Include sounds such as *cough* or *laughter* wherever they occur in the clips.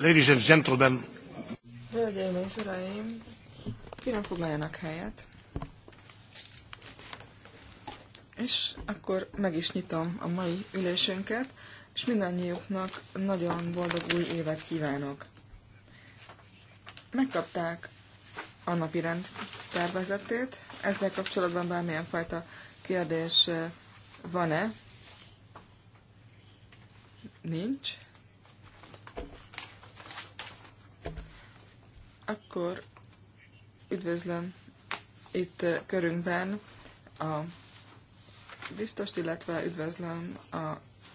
Ladies and gentlemen. Hölgyeim és uraim, kérem foglaljanak helyet. És akkor meg is nyitom a mai ülésünket, és mindannyiuknak nagyon boldog új évet kívánok. Megkapták a napi rend tervezetét, ezzel kapcsolatban bármilyen fajta kérdés eh, van-e? Nincs. Akkor üdvözlöm itt körünkben a biztost, illetve üdvözlöm a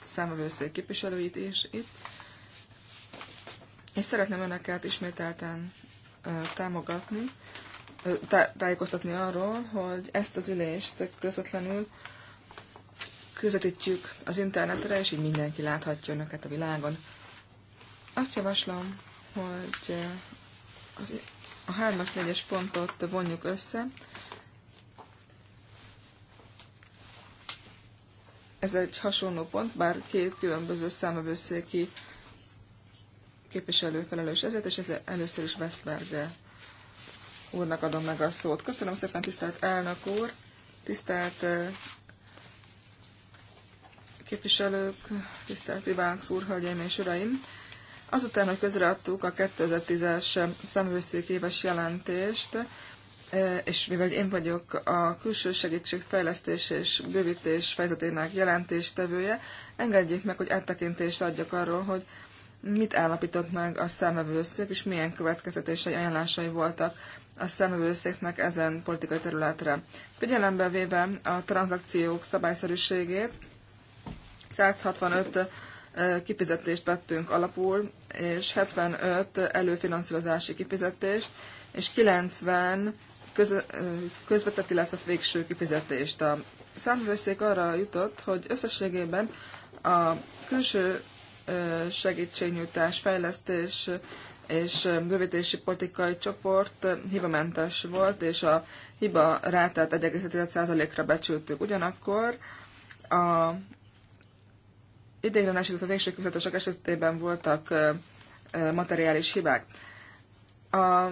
számövőszék képviselőit is itt. És szeretném Önöket ismételten támogatni, tájékoztatni arról, hogy ezt az ülést közvetlenül közvetítjük az internetre, és így mindenki láthatja Önöket a világon. Azt javaslom, hogy az, a hármas 4 pontot vonjuk össze. Ez egy hasonló pont, bár két különböző számövőszéki képviselő felelős ezért, és ez először is Westberg úrnak adom meg a szót. Köszönöm szépen, tisztelt elnök úr, tisztelt eh, képviselők, tisztelt Vivánx úr, hölgyeim és uraim! Azután, hogy közreadtuk a 2010-es szemőszék éves jelentést, e, és mivel én vagyok a külső segítségfejlesztés és bővítés fejezetének jelentéstevője, engedjék meg, hogy áttekintést adjak arról, hogy mit állapított meg a szemövőszék, és milyen következtetései, ajánlásai voltak a szemövőszéknek ezen politikai területre. Figyelembe véve a tranzakciók szabályszerűségét, 165 e, kifizetést vettünk alapul és 75 előfinanszírozási kifizetést, és 90 köz, közvetett, illetve végső kifizetést. A számvőszék arra jutott, hogy összességében a külső segítségnyújtás, fejlesztés és bővítési politikai csoport hibamentes volt, és a hiba rátát 1,7%-ra becsültük. Ugyanakkor a ideiglenes, illetve végső esetében voltak materiális hibák. A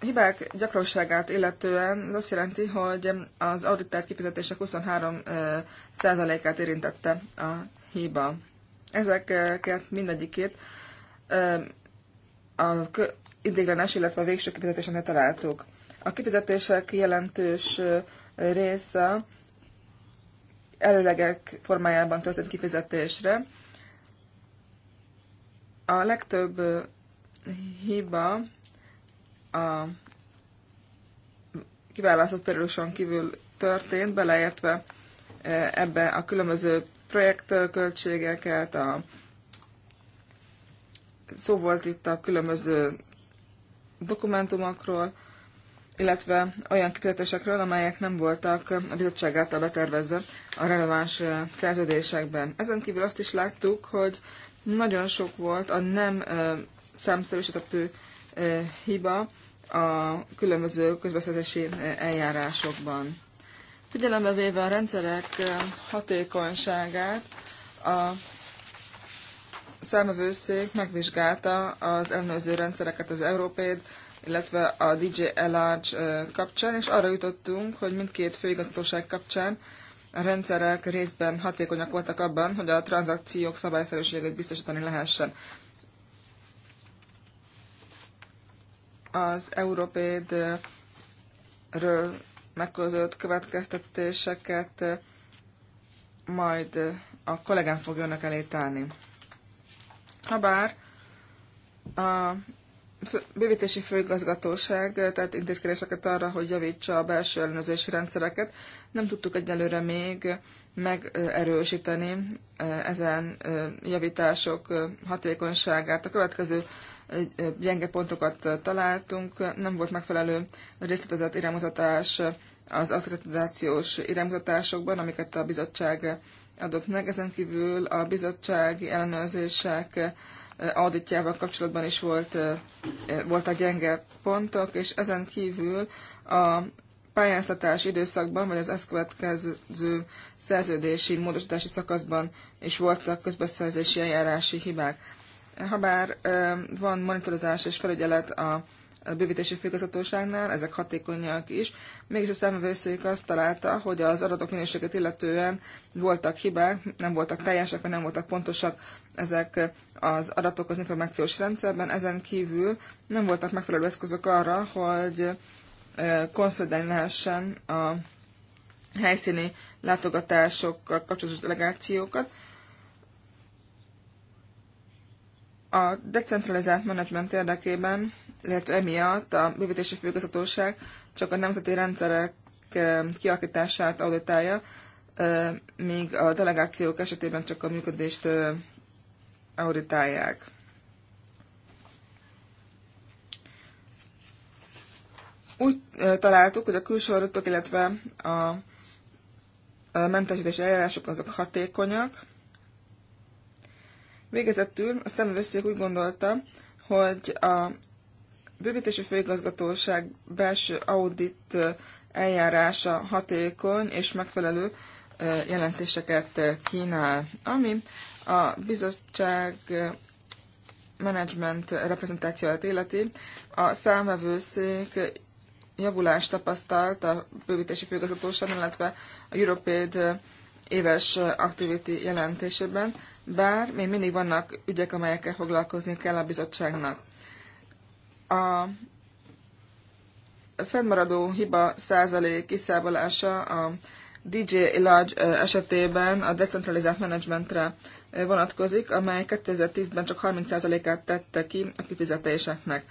hibák gyakorlóságát illetően az azt jelenti, hogy az auditált kifizetések 23%-át érintette a hiba. Ezeket mindegyikét a ideiglenes, illetve a végső kifizetésen találtuk. A kifizetések jelentős része előlegek formájában történt kifizetésre. A legtöbb hiba a kiválasztott perióduson kívül történt, beleértve ebbe a különböző projektköltségeket, a szó volt itt a különböző dokumentumokról, illetve olyan kifizetésekről, amelyek nem voltak a bizottság által betervezve a releváns szerződésekben. Ezen kívül azt is láttuk, hogy nagyon sok volt a nem számszerűsítető hiba a különböző közbeszerzési eljárásokban. Figyelembe véve a rendszerek hatékonyságát, a számövőszék megvizsgálta az ellenőrző rendszereket, az Európéd, illetve a DJ Elarge kapcsán, és arra jutottunk, hogy mindkét főigazgatóság kapcsán a rendszerek részben hatékonyak voltak abban, hogy a tranzakciók szabályszerűségét biztosítani lehessen. Az Európédről megközött következtetéseket majd a kollégám fogja önök elé tárni. Habár a bővítési főigazgatóság tehát intézkedéseket arra, hogy javítsa a belső ellenőrzési rendszereket. Nem tudtuk egyelőre még megerősíteni ezen javítások hatékonyságát. A következő gyenge pontokat találtunk, nem volt megfelelő részletezett iránymutatás az akreditációs iránymutatásokban, amiket a bizottság adott meg. Ezen kívül a bizottsági ellenőrzések auditjával kapcsolatban is volt, volt a gyenge pontok, és ezen kívül a pályáztatás időszakban, vagy az ezt következő szerződési, módosítási szakaszban is voltak közbeszerzési eljárási hibák. Habár van monitorozás és felügyelet a a bővítési főigazgatóságnál, ezek hatékonyak is. Mégis a szemvőszék azt találta, hogy az adatok minőséget illetően voltak hibák, nem voltak teljesek, vagy nem voltak pontosak ezek az adatok az információs rendszerben. Ezen kívül nem voltak megfelelő eszközök arra, hogy konszolidálni lehessen a helyszíni látogatásokkal kapcsolatos delegációkat. A decentralizált menedzsment érdekében illetve emiatt a bővítési főgazgatóság csak a nemzeti rendszerek kialakítását auditálja, míg a delegációk esetében csak a működést auditálják. Úgy találtuk, hogy a külső adatok, illetve a mentesítési eljárások azok hatékonyak. Végezetül a szemüvösszék úgy gondolta, hogy a bővítési főigazgatóság belső audit eljárása hatékony és megfelelő jelentéseket kínál, ami a bizottság menedzsment reprezentációját életi. A számvevőszék javulást tapasztalt a bővítési főigazgatóság, illetve a Europaid éves activity jelentésében, bár még mindig vannak ügyek, amelyekkel foglalkozni kell a bizottságnak. A fennmaradó hiba százalék kiszámolása a DJ Large esetében a decentralizált menedzsmentre vonatkozik, amely 2010-ben csak 30%-át tette ki a kifizetéseknek.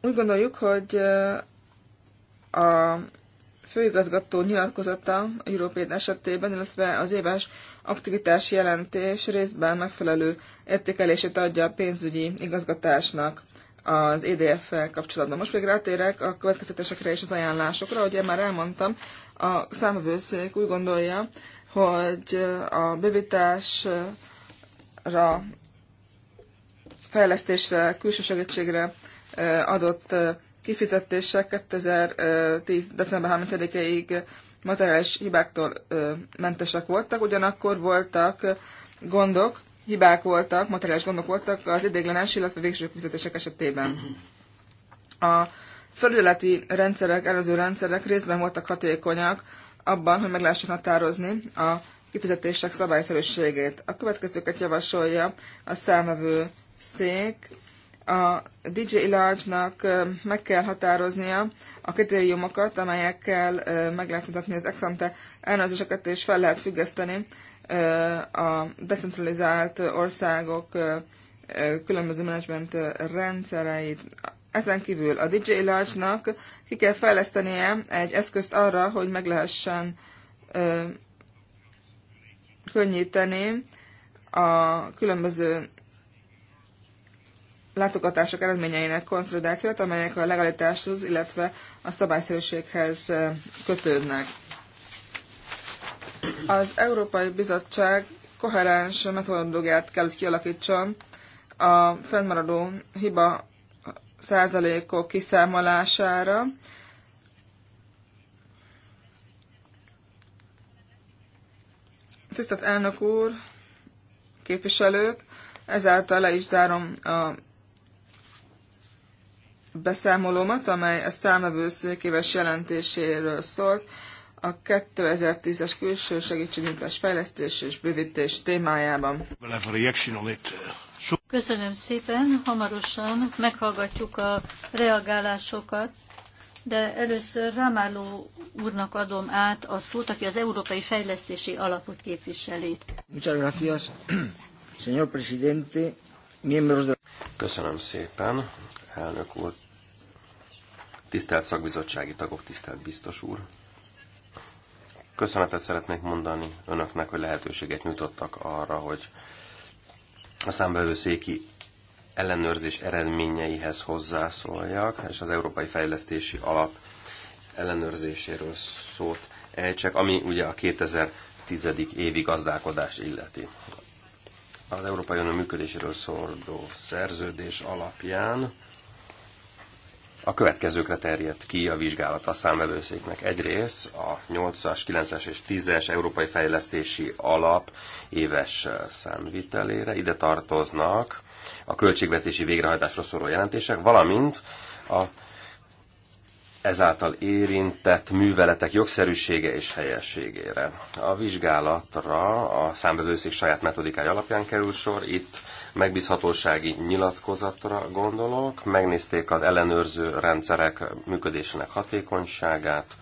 Úgy gondoljuk, hogy a főigazgató nyilatkozata a Európéd esetében, illetve az éves aktivitás jelentés részben megfelelő értékelését adja a pénzügyi igazgatásnak az EDF-fel kapcsolatban. Most még rátérek a következetesekre és az ajánlásokra. Ahogy már elmondtam, a számvevőszék úgy gondolja, hogy a bővításra, fejlesztésre, külső segítségre eh, adott eh, kifizetések 2010. december 30-ig materiális hibáktól mentesek voltak, ugyanakkor voltak gondok, hibák voltak, materiális gondok voltak az idéglenes, illetve végső fizetések esetében. A felületi rendszerek, előző rendszerek részben voltak hatékonyak abban, hogy meg lehessen határozni a kifizetések szabályszerűségét. A következőket javasolja a számvevő szék a DJ Large-nak meg kell határoznia a kritériumokat, amelyekkel meg lehet tudatni az exante elnözéseket, és fel lehet függeszteni a decentralizált országok különböző menedzsment rendszereit. Ezen kívül a DJ Large-nak ki kell fejlesztenie egy eszközt arra, hogy meg lehessen könnyíteni a különböző látogatások eredményeinek konszolidációt, amelyek a legalitáshoz, illetve a szabályszerűséghez kötődnek. Az Európai Bizottság koherens metodológiát kell, hogy kialakítson a fennmaradó hiba százalékok kiszámolására, Tisztelt elnök úr, képviselők, ezáltal le is zárom a beszámolómat, amely a számövő székéves jelentéséről szólt, a 2010-es külső segítségnyújtás fejlesztés és bővítés témájában. Köszönöm szépen, hamarosan meghallgatjuk a reagálásokat, de először Rámáló úrnak adom át a szót, aki az Európai Fejlesztési Alapot képviseli. Muchas gracias, señor presidente, miembros de... Köszönöm szépen, elnök úr, tisztelt szakbizottsági tagok, tisztelt biztos úr. Köszönetet szeretnék mondani önöknek, hogy lehetőséget nyújtottak arra, hogy a számbevőszéki ellenőrzés eredményeihez hozzászóljak, és az Európai Fejlesztési Alap ellenőrzéséről szót ejtsek, ami ugye a 2010. évi gazdálkodás illeti. Az Európai Unió működéséről szóló szerződés alapján a következőkre terjedt ki a vizsgálata a számvevőszéknek. Egyrészt a 8-as, 9-es és 10-es Európai Fejlesztési Alap éves számvitelére ide tartoznak a költségvetési végrehajtásról szóló jelentések, valamint a ezáltal érintett műveletek jogszerűsége és helyességére. A vizsgálatra a számbevőszék saját metodikája alapján kerül sor, itt megbízhatósági nyilatkozatra gondolok, megnézték az ellenőrző rendszerek működésének hatékonyságát,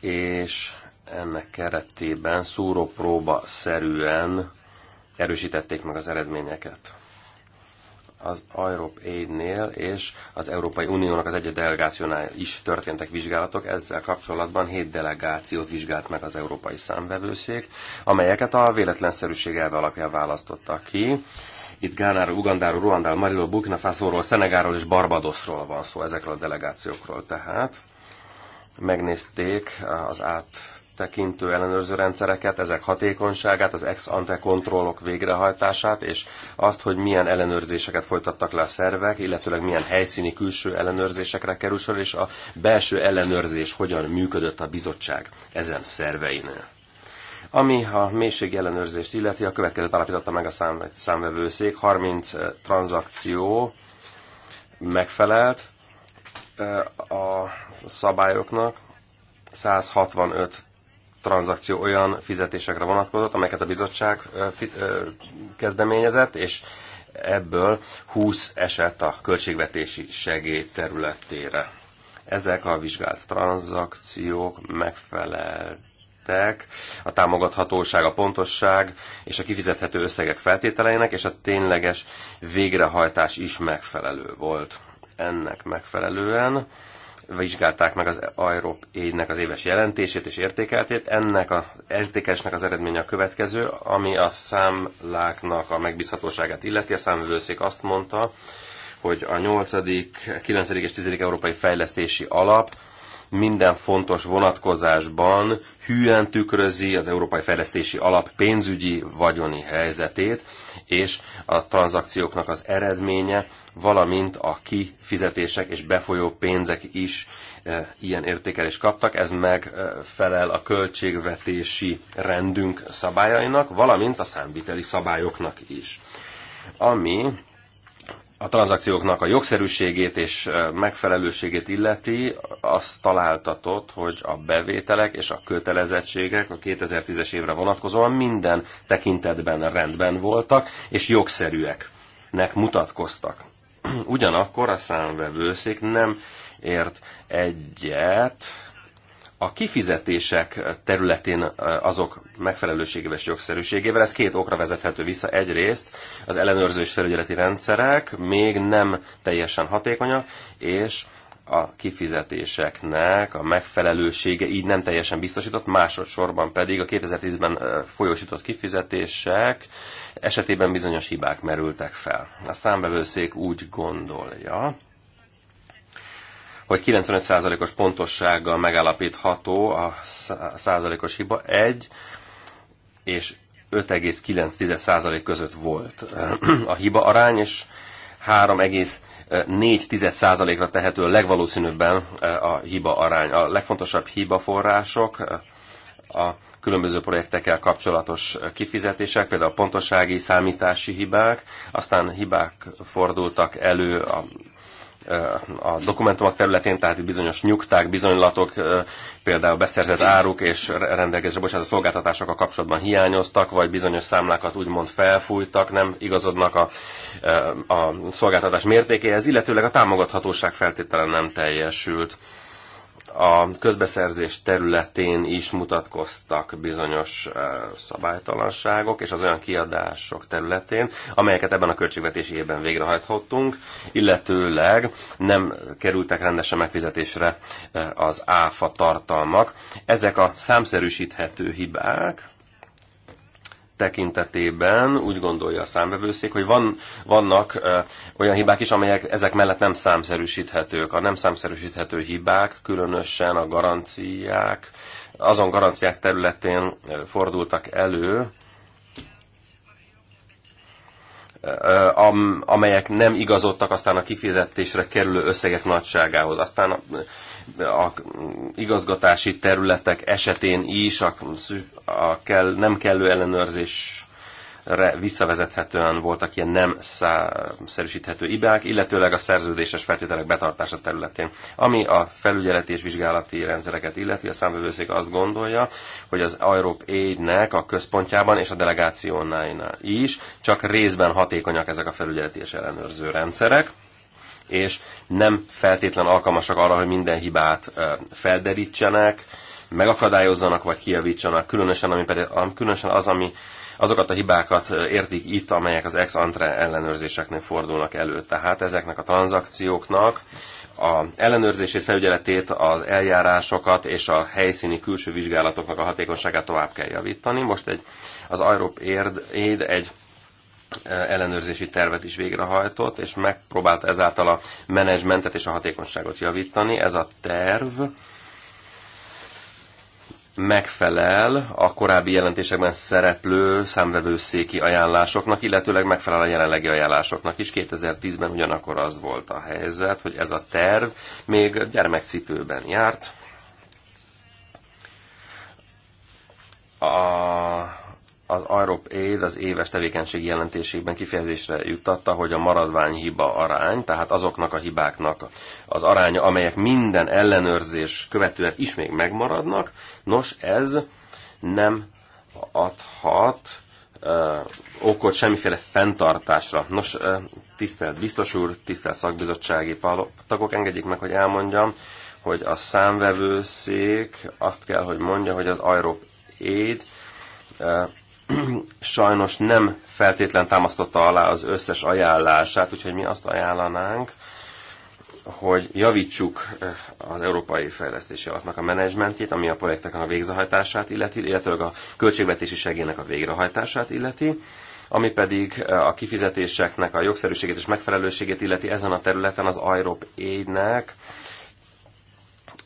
és ennek keretében szúrópróba szerűen erősítették meg az eredményeket az Europe Aid-nél és az Európai Uniónak az egyes delegációnál is történtek vizsgálatok. Ezzel kapcsolatban hét delegációt vizsgált meg az Európai Számvevőszék, amelyeket a véletlenszerűség elve alapján választottak ki. Itt Gánáról, Ugandáról, Ruandáról, Mariló, Burkina Faszóról, Szenegáról és Barbadosról van szó ezekről a delegációkról tehát. Megnézték az át tekintő ellenőrző rendszereket, ezek hatékonyságát, az ex ante kontrollok végrehajtását, és azt, hogy milyen ellenőrzéseket folytattak le a szervek, illetőleg milyen helyszíni külső ellenőrzésekre kerül sor, és a belső ellenőrzés hogyan működött a bizottság ezen szerveinél. Ami a mélység ellenőrzést illeti, a következőt alapította meg a számvevőszék. 30 eh, tranzakció megfelelt eh, a szabályoknak, 165 tranzakció olyan fizetésekre vonatkozott, amelyeket a bizottság kezdeményezett, és ebből 20 esett a költségvetési segély területére. Ezek a vizsgált tranzakciók megfeleltek a támogathatóság, a pontosság és a kifizethető összegek feltételeinek, és a tényleges végrehajtás is megfelelő volt. Ennek megfelelően vizsgálták meg az Aerop égynek az éves jelentését és értékeltét. Ennek az értékesnek az eredménye a következő, ami a számláknak a megbízhatóságát illeti. A számvevőszék azt mondta, hogy a 8., 9. és 10. Európai Fejlesztési Alap minden fontos vonatkozásban hűen tükrözi az Európai Fejlesztési Alap pénzügyi vagyoni helyzetét, és a tranzakcióknak az eredménye, valamint a kifizetések és befolyó pénzek is e, ilyen értékelést kaptak. Ez megfelel e, a költségvetési rendünk szabályainak, valamint a számviteli szabályoknak is. Ami a tranzakcióknak a jogszerűségét és megfelelőségét illeti, azt találtatott, hogy a bevételek és a kötelezettségek a 2010-es évre vonatkozóan minden tekintetben rendben voltak, és jogszerűeknek mutatkoztak. *clears throat* Ugyanakkor a számvevőszék nem ért egyet a kifizetések területén azok megfelelőségével és jogszerűségével, ez két okra vezethető vissza. Egyrészt az ellenőrző és felügyeleti rendszerek még nem teljesen hatékonyak, és a kifizetéseknek a megfelelősége így nem teljesen biztosított, másodszorban pedig a 2010-ben folyósított kifizetések esetében bizonyos hibák merültek fel. A számbevőszék úgy gondolja, hogy 95%-os pontossággal megállapítható a százalékos hiba 1 és 5,9% között volt *clears throat* a hiba arány, és 3,4%-ra tehető legvalószínűbben a hiba arány. A legfontosabb hiba források a különböző projektekkel kapcsolatos kifizetések, például a pontossági számítási hibák, aztán hibák fordultak elő a a dokumentumok területén, tehát bizonyos nyugták, bizonylatok, például beszerzett áruk és rendelkezésre bocsátott szolgáltatások a kapcsolatban hiányoztak, vagy bizonyos számlákat úgymond felfújtak, nem igazodnak a, a szolgáltatás mértékéhez, illetőleg a támogathatóság feltételen nem teljesült a közbeszerzés területén is mutatkoztak bizonyos szabálytalanságok, és az olyan kiadások területén, amelyeket ebben a költségvetési évben végrehajthattunk, illetőleg nem kerültek rendesen megfizetésre az áfa tartalmak. Ezek a számszerűsíthető hibák, tekintetében úgy gondolja a számvevőszék, hogy van, vannak ö, olyan hibák is, amelyek ezek mellett nem számszerűsíthetők. A nem számszerűsíthető hibák, különösen a garanciák, azon garanciák területén fordultak elő, amelyek nem igazodtak aztán a kifizetésre kerülő összegek nagyságához. Aztán a igazgatási területek esetén is a, a kell, nem kellő ellenőrzésre visszavezethetően voltak ilyen nem szerűsíthető ibák, illetőleg a szerződéses feltételek betartása területén. Ami a felügyeleti és vizsgálati rendszereket illeti, a számvevőszék azt gondolja, hogy az Europe Aid-nek a központjában és a delegációnál is csak részben hatékonyak ezek a felügyeleti és ellenőrző rendszerek és nem feltétlen alkalmasak arra, hogy minden hibát felderítsenek, megakadályozzanak vagy kijavítsanak, különösen, ami pedig, különösen az, ami azokat a hibákat értik itt, amelyek az ex antre ellenőrzéseknél fordulnak elő. Tehát ezeknek a tranzakcióknak a ellenőrzését, felügyeletét, az eljárásokat és a helyszíni külső vizsgálatoknak a hatékonyságát tovább kell javítani. Most egy, az Europe Aid egy Eh, ellenőrzési tervet is végrehajtott, és megpróbált ezáltal a menedzsmentet és a hatékonyságot javítani. Ez a terv megfelel a korábbi jelentésekben szereplő számvevőszéki ajánlásoknak, illetőleg megfelel a jelenlegi ajánlásoknak is. 2010-ben ugyanakkor az volt a helyzet, hogy ez a terv még gyermekcipőben járt. A az Arop Aid az éves tevékenység jelentésében kifejezésre juttatta, hogy a maradvány hiba arány, tehát azoknak a hibáknak az aránya, amelyek minden ellenőrzés követően is még megmaradnak, nos ez nem adhat uh, okot semmiféle fenntartásra. Nos, uh, tisztelt biztos úr, tisztelt szakbizottsági tagok, engedjék meg, hogy elmondjam, hogy a számvevőszék azt kell, hogy mondja, hogy az Arop Aid uh, *clears throat* sajnos nem feltétlen támasztotta alá az összes ajánlását, úgyhogy mi azt ajánlanánk, hogy javítsuk eh, az Európai Fejlesztési Alapnak a menedzsmentjét, ami a projekteknek a végrehajtását illeti, illetőleg a költségvetési segélynek a végrehajtását illeti, ami pedig eh, a kifizetéseknek a jogszerűségét és megfelelőségét illeti ezen a területen az Europe Aid-nek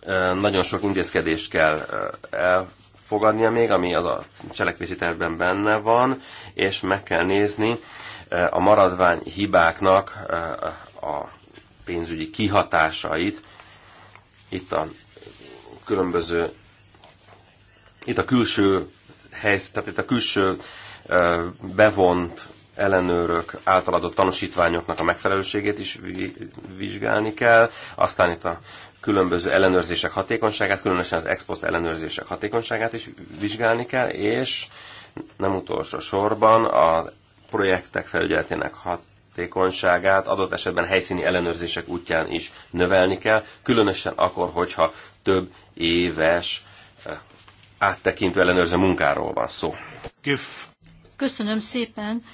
eh, nagyon sok intézkedést kell el fogadnia még, ami az a cselekvési tervben benne van, és meg kell nézni eh, a maradvány hibáknak eh, a pénzügyi kihatásait. Itt a különböző, itt a külső hely, tehát itt a külső eh, bevont ellenőrök által adott tanúsítványoknak a megfelelőségét is vizsgálni kell, aztán itt a különböző ellenőrzések hatékonyságát, különösen az expost ellenőrzések hatékonyságát is vizsgálni kell, és nem utolsó sorban a projektek felügyeletének hatékonyságát adott esetben helyszíni ellenőrzések útján is növelni kell, különösen akkor, hogyha több éves eh, áttekintő ellenőrző munkáról van szó. Gif. Köszönöm szépen.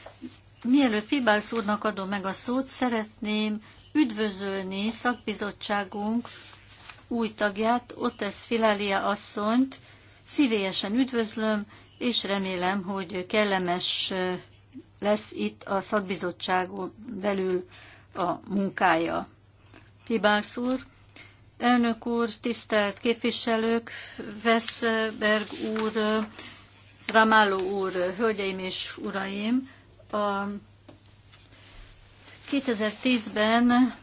Mielőtt Pibálsz úrnak adom meg a szót, szeretném üdvözölni szakbizottságunk új tagját, Otesz Filália asszonyt. Szívélyesen üdvözlöm, és remélem, hogy kellemes lesz itt a szakbizottságon belül a munkája. Pibász úr, elnök úr, tisztelt képviselők, Veszberg úr, Ramáló úr, hölgyeim és uraim, a 2010-ben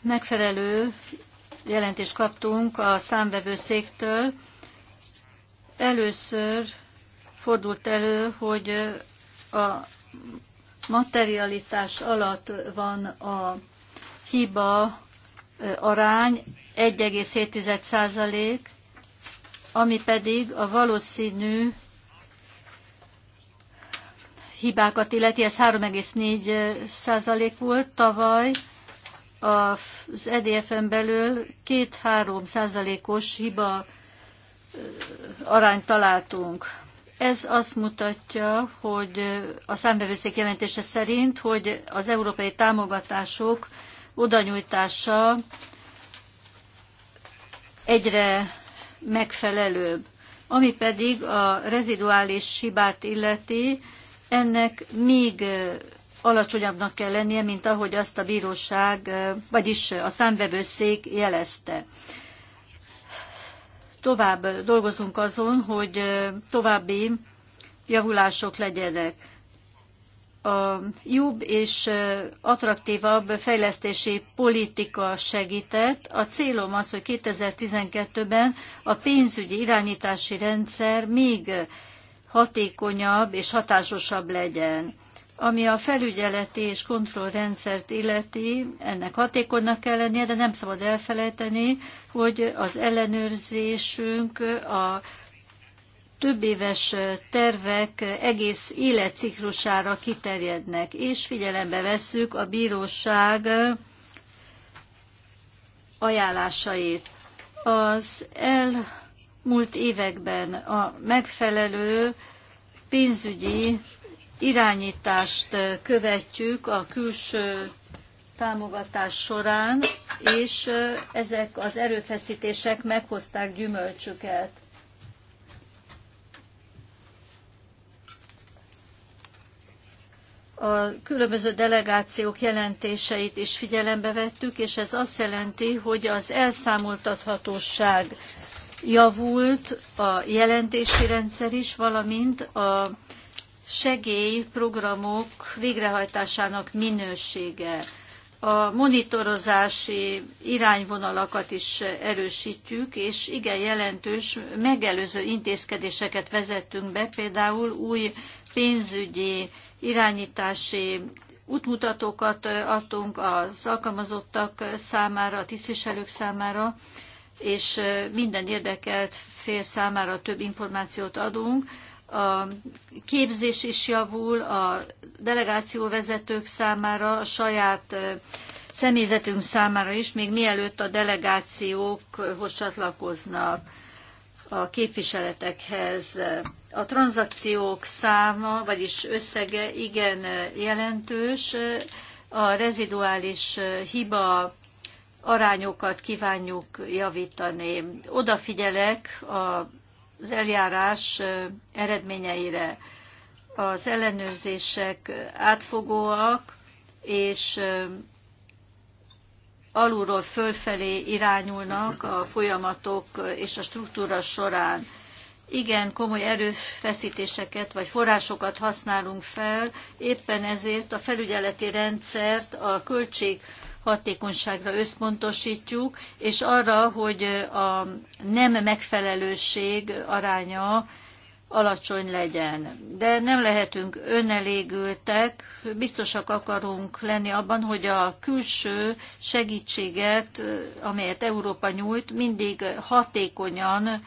megfelelő jelentést kaptunk a számvevőszéktől. Először fordult elő, hogy a materialitás alatt van a hiba arány 1,7 ami pedig a valószínű hibákat illeti, ez 3,4 százalék volt tavaly, az EDF-en belül 2-3 százalékos hiba arányt találtunk. Ez azt mutatja, hogy a számbevőszék jelentése szerint, hogy az európai támogatások odanyújtása egyre megfelelőbb. Ami pedig a reziduális hibát illeti, ennek még alacsonyabbnak kell lennie, mint ahogy azt a bíróság, vagyis a számvevőszék jelezte. Tovább dolgozunk azon, hogy további javulások legyenek. A jobb és attraktívabb fejlesztési politika segített. A célom az, hogy 2012-ben a pénzügyi irányítási rendszer még hatékonyabb és hatásosabb legyen ami a felügyeleti és kontrollrendszert illeti, ennek hatékonynak kell lennie, de nem szabad elfelejteni, hogy az ellenőrzésünk a több éves tervek egész életciklusára kiterjednek, és figyelembe vesszük a bíróság ajánlásait. Az elmúlt években a megfelelő pénzügyi irányítást követjük a külső támogatás során, és ezek az erőfeszítések meghozták gyümölcsüket. a különböző delegációk jelentéseit is figyelembe vettük, és ez azt jelenti, hogy az elszámoltathatóság javult, a jelentési rendszer is, valamint a segélyprogramok végrehajtásának minősége. A monitorozási irányvonalakat is erősítjük, és igen jelentős megelőző intézkedéseket vezettünk be, például új pénzügyi irányítási útmutatókat adtunk az alkalmazottak számára, a tisztviselők számára, és minden érdekelt fél számára több információt adunk a képzés is javul a delegációvezetők számára, a saját személyzetünk számára is, még mielőtt a delegációkhoz csatlakoznak a képviseletekhez. A tranzakciók száma, vagyis összege igen jelentős. A reziduális hiba arányokat kívánjuk javítani. Odafigyelek a az eljárás eredményeire. Az ellenőrzések átfogóak, és alulról fölfelé irányulnak a folyamatok és a struktúra során. Igen, komoly erőfeszítéseket vagy forrásokat használunk fel, éppen ezért a felügyeleti rendszert a költség hatékonyságra összpontosítjuk, és arra, hogy a nem megfelelőség aránya alacsony legyen. De nem lehetünk önelégültek, biztosak akarunk lenni abban, hogy a külső segítséget, amelyet Európa nyújt, mindig hatékonyan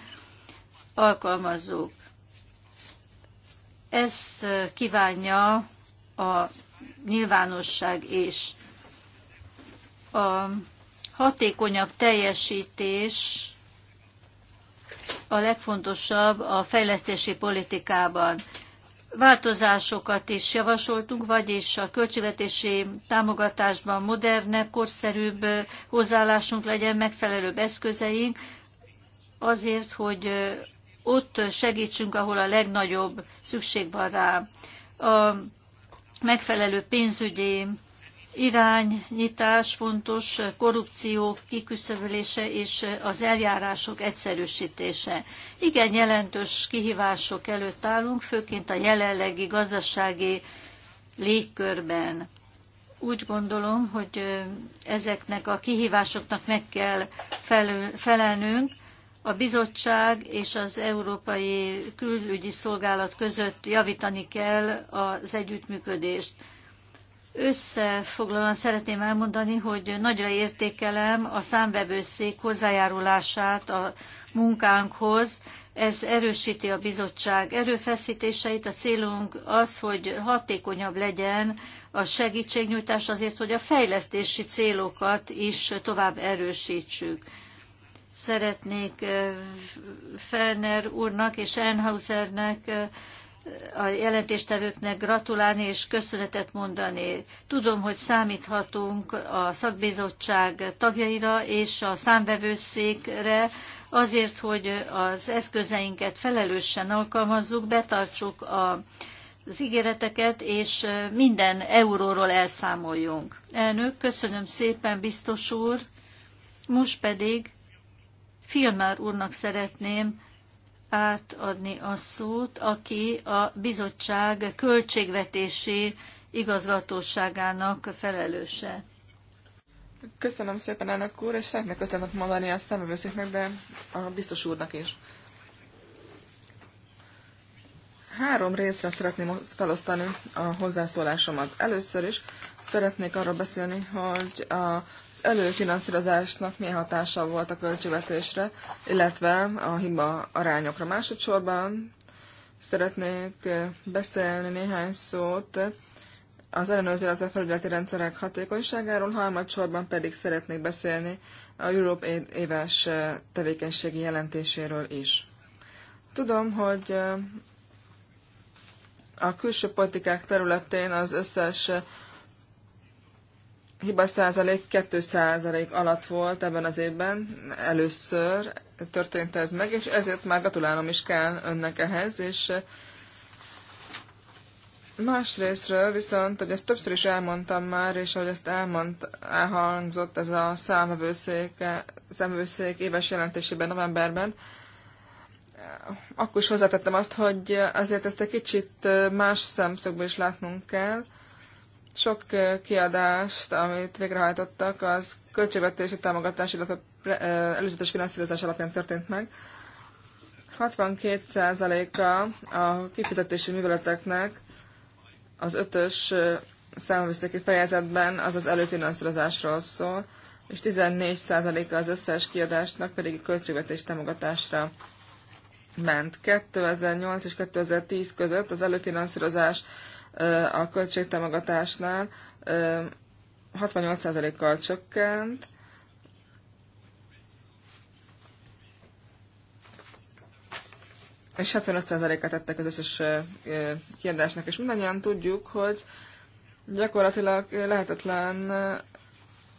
alkalmazzuk. Ezt kívánja a nyilvánosság is a hatékonyabb teljesítés a legfontosabb a fejlesztési politikában. Változásokat is javasoltunk, vagyis a költségvetési támogatásban modernebb, korszerűbb hozzáállásunk legyen, megfelelőbb eszközeink, azért, hogy ott segítsünk, ahol a legnagyobb szükség van rá. A megfelelő pénzügyi iránynyitás fontos, korrupció kiküszöbölése és az eljárások egyszerűsítése. Igen, jelentős kihívások előtt állunk, főként a jelenlegi gazdasági légkörben. Úgy gondolom, hogy ezeknek a kihívásoknak meg kell felelnünk, a bizottság és az Európai Külügyi Szolgálat között javítani kell az együttműködést. Összefoglalóan szeretném elmondani, hogy nagyra értékelem a számvevőszék hozzájárulását a munkánkhoz. Ez erősíti a bizottság erőfeszítéseit. A célunk az, hogy hatékonyabb legyen a segítségnyújtás azért, hogy a fejlesztési célokat is tovább erősítsük. Szeretnék eh, Ferner úrnak és Enhausernek eh, a jelentéstevőknek gratulálni és köszönetet mondani. Tudom, hogy számíthatunk a szakbizottság tagjaira és a számvevőszékre azért, hogy az eszközeinket felelősen alkalmazzuk, betartsuk a az ígéreteket, és minden euróról elszámoljunk. Elnök, köszönöm szépen, biztos úr. Most pedig Filmár úrnak szeretném átadni a szót, aki a bizottság költségvetési igazgatóságának felelőse. Köszönöm szépen, elnök úr, és szeretnék köszönet mondani a szemövőszéknek, de a biztos úrnak is. Három részre szeretném felosztani a hozzászólásomat. Először is Szeretnék arról beszélni, hogy az előfinanszírozásnak milyen hatása volt a költségvetésre, illetve a hiba arányokra. Másodszorban szeretnék beszélni néhány szót az ellenőrző, illetve felügyeleti rendszerek hatékonyságáról, harmadsorban pedig szeretnék beszélni a Europe éves tevékenységi jelentéséről is. Tudom, hogy a külső politikák területén az összes hiba százalék 2 százalék alatt volt ebben az évben, először történt ez meg, és ezért már gratulálom is kell önnek ehhez, és eh, más részről viszont, hogy ezt többször is elmondtam már, és ahogy ezt elmond, elhangzott ez a számvevőszék, számvevőszék éves jelentésében novemberben, eh, akkor is hozzátettem azt, hogy azért ezt egy kicsit eh, más szemszögből is látnunk kell, sok kiadást, amit végrehajtottak, az költségvetési támogatás, illetve előzetes finanszírozás alapján történt meg. 62%-a a kifizetési műveleteknek az ötös számomvisztéki fejezetben az az előfinanszírozásról szól, és 14%-a az összes kiadásnak pedig költségvetés támogatásra ment. 2008 és 2010 között az előfinanszírozás a költségtámogatásnál 68%-kal csökkent, és 75%-át tettek az összes kiadásnak, és mindannyian tudjuk, hogy gyakorlatilag lehetetlen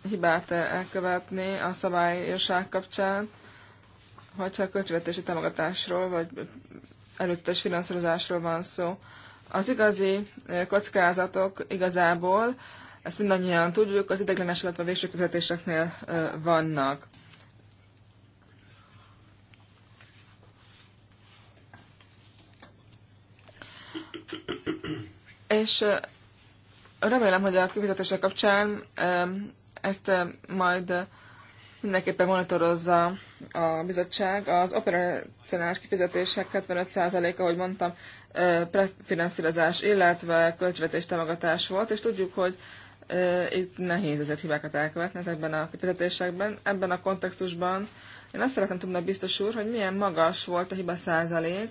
hibát elkövetni a szabályosság kapcsán, hogyha a költségvetési támogatásról vagy előttes finanszírozásról van szó. Az igazi kockázatok igazából, ezt mindannyian tudjuk, az ideglenes, illetve a végső kifizetéseknél vannak. És remélem, hogy a kifizetések kapcsán ezt majd mindenképpen monitorozza a bizottság. Az operacionális kifizetések 75%-a, ahogy mondtam, prefinanszírozás, illetve költségvetés támogatás volt, és tudjuk, hogy itt nehéz ezeket hibákat elkövetni ezekben a kifizetésekben. Ebben a kontextusban én azt szeretném tudni a biztos úr, hogy milyen magas volt a hiba százalék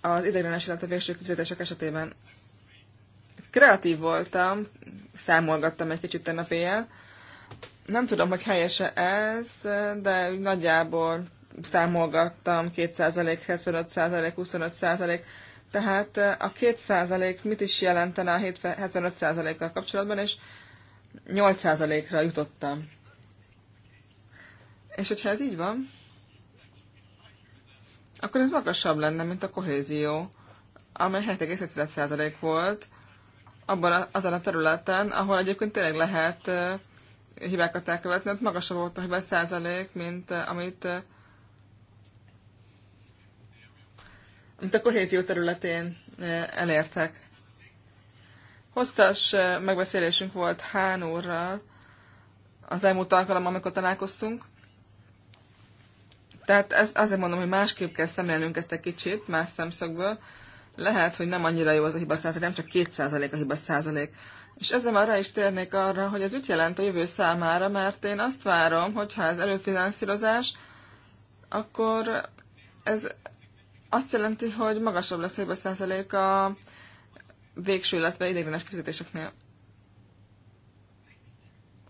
az ideiglenes, illetve végső kifizetések esetében. Kreatív voltam, számolgattam egy kicsit a éjjel. Nem tudom, hogy helyese ez, de nagyjából számolgattam, 2%, 75%, 25%, tehát eh, a 2% mit is jelentene a 75%-kal kapcsolatban, és 8%-ra jutottam. És hogyha ez így van, akkor ez magasabb lenne, mint a kohézió, amely 7,7% volt, abban a, azon a területen, ahol egyébként tényleg lehet eh, hibákat elkövetni, ott hát magasabb volt a hibás százalék, mint eh, amit mint a kohézió területén elértek. Hosszas megbeszélésünk volt Hán úrral az elmúlt alkalom, amikor találkoztunk. Tehát ez, azért mondom, hogy másképp kell szemlélnünk ezt egy kicsit, más szemszögből. Lehet, hogy nem annyira jó az a hiba százalék, nem csak két százalék a hiba százalék. És ezzel arra is térnék arra, hogy ez ügy jelent a jövő számára, mert én azt várom, hogyha ez előfinanszírozás, akkor ez azt jelenti, hogy magasabb lesz 70% a végső, illetve ideiglenes kifizetéseknél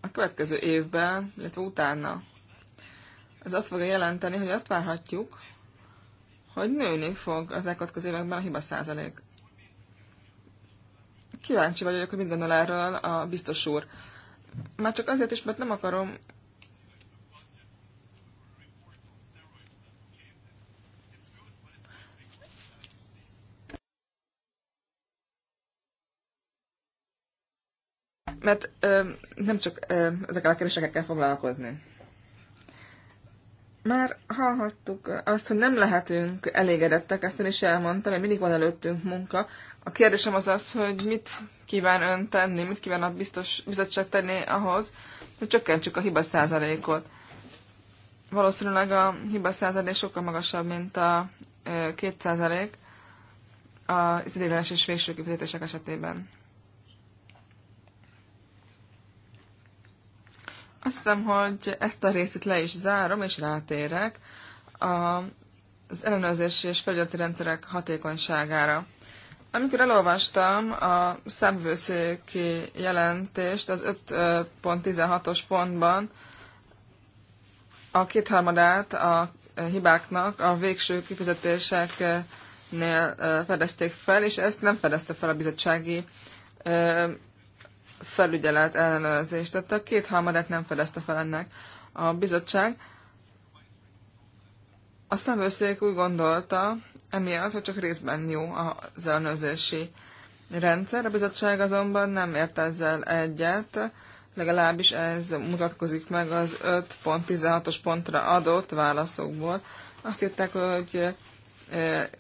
a következő évben, illetve utána. Ez azt fogja jelenteni, hogy azt várhatjuk, hogy nőni fog az elkövetkező években a hiba százalék. Kíváncsi vagyok, hogy mit gondol erről a biztos úr. Már csak azért is, mert nem akarom mert ö, nem csak ö, ezekkel a kérdésekkel kell foglalkozni. Már hallhattuk azt, hogy nem lehetünk elégedettek, ezt én is elmondtam, mert mindig van előttünk munka. A kérdésem az az, hogy mit kíván ön tenni, mit kíván a biztos, bizottság tenni ahhoz, hogy csökkentsük a hiba százalékot. Valószínűleg a hiba százalék sokkal magasabb, mint a két százalék az ideiglenes és végső kifizetések esetében. Azt hiszem, hogy ezt a részt le is zárom, és rátérek az ellenőrzési és felügyeleti rendszerek hatékonyságára. Amikor elolvastam a szemvőszéki jelentést az 5.16-os pontban, a kétharmadát a hibáknak a végső kifizetéseknél fedezték fel, és ezt nem fedezte fel a bizottsági felügyelet ellenőrzést. Tehát a kétharmadát nem fedezte fel ennek a bizottság. A szemőszék úgy gondolta, emiatt, hogy csak részben jó az ellenőrzési rendszer. A bizottság azonban nem ért ezzel egyet, legalábbis ez mutatkozik meg az 5.16-os pontra adott válaszokból. Azt írták, hogy e,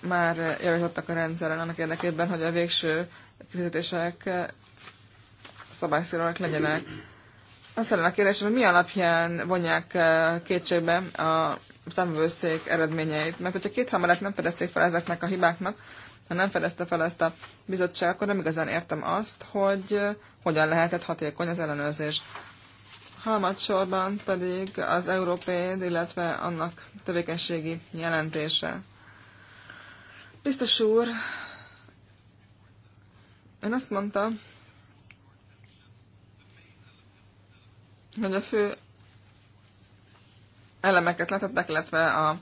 már javítottak a rendszeren annak érdekében, hogy a végső kifizetések szabályszerűek legyenek. Azt lenne a kérdés, hogy mi alapján vonják eh, kétségbe a szemvőszék eredményeit. Mert hogyha két hamarát nem fedezték fel ezeknek a hibáknak, ha nem fedezte fel ezt a bizottság, akkor nem igazán értem azt, hogy eh, hogyan lehetett hatékony az ellenőrzés. sorban pedig az európéd, illetve annak tevékenységi jelentése. Biztos úr, én azt mondtam. hogy a fő elemeket láthatták, illetve a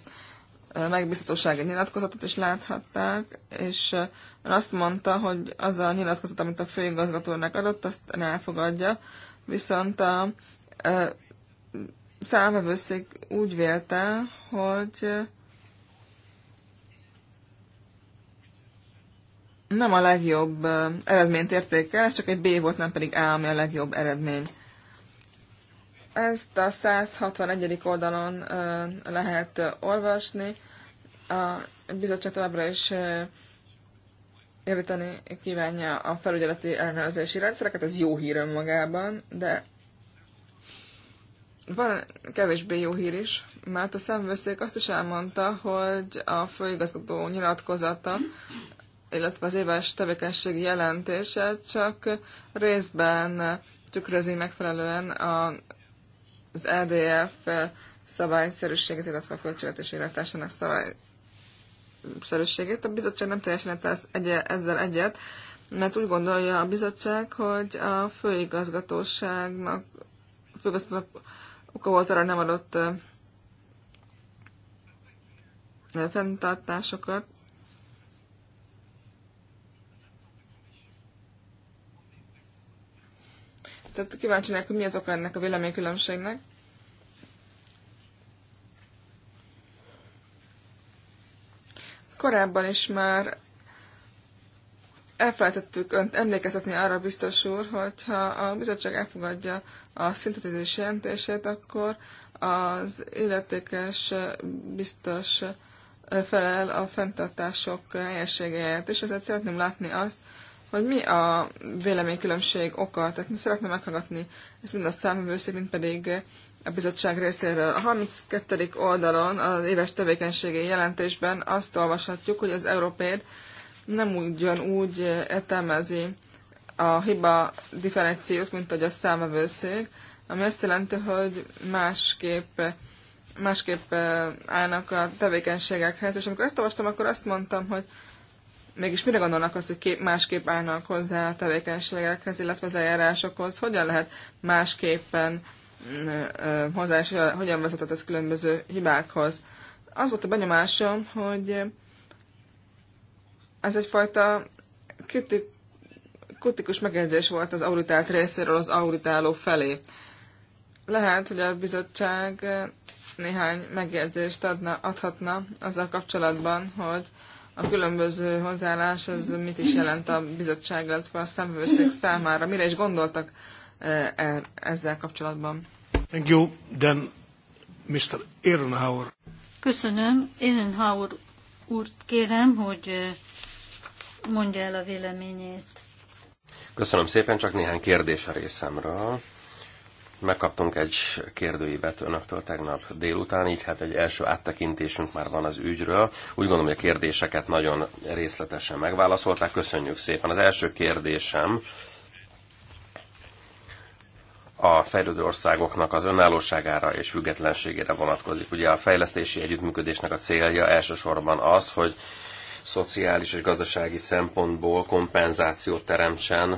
megbízhatósági nyilatkozatot is láthatták, és azt mondta, hogy az a nyilatkozat, amit a főigazgatónak adott, azt elfogadja, viszont a e, számvevőszék úgy vélte, hogy nem a legjobb e, eredményt érték el, csak egy B volt, nem pedig A, ami a legjobb eredmény. Ezt a 161. oldalon lehet olvasni. A bizottság továbbra is javítani kívánja a felügyeleti ellenőrzési rendszereket, ez jó hír önmagában, de van kevésbé jó hír is, mert a szemvőszék azt is elmondta, hogy a főigazgató nyilatkozata, illetve az éves tevékenységi jelentése csak részben tükrözi megfelelően a az LDF e eh, szabályszerűségét, illetve a költségvetés irányításának szabályszerűségét. A bizottság nem teljesen ezzel egyet, mert úgy gondolja a bizottság, hogy a főigazgatóságnak, a főigazgatónak oka volt arra nem adott eh, fenntartásokat, Tehát kíváncsi nek, hogy mi az oka ennek a véleménykülönbségnek. Korábban is már elfelejtettük önt emlékeztetni arra biztos úr, hogyha a bizottság elfogadja a szintetizés jelentését, akkor az illetékes biztos felel a fenntartások helyességéért, és ezért szeretném látni azt, hogy mi a véleménykülönbség oka. Tehát mi szeretném meghallgatni ezt mind a számvevőszék, mint pedig a bizottság részéről. A 32. oldalon az éves tevékenységi jelentésben azt olvashatjuk, hogy az Európéd nem ugyanúgy értelmezi a hiba differenciót, mint hogy a számvevőszék, ami azt jelenti, hogy másképp, másképp állnak a tevékenységekhez. És amikor ezt olvastam, akkor azt mondtam, hogy mégis mire gondolnak azt, hogy kép, másképp állnak hozzá a tevékenységekhez, illetve az eljárásokhoz, hogyan lehet másképpen mm, hozzá, és hogyan vezetett ez különböző hibákhoz. Az volt a benyomásom, hogy ez egyfajta kritikus megjegyzés volt az auditált részéről az auditáló felé. Lehet, hogy a bizottság néhány megjegyzést adna, adhatna azzal kapcsolatban, hogy a különböző hozzáállás az mit is jelent a bizottság, illetve a szemvőszék számára? Mire is gondoltak e, e, ezzel kapcsolatban? Thank you. Then Mr. Ehrenhauer. Köszönöm. Ehrenhauer úrt kérem, hogy e, mondja el a véleményét. Köszönöm szépen, csak néhány kérdés a részemről. Megkaptunk egy kérdőívet önöktől tegnap délután, így hát egy első áttekintésünk már van az ügyről. Úgy gondolom, hogy a kérdéseket nagyon részletesen megválaszolták. Köszönjük szépen. Az első kérdésem a fejlődő országoknak az önállóságára és függetlenségére vonatkozik. Ugye a fejlesztési együttműködésnek a célja elsősorban az, hogy szociális és gazdasági szempontból kompenzációt teremtsen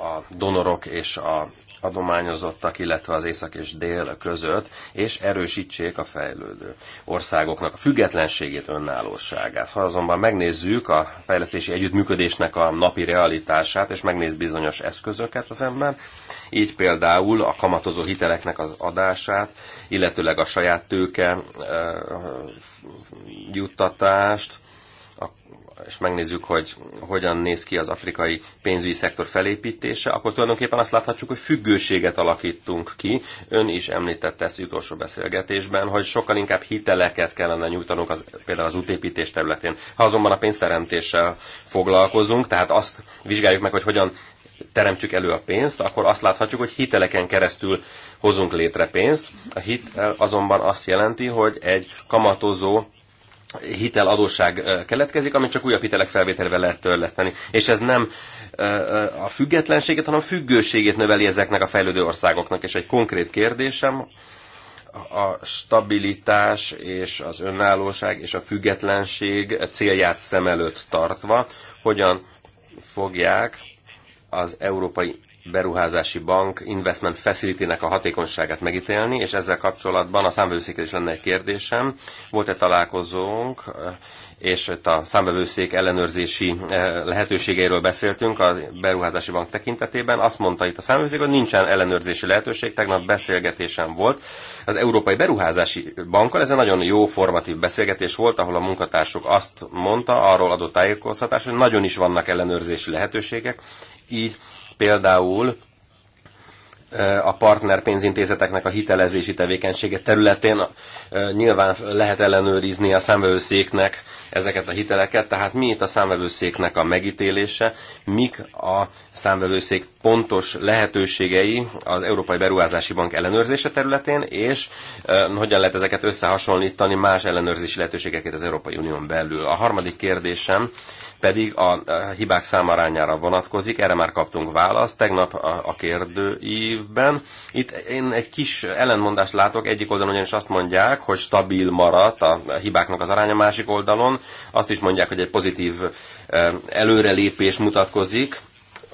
a donorok és a adományozottak, illetve az észak és dél között, és erősítsék a fejlődő országoknak a függetlenségét, önállóságát. Ha azonban megnézzük a fejlesztési együttműködésnek a napi realitását, és megnéz bizonyos eszközöket az ember, így például a kamatozó hiteleknek az adását, illetőleg a saját tőke eh, juttatást, és megnézzük, hogy hogyan néz ki az afrikai pénzügyi szektor felépítése, akkor tulajdonképpen azt láthatjuk, hogy függőséget alakítunk ki. Ön is említette ezt utolsó beszélgetésben, hogy sokkal inkább hiteleket kellene nyújtanunk az, például az útépítés területén. Ha azonban a pénzteremtéssel foglalkozunk, tehát azt vizsgáljuk meg, hogy hogyan teremtjük elő a pénzt, akkor azt láthatjuk, hogy hiteleken keresztül hozunk létre pénzt. A hit azonban azt jelenti, hogy egy kamatozó hiteladóság keletkezik, amit csak újabb hitelek felvételével lehet törleszteni. És ez nem a függetlenséget, hanem a függőségét növeli ezeknek a fejlődő országoknak. És egy konkrét kérdésem, a stabilitás és az önállóság és a függetlenség célját szem előtt tartva, hogyan fogják az európai beruházási bank investment facility-nek a hatékonyságát megítélni, és ezzel kapcsolatban a számvevőszékkel is lenne egy kérdésem. Volt egy találkozónk, és a számvevőszék ellenőrzési eh, lehetőségeiről beszéltünk a beruházási bank tekintetében. Azt mondta itt a számvevőszék, hogy nincsen ellenőrzési lehetőség. Tegnap beszélgetésem volt az Európai Beruházási Bankkal. Ez egy nagyon jó formatív beszélgetés volt, ahol a munkatársok azt mondta, arról adott tájékoztatás, hogy nagyon is vannak ellenőrzési lehetőségek, így Például a partner pénzintézeteknek a hitelezési tevékenysége területén nyilván lehet ellenőrizni a számvevőszéknek ezeket a hiteleket, tehát mi itt a számvevőszéknek a megítélése, mik a számvevőszék pontos lehetőségei az Európai Beruházási Bank ellenőrzése területén, és hogyan lehet ezeket összehasonlítani más ellenőrzési lehetőségeket az Európai Unión belül. A harmadik kérdésem pedig a hibák számarányára vonatkozik, erre már kaptunk választ tegnap a kérdőívben. Itt én egy kis ellenmondást látok, egyik oldalon ugyanis azt mondják, hogy stabil maradt a hibáknak az aránya, másik oldalon azt is mondják, hogy egy pozitív előrelépés mutatkozik,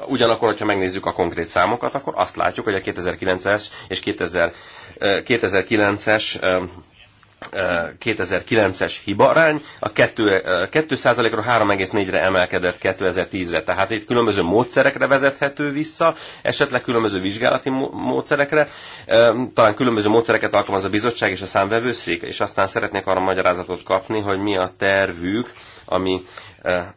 Ugyanakkor, hogyha megnézzük a konkrét számokat, akkor azt látjuk, hogy a 2009-es és 2000, 2009-es 2009-es hibarány, a 2, 2%-ra 3,4-re emelkedett 2010-re. Tehát itt különböző módszerekre vezethető vissza, esetleg különböző vizsgálati módszerekre, talán különböző módszereket alkalmaz a bizottság és a számvevőszék, és aztán szeretnék arra magyarázatot kapni, hogy mi a tervük, ami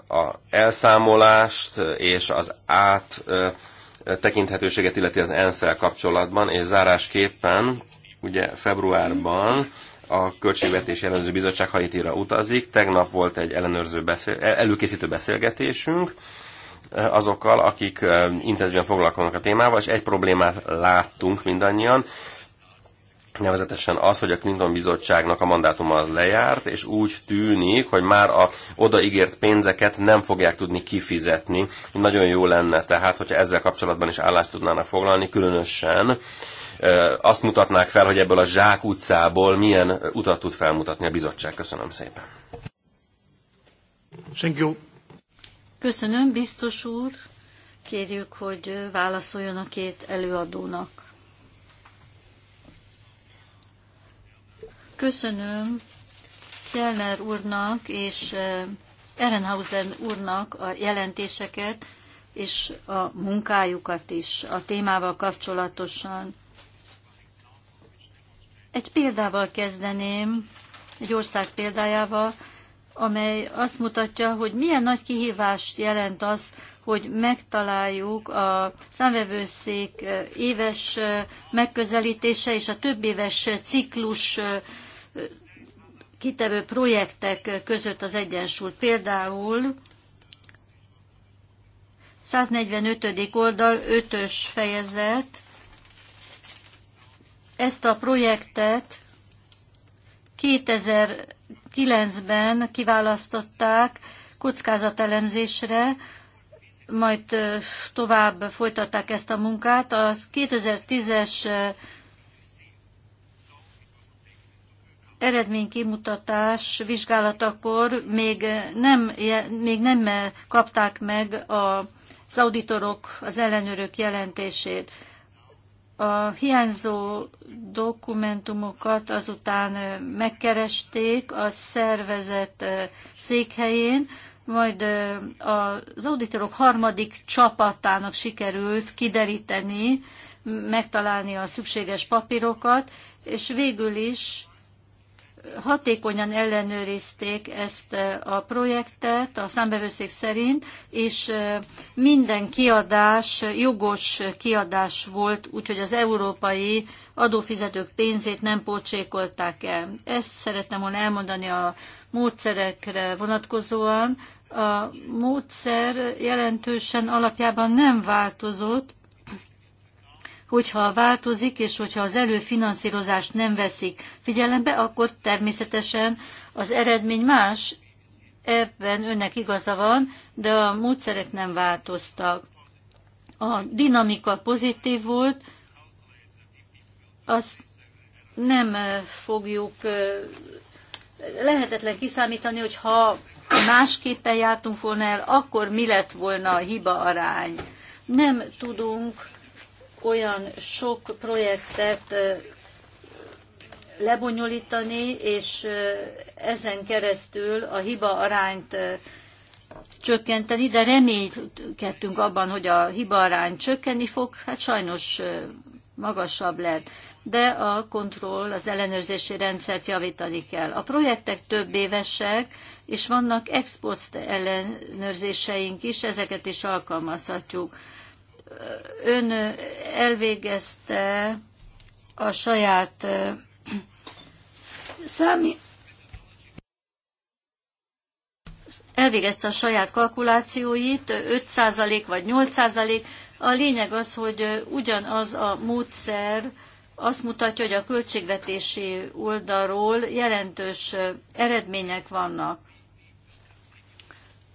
a elszámolást és az át tekinthetőséget illeti az ENSZ-el kapcsolatban, és zárásképpen ugye februárban a Költségvetési Ellenőrző Bizottság Haitira utazik. Tegnap volt egy ellenőrző beszél, előkészítő beszélgetésünk e, azokkal, akik e, intenzíven foglalkoznak a témával, és egy problémát láttunk mindannyian, nevezetesen az, hogy a Clinton bizottságnak a mandátuma az lejárt, és úgy tűnik, hogy már a odaígért pénzeket nem fogják tudni kifizetni. Nagyon jó lenne tehát, hogyha ezzel kapcsolatban is állást tudnának foglalni, különösen azt mutatnák fel, hogy ebből a zsák utcából milyen utat tud felmutatni a bizottság. Köszönöm szépen. Thank you. Köszönöm, biztos úr. Kérjük, hogy válaszoljon a két előadónak. Köszönöm Kellner úrnak és Ehrenhausen úrnak a jelentéseket és a munkájukat is a témával kapcsolatosan. Egy példával kezdeném, egy ország példájával, amely azt mutatja, hogy milyen nagy kihívást jelent az, hogy megtaláljuk a számvevőszék eh, éves eh, megközelítése és a több éves ciklus eh, kitevő projektek között az egyensúlyt. Például 145. oldal, 5-ös fejezet, ezt a projektet 2009-ben kiválasztották kockázatelemzésre, majd tovább folytatták ezt a munkát. A 2010-es eredménykimutatás vizsgálatakor még nem, még nem kapták meg az auditorok az ellenőrök jelentését. A hiányzó dokumentumokat azután megkeresték a szervezet székhelyén, majd az auditorok harmadik csapatának sikerült kideríteni, megtalálni a szükséges papírokat, és végül is hatékonyan ellenőrizték ezt e, a projektet a számbevőszék szerint, és e, minden kiadás e, jogos kiadás volt, úgyhogy az európai adófizetők pénzét nem pocsékolták el. Ezt szeretném volna elmondani a módszerekre vonatkozóan. A módszer jelentősen alapjában nem változott, hogyha változik, és hogyha az előfinanszírozást nem veszik figyelembe, akkor természetesen az eredmény más, ebben önnek igaza van, de a módszerek nem változtak. A dinamika pozitív volt, azt nem fogjuk, lehetetlen kiszámítani, hogy ha másképpen jártunk volna el, akkor mi lett volna a hiba arány. Nem tudunk olyan sok projektet lebonyolítani, és ezen keresztül a hiba arányt csökkenteni, de reménykedtünk abban, hogy a hiba arány csökkenni fog, hát sajnos magasabb lett de a kontroll, az ellenőrzési rendszert javítani kell. A projektek több évesek, és vannak ex post ellenőrzéseink is, ezeket is alkalmazhatjuk. Ön elvégezte a saját számi elvégezte a saját kalkulációit, 5% vagy 8%. A lényeg az, hogy ugyanaz a módszer azt mutatja, hogy a költségvetési oldalról jelentős eredmények vannak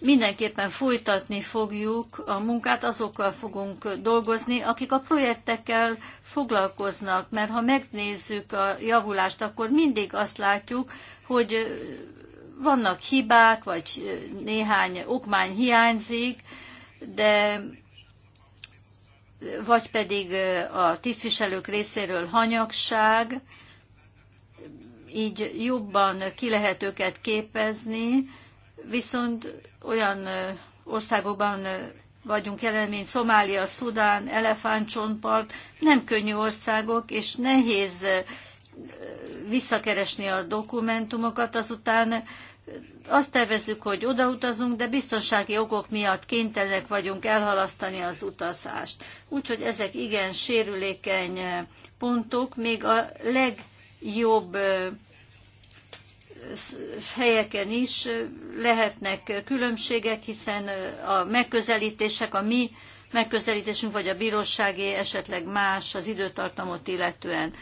mindenképpen folytatni fogjuk a munkát, azokkal fogunk dolgozni, akik a projektekkel foglalkoznak, mert ha megnézzük a javulást, akkor mindig azt látjuk, hogy vannak hibák, vagy néhány okmány hiányzik, de vagy pedig a tisztviselők részéről hanyagság, így jobban ki lehet őket képezni, viszont olyan országokban vagyunk jelen, mint Szomália, Szudán, Elefántcsontpart, nem könnyű országok, és nehéz visszakeresni a dokumentumokat, azután azt tervezzük, hogy odautazunk, de biztonsági okok miatt kénytelenek vagyunk elhalasztani az utazást. Úgyhogy ezek igen sérülékeny pontok, még a legjobb helyeken is lehetnek különbségek, hiszen a megközelítések, a mi megközelítésünk, vagy a bíróságé esetleg más az időtartamot illetően.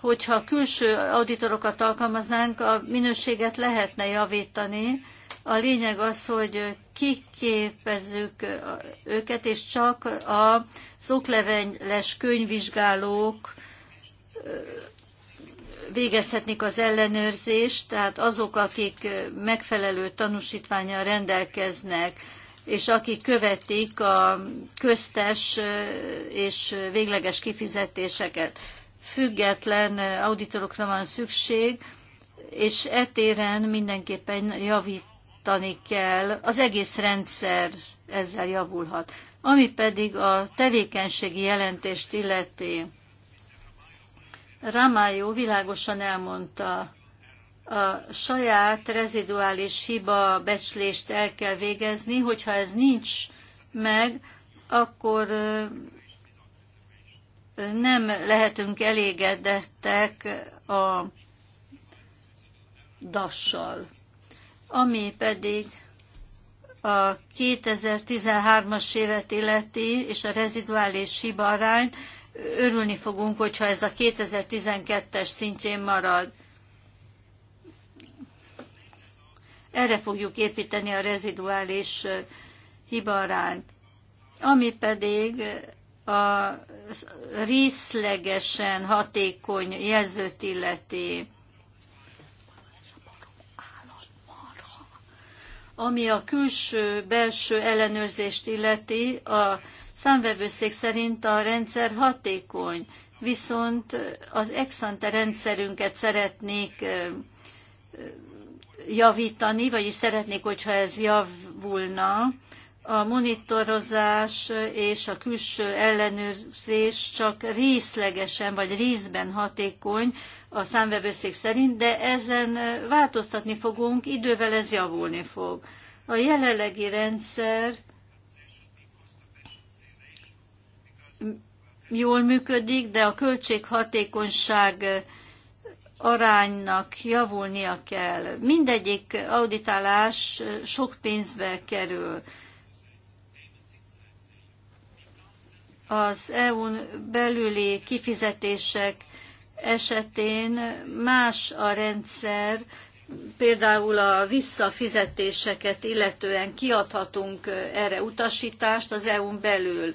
Hogyha külső auditorokat alkalmaznánk, a minőséget lehetne javítani. A lényeg az, hogy kiképezzük őket, és csak az okleveles könyvvizsgálók végezhetnék az ellenőrzést, tehát azok, akik megfelelő tanúsítványal rendelkeznek, és akik követik a köztes és végleges kifizetéseket. Független auditorokra van szükség, és etéren mindenképpen javítani kell, az egész rendszer ezzel javulhat. Ami pedig a tevékenységi jelentést illeti, Ramályó világosan elmondta, a saját reziduális hiba becslést el kell végezni, hogyha ez nincs meg, akkor nem lehetünk elégedettek a dassal. Ami pedig a 2013-as évet illeti és a reziduális arányt, örülni fogunk, hogyha ez a 2012-es szintjén marad. Erre fogjuk építeni a reziduális hibaránt. Ami pedig a részlegesen hatékony jelzőt illeti. ami a külső-belső ellenőrzést illeti, a számvevőszék szerint a rendszer hatékony, viszont az exante rendszerünket szeretnék javítani, vagyis szeretnék, hogyha ez javulna. A monitorozás és a külső ellenőrzés csak részlegesen vagy részben hatékony a számvevőszék szerint, de ezen változtatni fogunk, idővel ez javulni fog. A jelenlegi rendszer jól működik, de a költséghatékonyság aránynak javulnia kell. Mindegyik auditálás sok pénzbe kerül. Az EU-n belüli kifizetések esetén más a rendszer, például a visszafizetéseket illetően kiadhatunk erre utasítást az EU-n belül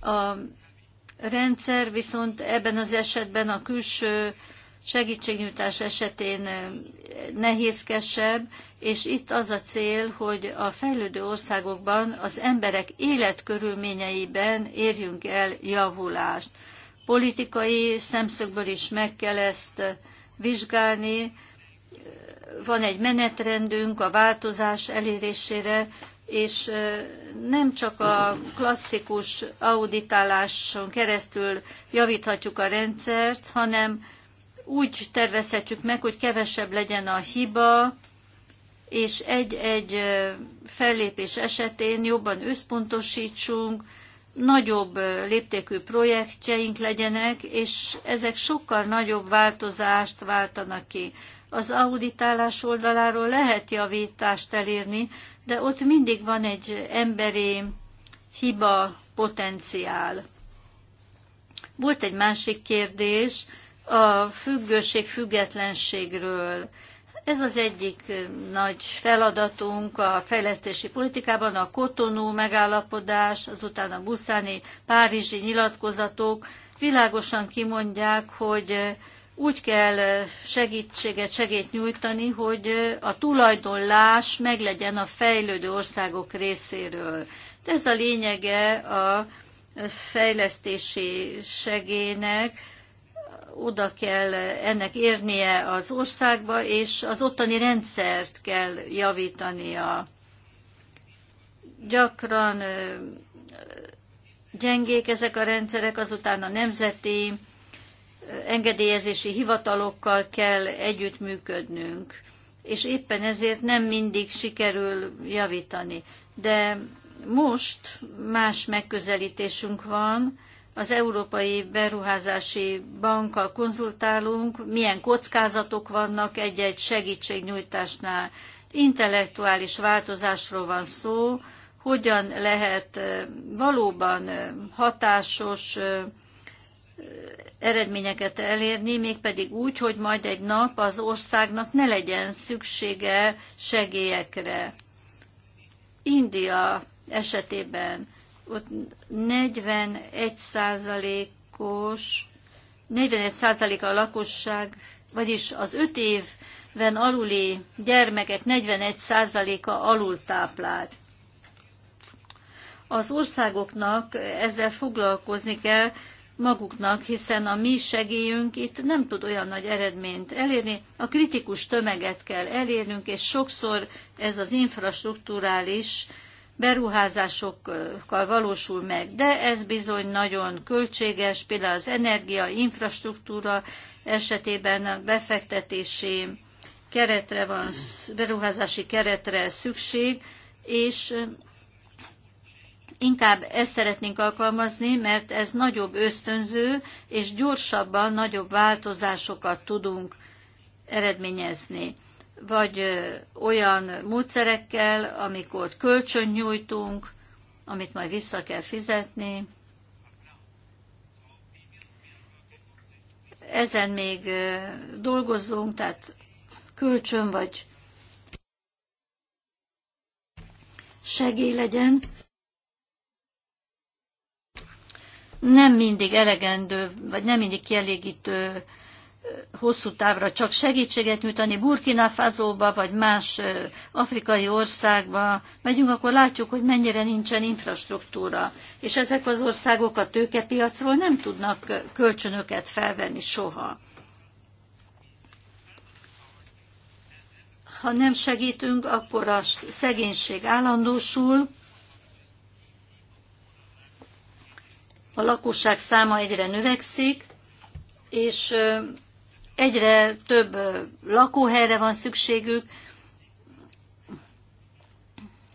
a rendszer viszont ebben az esetben a külső segítségnyújtás esetén eh, nehézkesebb, és itt az a cél, hogy a fejlődő országokban az emberek életkörülményeiben érjünk el javulást. Politikai szemszögből is meg kell ezt eh, vizsgálni, van egy menetrendünk a változás elérésére, és nem csak a klasszikus auditáláson keresztül javíthatjuk a rendszert, hanem úgy tervezhetjük meg, hogy kevesebb legyen a hiba, és egy-egy fellépés esetén jobban összpontosítsunk, nagyobb léptékű projektjeink legyenek, és ezek sokkal nagyobb változást váltanak ki. Az auditálás oldaláról lehet javítást elérni, de ott mindig van egy emberi hiba potenciál. Volt egy másik kérdés a függőség függetlenségről. Ez az egyik nagy feladatunk a fejlesztési politikában, a kotonú megállapodás, azután a buszáni párizsi nyilatkozatok világosan kimondják, hogy úgy kell segítséget, segélyt nyújtani, hogy a tulajdonlás meglegyen a fejlődő országok részéről. De ez a lényege a fejlesztési segélynek, oda kell ennek érnie az országba, és az ottani rendszert kell javítania. Gyakran gyengék ezek a rendszerek, azután a nemzeti engedélyezési hivatalokkal kell együttműködnünk, és éppen ezért nem mindig sikerül javítani. De most más megközelítésünk van, az Európai Beruházási Bankkal konzultálunk, milyen kockázatok vannak egy-egy segítségnyújtásnál. Intellektuális változásról van szó, hogyan lehet valóban hatásos, eredményeket elérni, mégpedig úgy, hogy majd egy nap az országnak ne legyen szüksége segélyekre. India esetében ott 41 százalékos, 41 százaléka a lakosság, vagyis az 5 évben aluli gyermekek 41 százaléka alultáplált. Az országoknak ezzel foglalkozni kell, maguknak, hiszen a mi segélyünk itt nem tud olyan nagy eredményt elérni. A kritikus tömeget kell elérnünk, és sokszor ez az infrastruktúrális beruházásokkal valósul meg, de ez bizony nagyon költséges, például az energia, infrastruktúra esetében befektetési keretre van, beruházási keretre szükség, és Inkább ezt szeretnénk alkalmazni, mert ez nagyobb ösztönző, és gyorsabban nagyobb változásokat tudunk eredményezni. Vagy olyan módszerekkel, amikor kölcsön nyújtunk, amit majd vissza kell fizetni. Ezen még dolgozunk, tehát kölcsön vagy segély legyen. nem mindig elegendő, vagy nem mindig kielégítő hosszú távra csak segítséget nyújtani Burkina Fazóba, vagy más afrikai országba megyünk, akkor látjuk, hogy mennyire nincsen infrastruktúra. És ezek az országok a tőkepiacról nem tudnak kölcsönöket felvenni soha. Ha nem segítünk, akkor a szegénység állandósul, a lakosság száma egyre növekszik, és egyre több lakóhelyre van szükségük.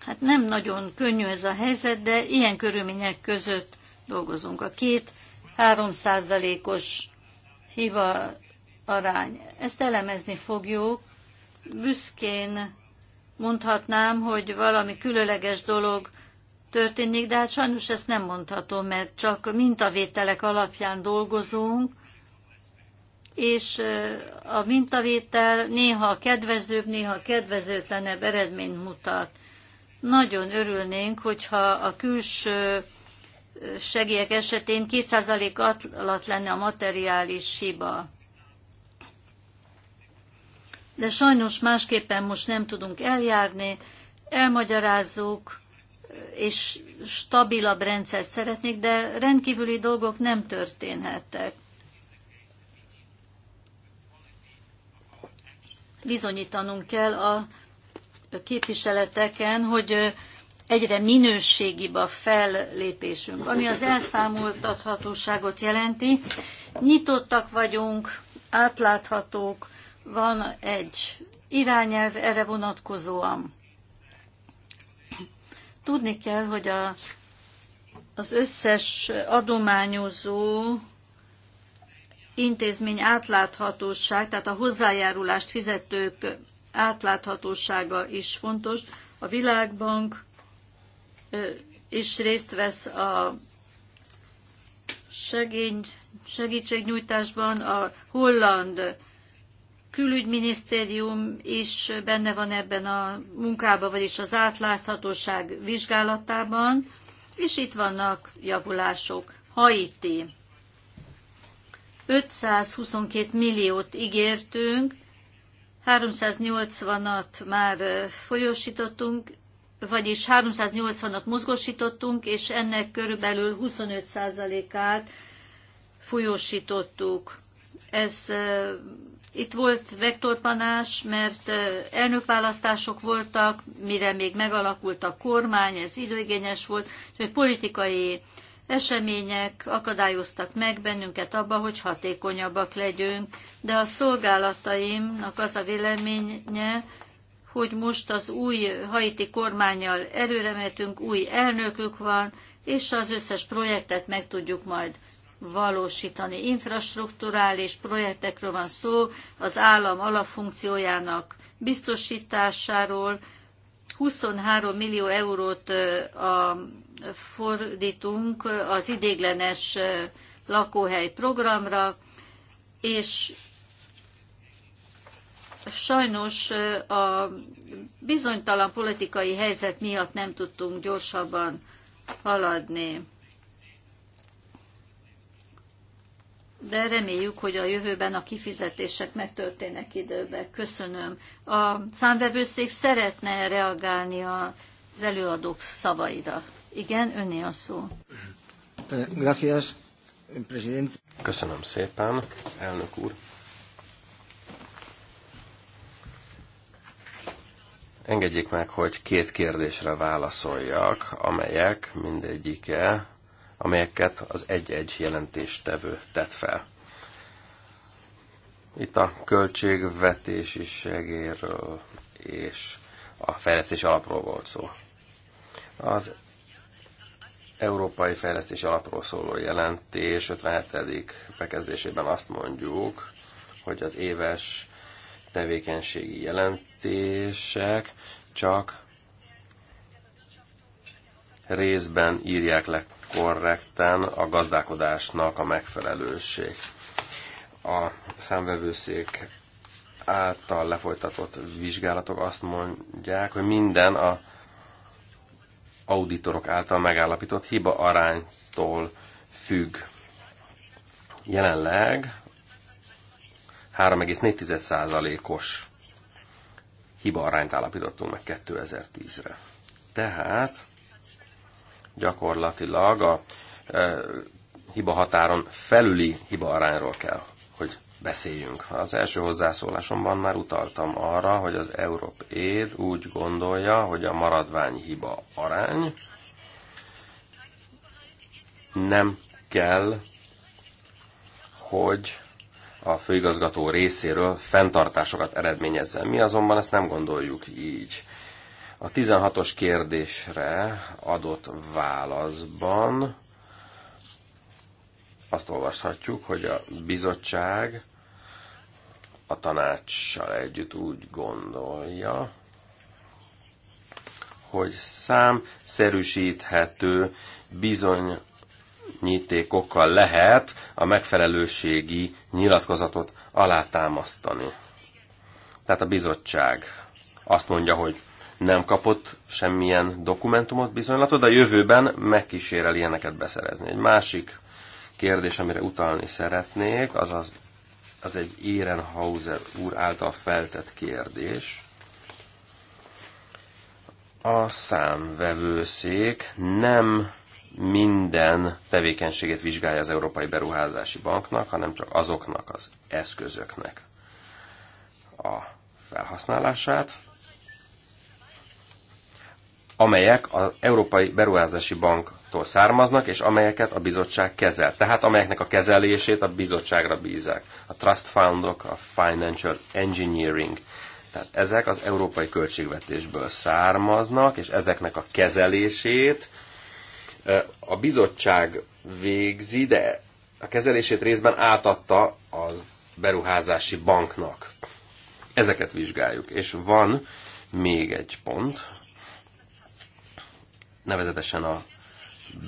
Hát nem nagyon könnyű ez a helyzet, de ilyen körülmények között dolgozunk. A két 3 százalékos hiba arány. Ezt elemezni fogjuk. Büszkén mondhatnám, hogy valami különleges dolog történik, de hát sajnos ezt nem mondhatom, mert csak mintavételek alapján dolgozunk, és a mintavétel néha kedvezőbb, néha kedvezőtlenebb eredményt mutat. Nagyon örülnénk, hogyha a külső segélyek esetén 2% alatt lenne a materiális hiba. De sajnos másképpen most nem tudunk eljárni, elmagyarázzuk, és stabilabb rendszert szeretnék, de rendkívüli dolgok nem történhettek. Bizonyítanunk kell a képviseleteken, hogy egyre minőségibb a fellépésünk, ami az elszámoltathatóságot jelenti. Nyitottak vagyunk, átláthatók, van egy irányelv erre vonatkozóan. Tudni kell, hogy a, az összes adományozó intézmény átláthatóság, tehát a hozzájárulást fizetők átláthatósága is fontos. A Világbank is részt vesz a segény, segítségnyújtásban, a holland külügyminisztérium is benne van ebben a munkában, vagyis az átláthatóság vizsgálatában, és itt vannak javulások. Haiti. 522 milliót ígértünk, 380-at már folyósítottunk, vagyis 380-at mozgósítottunk, és ennek körülbelül 25%-át folyósítottuk. Ez itt volt vektorpanás, mert elnökválasztások voltak, mire még megalakult a kormány, ez időigényes volt, hogy politikai események akadályoztak meg bennünket abba, hogy hatékonyabbak legyünk, de a szolgálataimnak az a véleménye, hogy most az új haiti kormányjal előre új elnökük van, és az összes projektet meg tudjuk majd valósítani. Infrastruktúrális projektekről van szó, az állam alapfunkciójának biztosításáról. 23 millió eurót a, fordítunk az idéglenes lakóhely programra, és sajnos a bizonytalan politikai helyzet miatt nem tudtunk gyorsabban haladni. de reméljük, hogy a jövőben a kifizetések megtörténnek időben. Köszönöm. A számvevőszék szeretne reagálni az előadók szavaira. Igen, öné a szó. Eh, gracias, president. Köszönöm szépen, elnök úr. Engedjék meg, hogy két kérdésre válaszoljak, amelyek mindegyike amelyeket az egy-egy jelentéstevő tett fel. Itt a költségvetési segéről és a fejlesztés alapról volt szó. Az Európai Fejlesztés Alapról szóló jelentés 57. bekezdésében azt mondjuk, hogy az éves tevékenységi jelentések csak részben írják le korrekten a gazdálkodásnak a megfelelőség. A számvevőszék által lefolytatott vizsgálatok azt mondják, hogy minden a auditorok által megállapított hiba aránytól függ. Jelenleg 3,4%-os hiba arányt állapítottunk meg 2010-re. Tehát gyakorlatilag a e, hiba határon felüli hiba arányról kell, hogy beszéljünk. Az első hozzászólásomban már utaltam arra, hogy az Európéd úgy gondolja, hogy a maradvány hiba arány nem kell, hogy a főigazgató részéről fenntartásokat eredményezzen. Mi azonban ezt nem gondoljuk így. A 16-os kérdésre adott válaszban azt olvashatjuk, hogy a bizottság a tanácssal együtt úgy gondolja, hogy számszerűsíthető bizonyítékokkal lehet a megfelelőségi nyilatkozatot alátámasztani. Tehát a bizottság azt mondja, hogy nem kapott semmilyen dokumentumot, bizonylatot, de a jövőben megkísérel ilyeneket beszerezni. Egy másik kérdés, amire utalni szeretnék, az az, az egy Ehrenhauser úr által feltett kérdés. A számvevőszék nem minden tevékenységét vizsgálja az Európai Beruházási Banknak, hanem csak azoknak az eszközöknek a felhasználását, amelyek az Európai Beruházási Banktól származnak, és amelyeket a bizottság kezel. Tehát amelyeknek a kezelését a bizottságra bízák. A trust fundok, a financial engineering. Tehát ezek az európai költségvetésből származnak, és ezeknek a kezelését a bizottság végzi, de a kezelését részben átadta az beruházási banknak. Ezeket vizsgáljuk. És van még egy pont, nevezetesen a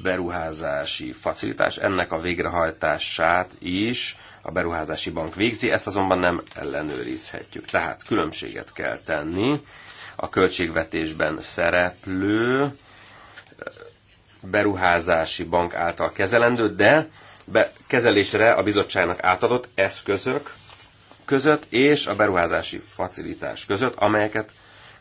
beruházási facilitás, ennek a végrehajtását is a beruházási bank végzi, ezt azonban nem ellenőrizhetjük. Tehát különbséget kell tenni a költségvetésben szereplő eh, beruházási bank által kezelendő, de be, kezelésre a bizottságnak átadott eszközök között és a beruházási facilitás között, amelyeket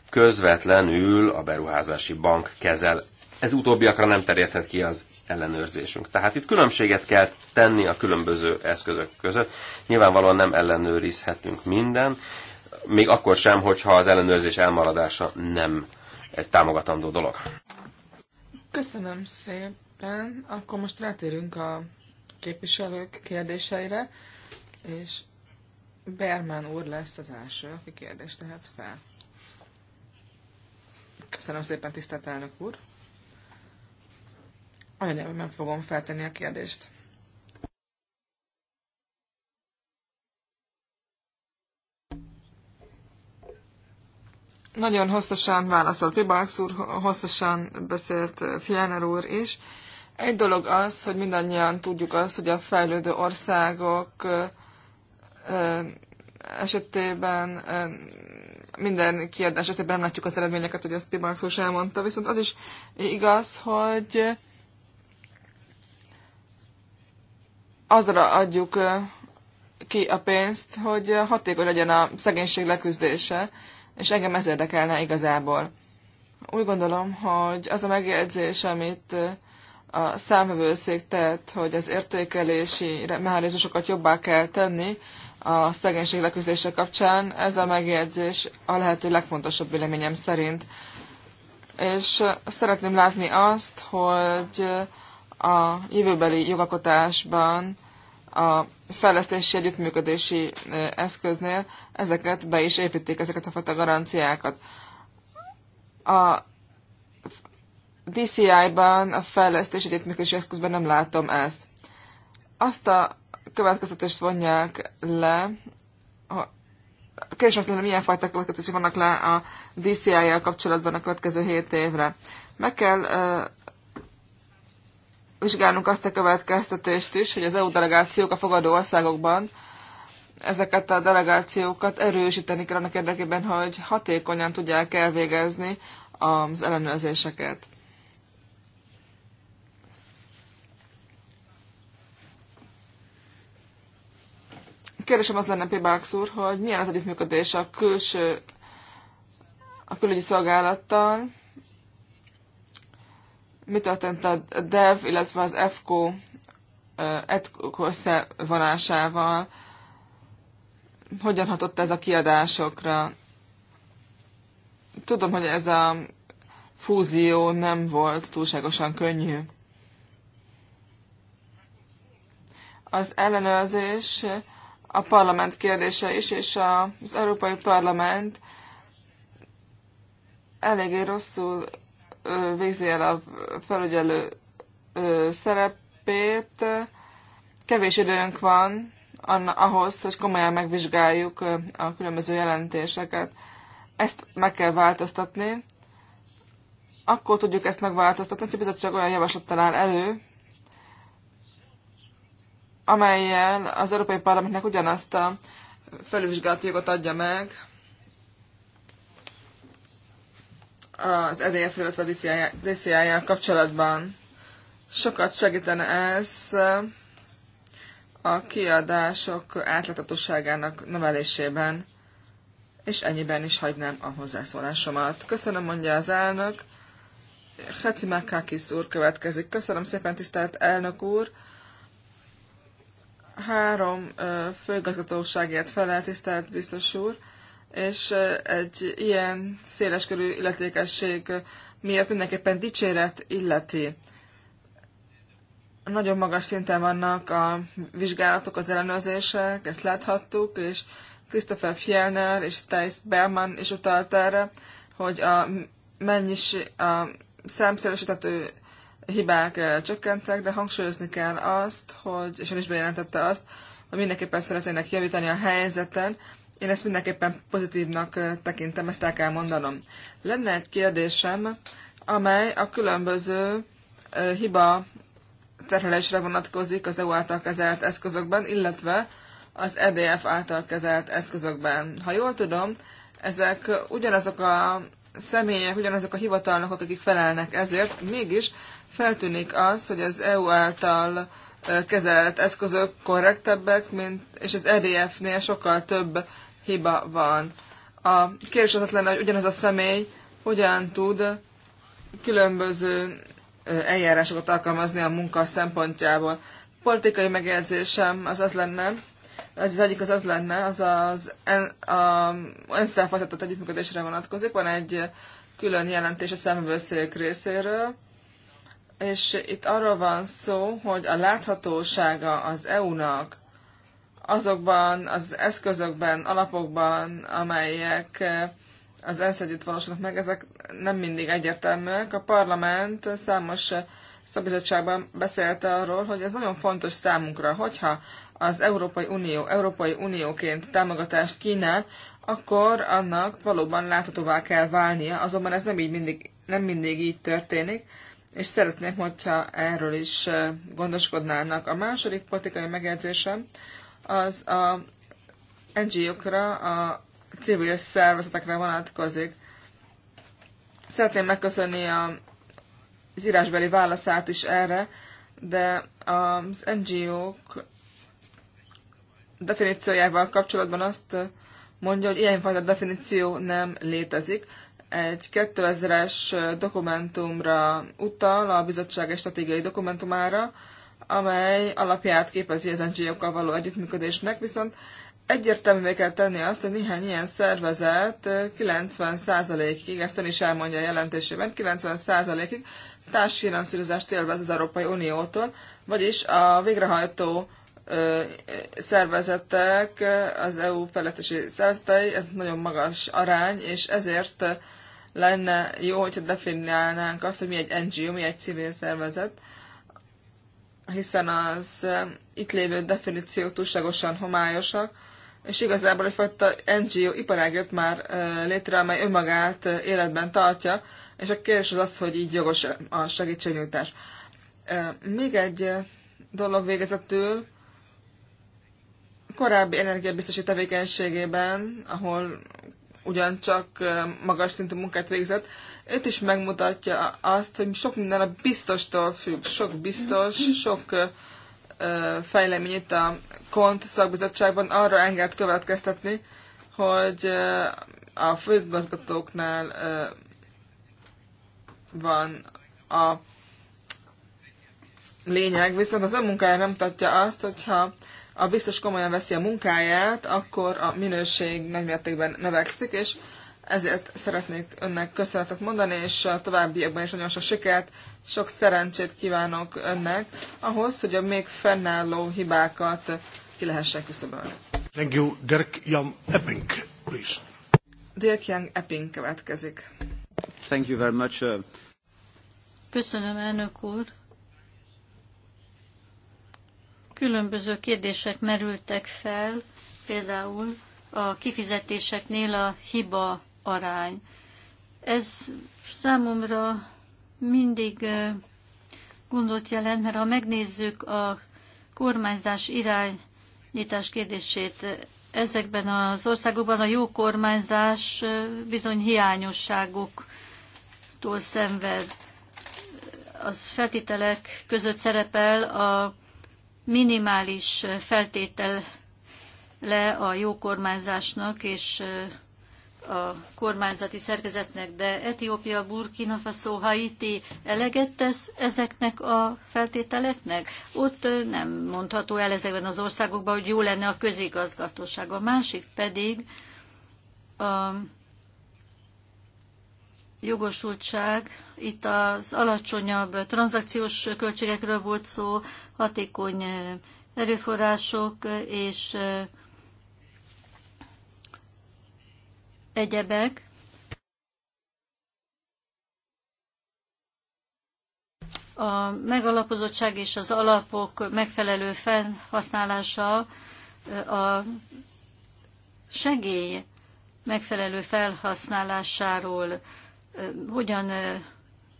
közvetlenül a beruházási bank kezel ez utóbbiakra nem terjedhet ki az ellenőrzésünk. Tehát itt különbséget kell tenni a különböző eszközök között. Nyilvánvalóan nem ellenőrizhetünk minden, még akkor sem, hogyha az ellenőrzés elmaradása nem egy támogatandó dolog. Köszönöm szépen. Akkor most rátérünk a képviselők kérdéseire, és Berman úr lesz az első, aki kérdést tehet fel. Köszönöm szépen, tisztelt elnök úr! A nem fogom feltenni a kérdést. Nagyon hosszasan válaszolt Pibax úr, hosszasan beszélt eh, Fianer úr is. Egy dolog az, hogy mindannyian tudjuk azt, hogy a fejlődő országok eh, eh, esetében minden kiadás esetében nem látjuk az eredményeket, hogy azt Pibax úr elmondta, viszont az is igaz, hogy azra adjuk ki a pénzt, hogy hatékony legyen a szegénység leküzdése, és engem ez érdekelne igazából. Úgy gondolom, hogy az a megjegyzés, amit a számvevőszék tett, hogy az értékelési mechanizmusokat jobbá kell tenni a szegénység leküzdése kapcsán, ez a megjegyzés a lehető legfontosabb véleményem szerint. És szeretném látni azt, hogy a jövőbeli jogakotásban a fejlesztési együttműködési eszköznél ezeket be is építik, ezeket a fajta garanciákat. A DCI-ban, a fejlesztési együttműködési eszközben nem látom ezt. Azt a következtetést vonják le, a kérdés azt mondja, milyen fajta következtetések vannak le a DCI-jel kapcsolatban a következő 7 évre. Meg kell uh, vizsgálnunk azt a következtetést is, hogy az EU delegációk a fogadó országokban ezeket a delegációkat erősíteni kell annak érdekében, hogy hatékonyan tudják elvégezni az ellenőrzéseket. Kérdésem az lenne, Pébáks úr, hogy milyen az együttműködés a külső, a külügyi szolgálattal, mi történt a DEV, illetve az FCO uh, összevonásával, hogyan hatott ez a kiadásokra. Tudom, hogy ez a fúzió nem volt túlságosan könnyű. Az ellenőrzés a parlament kérdése is, és az Európai Parlament eléggé rosszul végzi el a felügyelő szerepét. Kevés időnk van ahhoz, hogy komolyan megvizsgáljuk a különböző jelentéseket. Ezt meg kell változtatni. Akkor tudjuk ezt megváltoztatni, hogy a bizottság olyan javaslattal áll elő, amelyel az Európai Parlamentnek ugyanazt a felülvizsgálati jogot adja meg, az EDF, illetve a DCI-jel kapcsolatban. Sokat segítene ez a kiadások átláthatóságának növelésében, és ennyiben is hagynám a hozzászólásomat. Köszönöm, mondja az elnök. Hacimakakis úr következik. Köszönöm szépen, tisztelt elnök úr. Három főgazgatóságért felel, tisztelt biztos úr és egy ilyen széleskörű illetékesség miatt mindenképpen dicséret illeti. Nagyon magas szinten vannak a vizsgálatok, az ellenőrzések, ezt láthattuk, és Christopher Fjellner és Thijs Berman is utalt erre, hogy a mennyis, a számszerűsítető hibák csökkentek, de hangsúlyozni kell azt, hogy, és ön is bejelentette azt, hogy mindenképpen szeretnének javítani a helyzeten, én ezt mindenképpen pozitívnak tekintem, ezt el kell mondanom. Lenne egy kérdésem, amely a különböző hiba terhelésre vonatkozik az EU által kezelt eszközökben, illetve az EDF által kezelt eszközökben. Ha jól tudom, ezek ugyanazok a személyek, ugyanazok a hivatalnokok, akik felelnek ezért, mégis feltűnik az, hogy az EU által kezelt eszközök korrektebbek, mint, és az rdf e nél sokkal több hiba van. A kérdés az lenne, hogy ugyanaz a személy hogyan tud különböző eljárásokat alkalmazni a munka szempontjából. Politikai megjegyzésem az az lenne, az egyik az az lenne, az az en, a ensz folytatott együttműködésre vonatkozik. Van egy külön jelentés a szemvőszék részéről, és itt arról van szó, hogy a láthatósága az EU-nak azokban az eszközökben, alapokban, amelyek eh, az ENSZ együtt valósulnak meg, ezek nem mindig egyértelműek. A parlament számos eh, szabizottságban beszélte arról, hogy ez nagyon fontos számunkra, hogyha az Európai Unió Európai Unióként támogatást kínál, akkor annak valóban láthatóvá kell válnia, azonban ez nem, így mindig, nem mindig így történik, és szeretnék, hogyha erről is gondoskodnának. A második politikai megjegyzésem az a NGO-kra, a civil szervezetekre vonatkozik. Szeretném megköszönni a, az írásbeli válaszát is erre, de az NGO-k definíciójával kapcsolatban azt mondja, hogy ilyenfajta definíció nem létezik egy 2000-es dokumentumra utal, a bizottság egy stratégiai dokumentumára, amely alapját képezi az NGO-kkal való együttműködésnek, viszont egyértelművé kell tenni azt, hogy néhány ilyen szervezet 90%-ig, ezt ön is elmondja a jelentésében, 90%-ig társfinanszírozást élvez az Európai Uniótól, vagyis a végrehajtó szervezetek, az EU felettesi szervezetei, ez nagyon magas arány, és ezért lenne jó, hogyha definiálnánk azt, hogy mi egy NGO, mi egy civil szervezet, hiszen az um, itt lévő definíciók túlságosan homályosak, és igazából egyfajta NGO iparág jött már uh, létre, amely önmagát uh, életben tartja, és a kérdés az az, hogy így jogos a segítségnyújtás. Uh, még egy dolog végezetül, korábbi energiabiztosi tevékenységében, ahol ugyancsak magas szintű munkát végzett, őt is megmutatja azt, hogy sok minden a biztostól függ, sok biztos, sok fejlemény itt a KONT szakbizottságban arra engedt következtetni, hogy a főigazgatóknál van a lényeg, viszont az önmunkája nem mutatja azt, hogyha a biztos komolyan veszi a munkáját, akkor a minőség nagymértékben növekszik, és ezért szeretnék önnek köszönetet mondani, és a továbbiakban is nagyon sok sikert, sok szerencsét kívánok önnek ahhoz, hogy a még fennálló hibákat ki lehessen küszöbölni. Thank you, Dirk Jan Epping, please. Dirk Jan Epping következik. Thank you very much. Uh, Köszönöm, elnök úr. Különböző kérdések merültek fel, például a kifizetéseknél a hiba arány. Ez számomra mindig gondot jelent, mert ha megnézzük a kormányzás irányítás kérdését, ezekben az országokban a jó kormányzás bizony hiányosságoktól szenved. Az feltételek között szerepel a minimális le a jó kormányzásnak és a kormányzati szerkezetnek, de Etiópia, Burkina Faso, Haiti eleget tesz ezeknek a feltételeknek? Ott nem mondható el ezekben az országokban, hogy jó lenne a közigazgatóság. A másik pedig a jogosultság. Itt az alacsonyabb tranzakciós költségekről volt szó, hatékony erőforrások és egyebek. A megalapozottság és az alapok megfelelő felhasználása a segély megfelelő felhasználásáról hogyan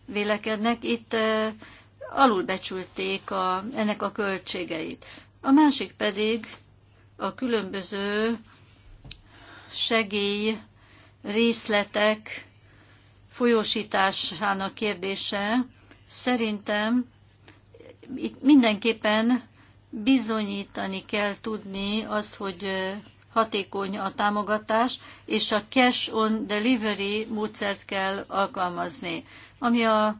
vélekednek. Itt alulbecsülték a, ennek a költségeit. A másik pedig a különböző segély részletek folyósításának kérdése. Szerintem itt mindenképpen bizonyítani kell tudni az, hogy hatékony a támogatás, és a cash on delivery módszert kell alkalmazni, ami a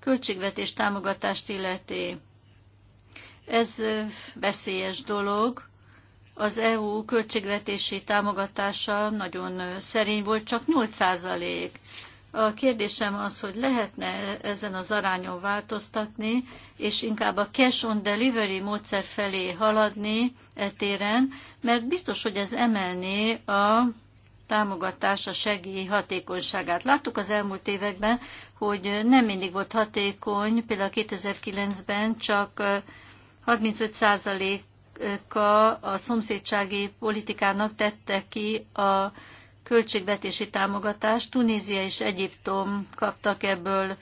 költségvetés támogatást illeti. Ez veszélyes dolog. Az EU költségvetési támogatása nagyon szerény volt, csak 8 százalék. A kérdésem az, hogy lehetne ezen az arányon változtatni, és inkább a cash on delivery módszer felé haladni etéren, mert biztos, hogy ez emelné a támogatás a segély hatékonyságát. Láttuk az elmúlt években, hogy nem mindig volt hatékony, például 2009-ben csak 35%-a a szomszédsági politikának tette ki a költségvetési támogatást. Tunézia és Egyiptom kaptak ebből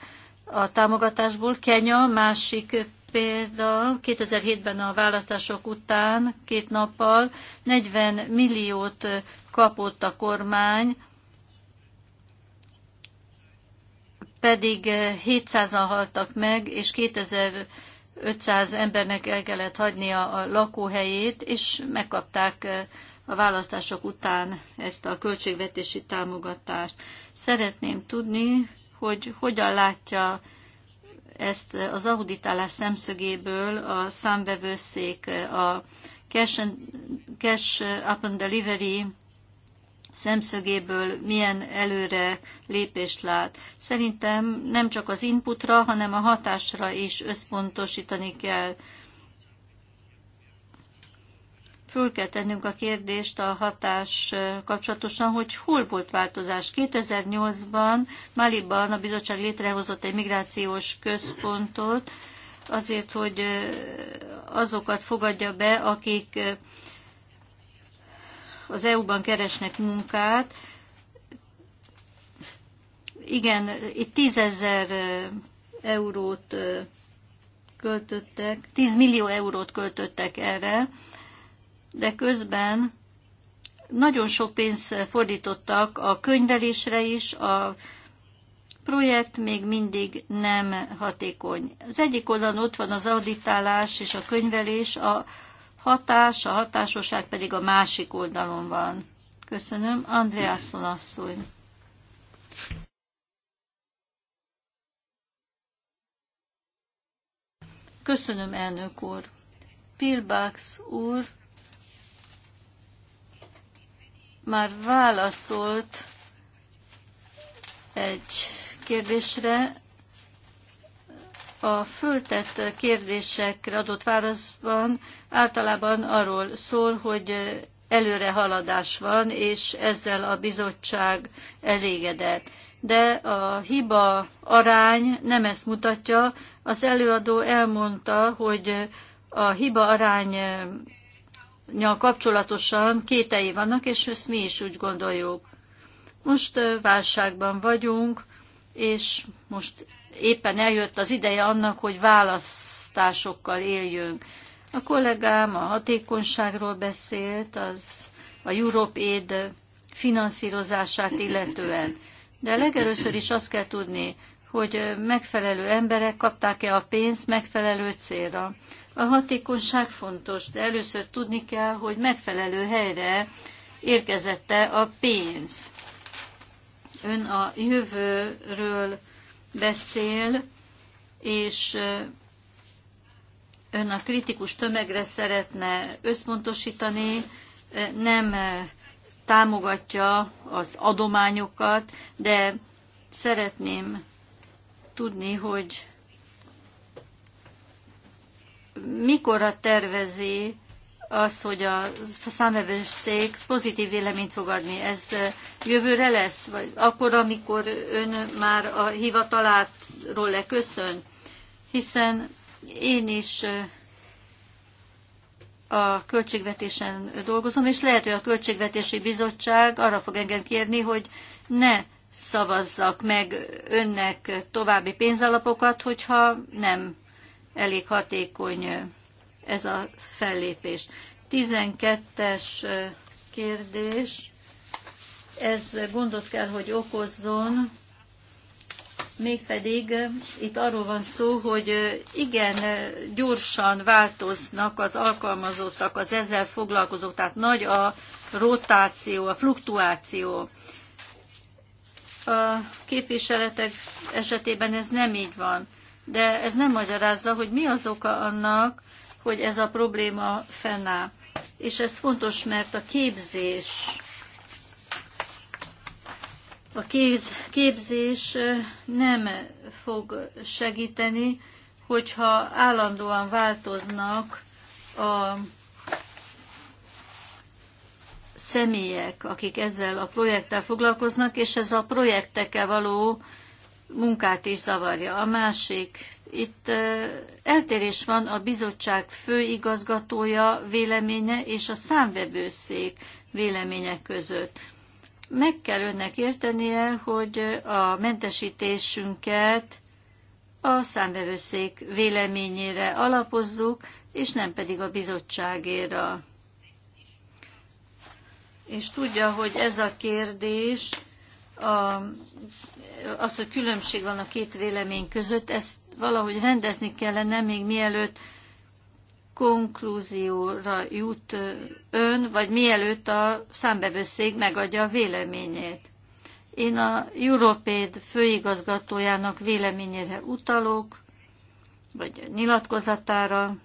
a támogatásból. Kenya másik példa 2007-ben a választások után két nappal 40 milliót kapott a kormány, pedig 700-an haltak meg, és 2500 embernek el kellett hagynia a lakóhelyét, és megkapták a választások után ezt a költségvetési támogatást. Szeretném tudni, hogy hogyan látja ezt az auditálás szemszögéből a számbevőszék, a cash, and, cash up and delivery szemszögéből milyen előre lépést lát. Szerintem nem csak az inputra, hanem a hatásra is összpontosítani kell föl kell tennünk a kérdést a hatás kapcsolatosan, hogy hol volt változás. 2008-ban Maliban a bizottság létrehozott egy migrációs központot, azért, hogy azokat fogadja be, akik az EU-ban keresnek munkát. Igen, itt tízezer eurót költöttek, 10 millió eurót költöttek erre, de közben nagyon sok pénzt fordítottak a könyvelésre is, a projekt még mindig nem hatékony. Az egyik oldalon ott van az auditálás és a könyvelés, a hatás, a hatásosság pedig a másik oldalon van. Köszönöm. Andreasson asszony. Köszönöm, elnök úr. Pilbax úr már válaszolt egy kérdésre, a föltett kérdésekre adott válaszban általában arról szól, hogy előre haladás van, és ezzel a bizottság elégedett. De a hiba arány nem ezt mutatja. Az előadó elmondta, hogy a hiba arány kapcsolatosan kétei vannak, és ezt mi is úgy gondoljuk. Most válságban vagyunk, és most éppen eljött az ideje annak, hogy választásokkal éljünk. A kollégám a hatékonyságról beszélt, az a Europe Aid finanszírozását illetően. De legelőször is azt kell tudni, hogy megfelelő emberek kapták-e a pénzt megfelelő célra. A hatékonyság fontos, de először tudni kell, hogy megfelelő helyre érkezette a pénz. Ön a jövőről beszél, és ön a kritikus tömegre szeretne összpontosítani, nem támogatja az adományokat, de szeretném tudni, hogy mikorra tervezi az, hogy a számvevős cég pozitív véleményt fog adni? Ez jövőre lesz? Vagy akkor, amikor ön már a hivatalátról leköszön? Hiszen én is a költségvetésen dolgozom, és lehet, hogy a Költségvetési Bizottság arra fog engem kérni, hogy ne szavazzak meg önnek további pénzalapokat, hogyha nem elég hatékony ez a fellépés. 12-es kérdés, ez gondot kell, hogy okozzon, mégpedig itt arról van szó, hogy igen, gyorsan változnak az alkalmazottak, az ezzel foglalkozók, tehát nagy a rotáció, a fluktuáció. A képviseletek esetében ez nem így van de ez nem magyarázza, hogy mi az oka annak, hogy ez a probléma fennáll. És ez fontos, mert a képzés a kéz, képzés nem fog segíteni, hogyha állandóan változnak a személyek, akik ezzel a projekttel foglalkoznak, és ez a projektekkel való munkát is zavarja. A másik, itt eltérés van a bizottság főigazgatója véleménye és a számvevőszék véleménye között. Meg kell önnek értenie, hogy a mentesítésünket a számvevőszék véleményére alapozzuk, és nem pedig a bizottságéra. És tudja, hogy ez a kérdés a, az, hogy különbség van a két vélemény között, ezt valahogy rendezni kellene, még mielőtt konklúzióra jut ön, vagy mielőtt a számbevőszék megadja a véleményét. Én a Európéd főigazgatójának véleményére utalok, vagy nyilatkozatára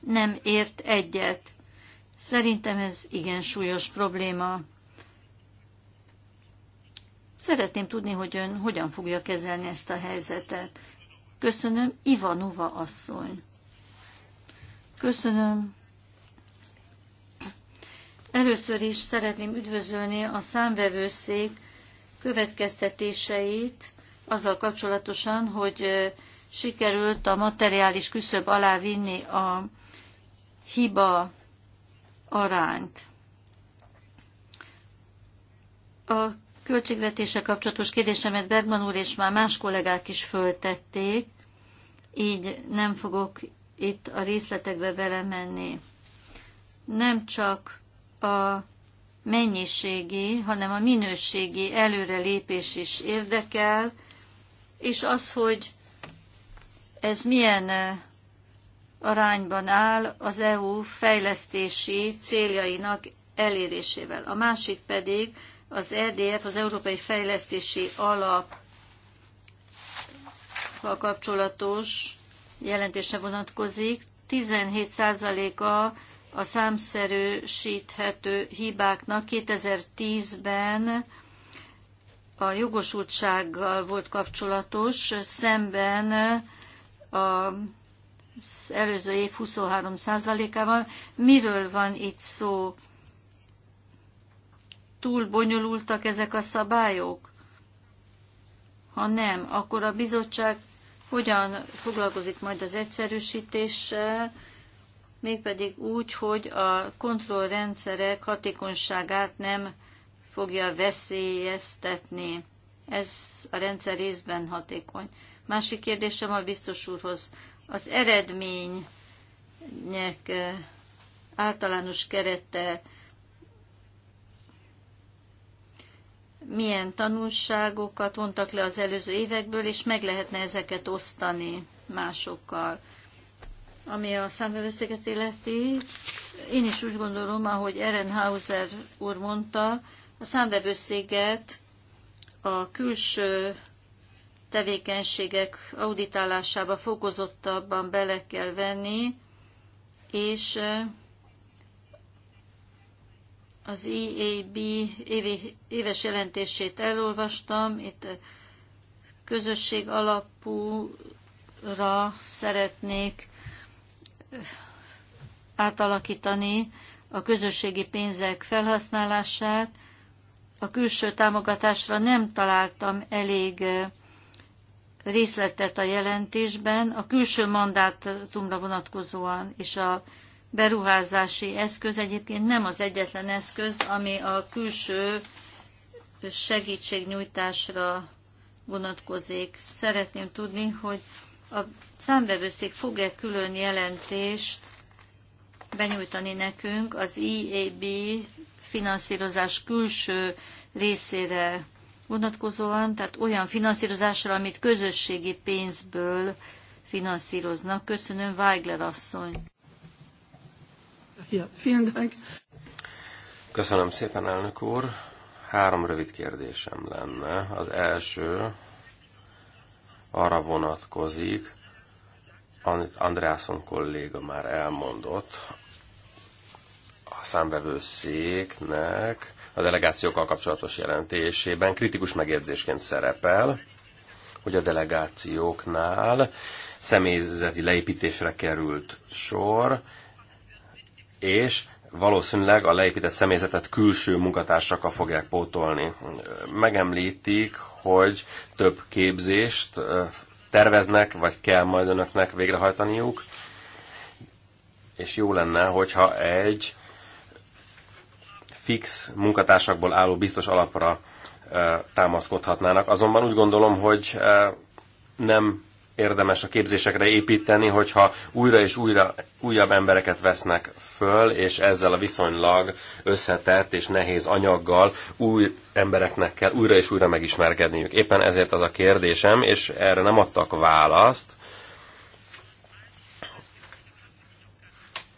nem ért egyet. Szerintem ez igen súlyos probléma. Szeretném tudni, hogy ön hogyan fogja kezelni ezt a helyzetet. Köszönöm, Ivanova asszony. Köszönöm. Először is szeretném üdvözölni a számvevőszék következtetéseit azzal kapcsolatosan, hogy sikerült a materiális küszöb alá vinni a hiba arányt. A költségvetése kapcsolatos kérdésemet Bergman úr és már más kollégák is föltették, így nem fogok itt a részletekbe belemenni. Nem csak a mennyiségi, hanem a minőségi előrelépés is érdekel, és az, hogy ez milyen eh, arányban áll az EU fejlesztési céljainak elérésével. A másik pedig az EDF, az Európai Fejlesztési Alap kapcsolatos jelentése vonatkozik. 17%-a a számszerűsíthető hibáknak 2010-ben a jogosultsággal volt kapcsolatos, szemben az előző év 23%-ával. Miről van itt szó? túl bonyolultak ezek a szabályok? Ha nem, akkor a bizottság hogyan foglalkozik majd az egyszerűsítéssel, mégpedig úgy, hogy a kontrollrendszerek hatékonyságát nem fogja veszélyeztetni. Ez a rendszer részben hatékony. Másik kérdésem a biztos úrhoz. Az eredmények eh, általános kerete milyen tanulságokat vontak le az előző évekből, és meg lehetne ezeket osztani másokkal. Ami a számvevőszéget illeti, én is úgy gondolom, ahogy Ehrenhauser úr mondta, a számvevőszéget a külső tevékenységek auditálásába fokozottabban bele kell venni, és az EAB éves jelentését elolvastam, itt közösség alapúra szeretnék eh, átalakítani a közösségi pénzek felhasználását. A külső támogatásra nem találtam elég eh, részletet a jelentésben, a külső mandátumra vonatkozóan és a beruházási eszköz egyébként nem az egyetlen eszköz, ami a külső segítségnyújtásra vonatkozik. Szeretném tudni, hogy a számbevőszék fog-e külön jelentést benyújtani nekünk az IAB e finanszírozás külső részére vonatkozóan, tehát olyan finanszírozásra, amit közösségi pénzből finanszíroznak. Köszönöm, Weigler asszony. Ja, vielen Dank. Köszönöm szépen, elnök úr. Három rövid kérdésem lenne. Az első arra vonatkozik, amit Andrászon kolléga már elmondott, a számbevőszéknek a delegációkkal kapcsolatos jelentésében kritikus megjegyzésként szerepel, hogy a delegációknál személyzeti leépítésre került sor, és valószínűleg a leépített személyzetet külső munkatársakkal fogják pótolni. Megemlítik, hogy több képzést terveznek, vagy kell majd önöknek végrehajtaniuk, és jó lenne, hogyha egy fix munkatársakból álló biztos alapra támaszkodhatnának. Azonban úgy gondolom, hogy nem érdemes a képzésekre építeni, hogyha újra és újra újabb embereket vesznek föl, és ezzel a viszonylag összetett és nehéz anyaggal új embereknek kell újra és újra megismerkedniük. Éppen ezért az a kérdésem, és erre nem adtak választ,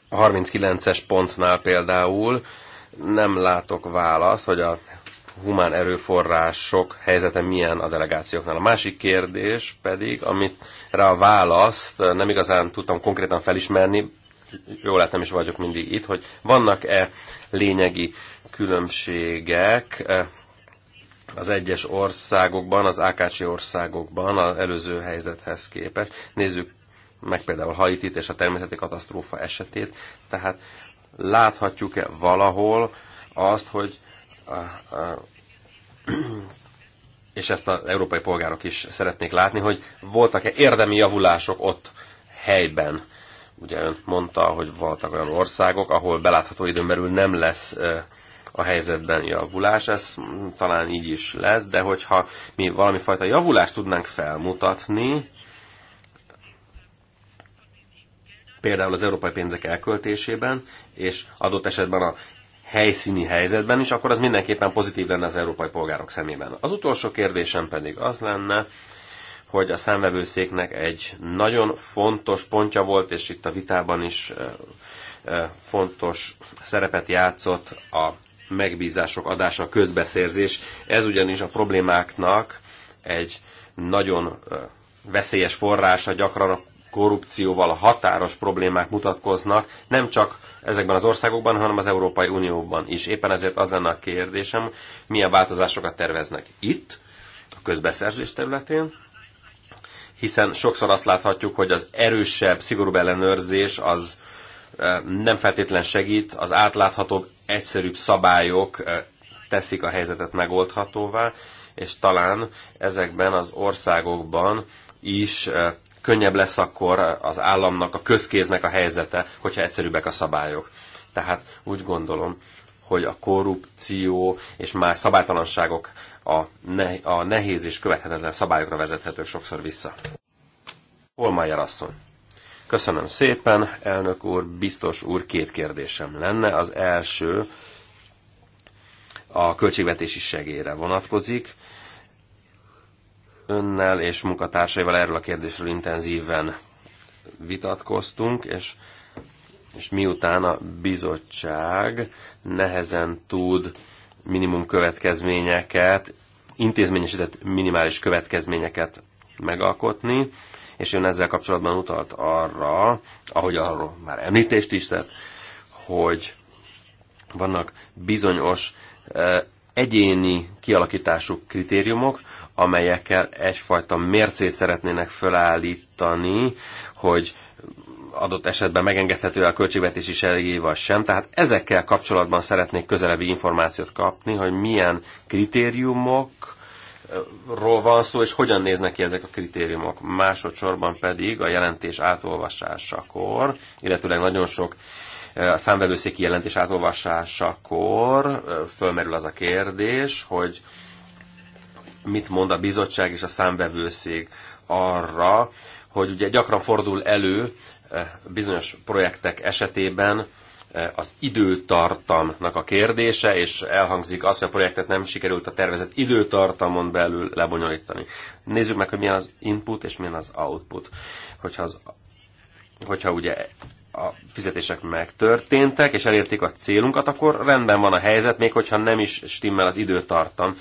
a 39-es pontnál például nem látok választ, hogy a humán erőforrások helyzete milyen a delegációknál. A másik kérdés pedig, amit rá a választ nem igazán tudtam konkrétan felismerni, jó lehet nem is vagyok mindig itt, hogy vannak-e lényegi különbségek eh, az egyes országokban, az AKC országokban az előző helyzethez képest. Nézzük meg például Haitit és a természeti katasztrófa esetét. Tehát láthatjuk-e valahol azt, hogy a, a, és ezt az európai polgárok is szeretnék látni, hogy voltak-e érdemi javulások ott helyben. Ugye ön mondta, hogy voltak olyan országok, ahol belátható időn belül nem lesz a helyzetben javulás, ez talán így is lesz, de hogyha mi valami fajta javulást tudnánk felmutatni, például az európai pénzek elköltésében, és adott esetben a helyszíni helyzetben is, akkor az mindenképpen pozitív lenne az európai polgárok szemében. Az utolsó kérdésem pedig az lenne, hogy a számvevőszéknek egy nagyon fontos pontja volt, és itt a vitában is fontos szerepet játszott a megbízások adása, a közbeszerzés. Ez ugyanis a problémáknak egy nagyon veszélyes forrása, gyakran a korrupcióval határos problémák mutatkoznak, nem csak ezekben az országokban, hanem az Európai Unióban is. Éppen ezért az lenne a kérdésem, milyen változásokat terveznek itt, a közbeszerzés területén, hiszen sokszor azt láthatjuk, hogy az erősebb, szigorúbb ellenőrzés az nem feltétlen segít, az átláthatóbb, egyszerűbb szabályok teszik a helyzetet megoldhatóvá, és talán ezekben az országokban is könnyebb lesz akkor az államnak, a közkéznek a helyzete, hogyha egyszerűbbek a szabályok. Tehát úgy gondolom, hogy a korrupció és más szabálytalanságok a, ne, a nehéz és követhetetlen szabályokra vezethetők sokszor vissza. Holmajer asszony. Köszönöm szépen, elnök úr, biztos úr, két kérdésem lenne. Az első a költségvetési segélyre vonatkozik önnel és munkatársaival erről a kérdésről intenzíven vitatkoztunk, és, és miután a bizottság nehezen tud minimum következményeket, intézményesített minimális következményeket megalkotni, és ön ezzel kapcsolatban utalt arra, ahogy arról már említést is tett, hogy vannak bizonyos eh, egyéni kialakítású kritériumok, amelyekkel egyfajta mércét szeretnének felállítani, hogy adott esetben megengedhető a költségvetési segély vagy sem. Tehát ezekkel kapcsolatban szeretnék közelebbi információt kapni, hogy milyen kritériumokról van szó, és hogyan néznek ki ezek a kritériumok. Másodszorban pedig a jelentés átolvasásakor, illetőleg nagyon sok eh, a számvevőszéki jelentés átolvasásakor eh, fölmerül az a kérdés, hogy mit mond a bizottság és a számvevőszék arra, hogy ugye gyakran fordul elő eh, bizonyos projektek esetében eh, az időtartamnak a kérdése, és elhangzik az, hogy a projektet nem sikerült a tervezett időtartamon belül lebonyolítani. Nézzük meg, hogy milyen az input és milyen az output. Hogyha, az, hogyha ugye a fizetések megtörténtek, és elérték a célunkat, akkor rendben van a helyzet, még hogyha nem is stimmel az időtartam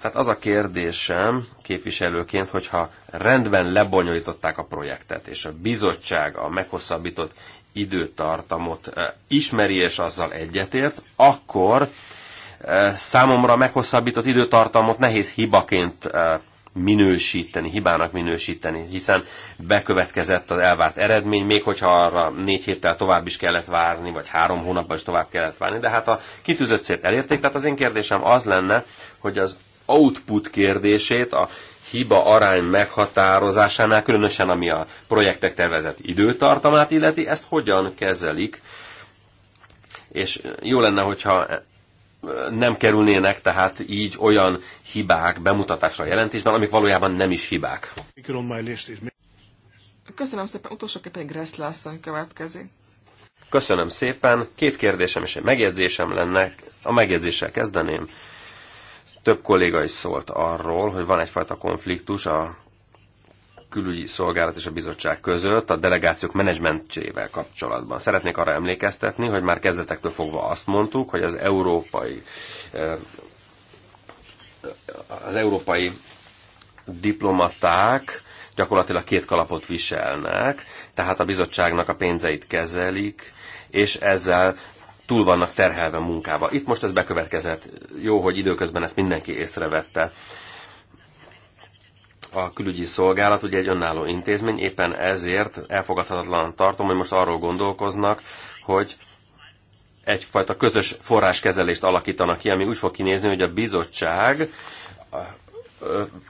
tehát az a kérdésem képviselőként, hogyha rendben lebonyolították a projektet, és a bizottság a meghosszabbított időtartamot ismeri és azzal egyetért, akkor számomra meghosszabbított időtartamot nehéz hibaként minősíteni, hibának minősíteni, hiszen bekövetkezett az elvárt eredmény, még hogyha arra négy héttel tovább is kellett várni, vagy három hónapban is tovább kellett várni, de hát a kitűzött célt elérték, tehát az én kérdésem az lenne, hogy az output kérdését, a hiba arány meghatározásánál, különösen ami a projektek tervezett időtartamát illeti, ezt hogyan kezelik, és jó lenne, hogyha nem kerülnének tehát így olyan hibák bemutatásra a jelentésben, amik valójában nem is hibák. Köszönöm szépen, Utolsó képen egy asszony következik. Köszönöm szépen. Két kérdésem és egy megjegyzésem lenne. A megjegyzéssel kezdeném. Több kolléga is szólt arról, hogy van egyfajta konfliktus a külügyi szolgálat és a bizottság között a delegációk menedzsmentjével kapcsolatban. Szeretnék arra emlékeztetni, hogy már kezdetektől fogva azt mondtuk, hogy az európai eh, az európai diplomaták gyakorlatilag két kalapot viselnek, tehát a bizottságnak a pénzeit kezelik, és ezzel túl vannak terhelve munkába. Itt most ez bekövetkezett. Jó, hogy időközben ezt mindenki észrevette a külügyi szolgálat ugye egy önálló intézmény, éppen ezért elfogadhatatlan tartom, hogy most arról gondolkoznak, hogy egyfajta közös forráskezelést alakítanak ki, ami úgy fog kinézni, hogy a bizottság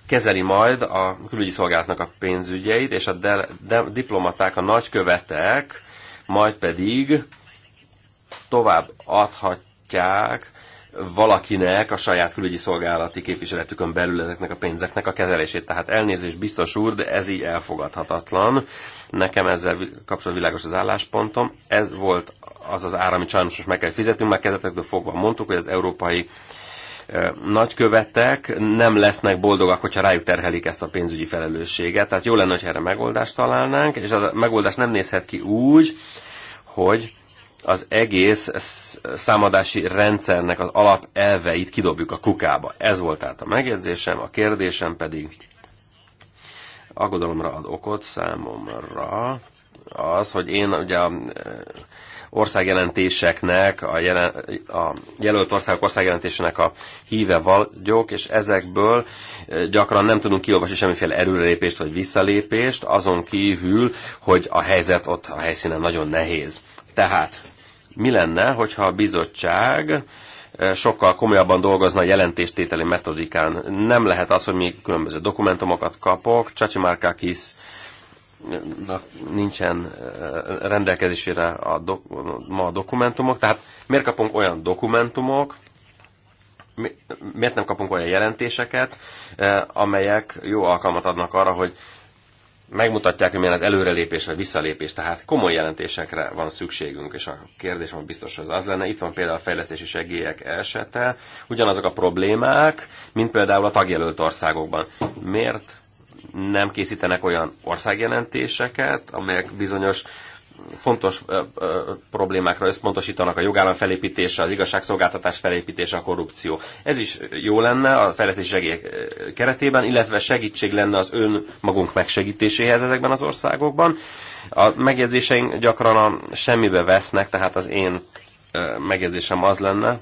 kezeli majd a külügyi szolgálatnak a pénzügyeit, és a de, de, diplomaták, a nagykövetek majd pedig tovább adhatják valakinek a saját külügyi szolgálati képviseletükön belül ezeknek a pénzeknek a kezelését. Tehát elnézést biztos úr, de ez így elfogadhatatlan. Nekem ezzel kapcsolatban világos az álláspontom. Ez volt az az ára, amit sajnos most meg kell fizetnünk. mert kezdetektől fogva mondtuk, hogy az európai nagykövetek nem lesznek boldogak, hogyha rájuk terhelik ezt a pénzügyi felelősséget. Tehát jó lenne, hogy erre megoldást találnánk, és a megoldás nem nézhet ki úgy, hogy az egész számadási rendszernek az alapelveit kidobjuk a kukába. Ez volt tehát a megjegyzésem, a kérdésem pedig aggodalomra ad okot számomra az, hogy én ugye a e, országjelentéseknek, a, jelen, a jelölt országok országjelentésének a híve vagyok, és ezekből e, gyakran nem tudunk kiolvasni semmiféle erőlépést vagy visszalépést, azon kívül, hogy a helyzet ott a helyszínen nagyon nehéz. Tehát mi lenne, hogyha a bizottság eh, sokkal komolyabban dolgozna a jelentéstételi metodikán. Nem lehet az, hogy még különböző dokumentumokat kapok. Csacsi Márkákisz nincsen eh, rendelkezésére a do, ma a dokumentumok, tehát miért kapunk olyan dokumentumok, miért nem kapunk olyan jelentéseket, eh, amelyek jó alkalmat adnak arra, hogy megmutatják, hogy milyen az előrelépés vagy visszalépés, tehát komoly jelentésekre van szükségünk, és a kérdésem hogy biztos hogy az lenne. Itt van például a fejlesztési segélyek esete, ugyanazok a problémák, mint például a tagjelölt országokban. Miért nem készítenek olyan országjelentéseket, amelyek bizonyos fontos problémákra összpontosítanak a jogállam felépítése, az igazságszolgáltatás felépítése, a korrupció. Ez is jó lenne a fejlesztési segélyek keretében, illetve segítség lenne az ön magunk megsegítéséhez ezekben az országokban. A megjegyzéseink gyakran a semmibe vesznek, tehát az én megjegyzésem az lenne,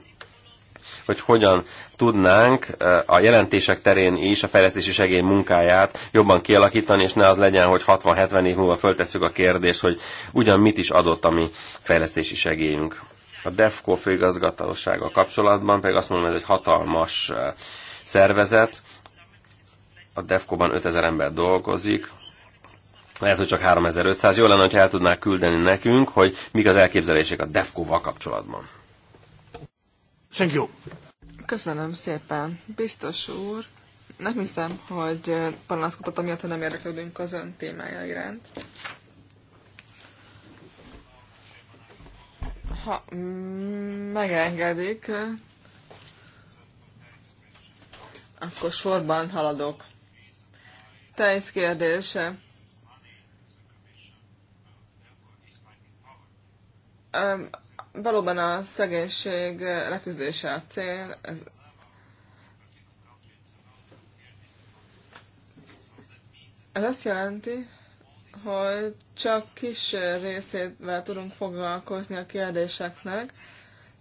hogy hogyan tudnánk a jelentések terén is a fejlesztési segély munkáját jobban kialakítani, és ne az legyen, hogy 60-70 év múlva föltesszük a kérdést, hogy ugyan mit is adott a mi fejlesztési segélyünk. A DEFCO főigazgatósággal kapcsolatban pedig azt mondom, hogy egy hatalmas szervezet, a DEFCO-ban 5000 ember dolgozik, lehet, hogy csak 3500. Jó lenne, ha el tudnák küldeni nekünk, hogy mik az elképzelések a DEFCO-val kapcsolatban. Thank you. Köszönöm szépen. Biztos úr, nem hiszem, hogy panaszkodott amiatt, hogy nem érdeklődünk az ön témája iránt. Ha megengedik, akkor sorban haladok. Teljes kérdése valóban a szegénység leküzdése a cél. Ez... ez azt jelenti, hogy csak kis részével tudunk foglalkozni a kérdéseknek,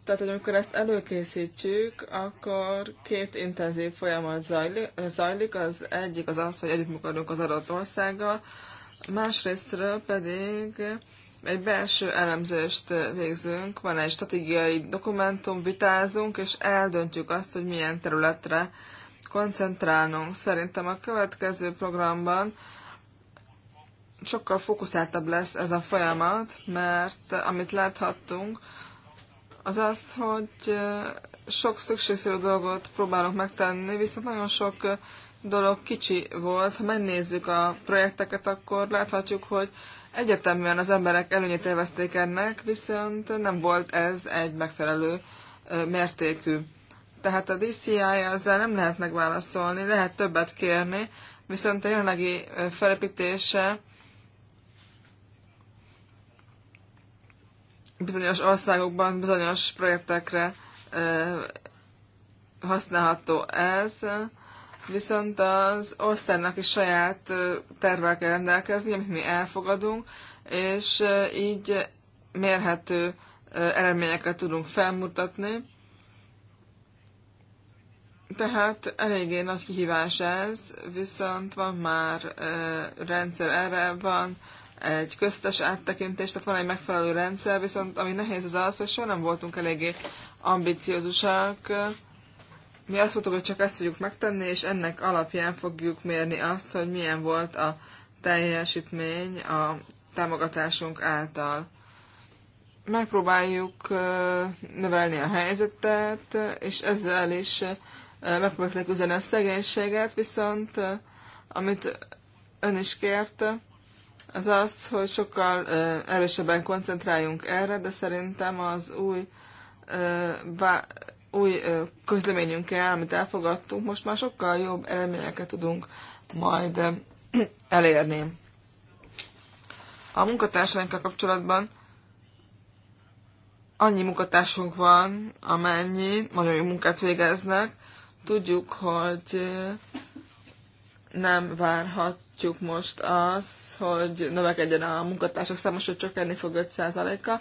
tehát, hogy amikor ezt előkészítjük, akkor két intenzív folyamat zajlik. Az egyik az az, hogy együttműködünk az adott országgal, másrésztről pedig egy belső elemzést végzünk, van egy stratégiai dokumentum, vitázunk, és eldöntjük azt, hogy milyen területre koncentrálnunk. Szerintem a következő programban sokkal fokuszáltabb lesz ez a folyamat, mert amit láthattunk, az az, hogy sok szükségszerű dolgot próbálok megtenni, viszont nagyon sok dolog kicsi volt. Ha megnézzük a projekteket, akkor láthatjuk, hogy Egyetemben az emberek előnyét élvezték ennek, viszont nem volt ez egy megfelelő mértékű. Tehát a DCI ezzel nem lehet megválaszolni, lehet többet kérni, viszont a jelenlegi felépítése bizonyos országokban bizonyos projektekre használható ez viszont az országnak is saját tervel kell rendelkezni, amit mi elfogadunk, és így mérhető eredményeket tudunk felmutatni. Tehát eléggé nagy kihívás ez, viszont van már rendszer erre, van egy köztes áttekintés, tehát van egy megfelelő rendszer, viszont ami nehéz az az, hogy soha nem voltunk eléggé ambiciózusak, mi azt mondtuk, hogy csak ezt fogjuk megtenni, és ennek alapján fogjuk mérni azt, hogy milyen volt a teljesítmény a támogatásunk által. Megpróbáljuk növelni a helyzetet, és ezzel is megpróbáljuk leküzdeni a szegénységet, viszont amit ön is kért, az az, hogy sokkal erősebben koncentráljunk erre, de szerintem az új új közleményünkkel, amit elfogadtunk, most már sokkal jobb eredményeket tudunk majd *clears throat* elérni. A munkatársainkkal kapcsolatban annyi munkatársunk van, amennyi, nagyon jó munkát végeznek. Tudjuk, hogy nem várhatjuk most az, hogy növekedjen a munkatársak száma, sőt csökkenni fog 5%-a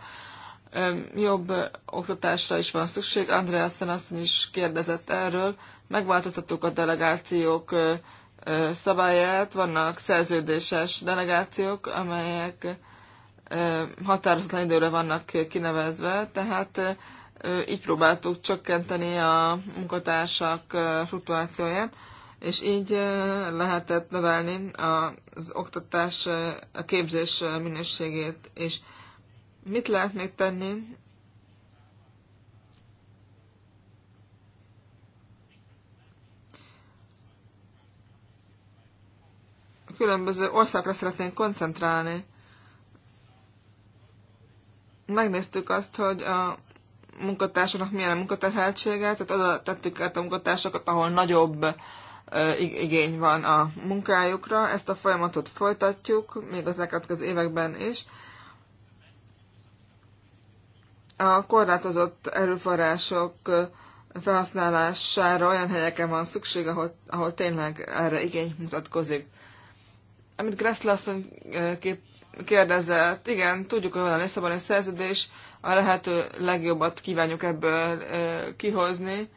jobb oktatásra is van szükség. Andreasen asszony is kérdezett erről. Megváltoztattuk a delegációk szabályát, vannak szerződéses delegációk, amelyek határozatlan időre vannak kinevezve, tehát így próbáltuk csökkenteni a munkatársak fluktuációját, és így lehetett növelni az oktatás, a képzés minőségét is. És Mit lehet még tenni? Különböző országra szeretnénk koncentrálni. Megnéztük azt, hogy a munkatársaknak milyen a munkatárhátsége, tehát oda tettük át a munkatársakat, ahol nagyobb igény van a munkájukra. Ezt a folyamatot folytatjuk, még az elkövetkező években is a korlátozott erőforrások felhasználására olyan helyeken van szükség, ahol, ahol tényleg erre igény mutatkozik. Amit Gressler asszony e, kérdezett, igen, tudjuk, hogy van a Lisszaboni szerződés, a lehető legjobbat kívánjuk ebből e, kihozni.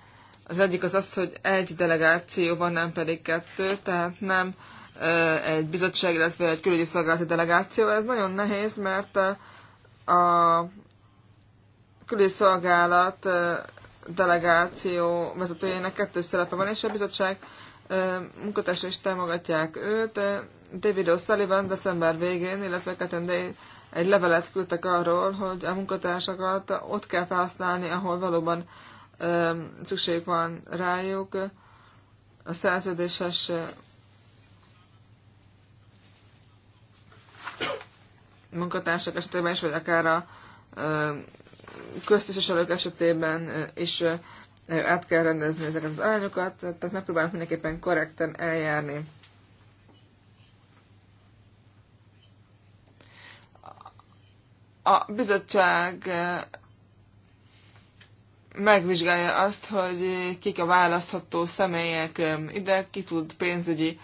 Az egyik az az, hogy egy delegáció van, nem pedig kettő, tehát nem e, egy bizottság, illetve egy külügyi szolgálati delegáció. Ez nagyon nehéz, mert a külszolgálat delegáció vezetőjének kettős szerepe van, és a bizottság munkatársai is támogatják őt. David O'Sullivan december végén, illetve Catherine egy levelet küldtek arról, hogy a munkatársakat ott kell felhasználni, ahol valóban szükség van rájuk. A szerződéses munkatársak esetében is, vagy akár a köztisztviselők esetében is át kell rendezni ezeket az arányokat, tehát megpróbálunk mindenképpen korrekten eljárni. A bizottság megvizsgálja azt, hogy kik a választható személyek ide, ki tud pénzügyi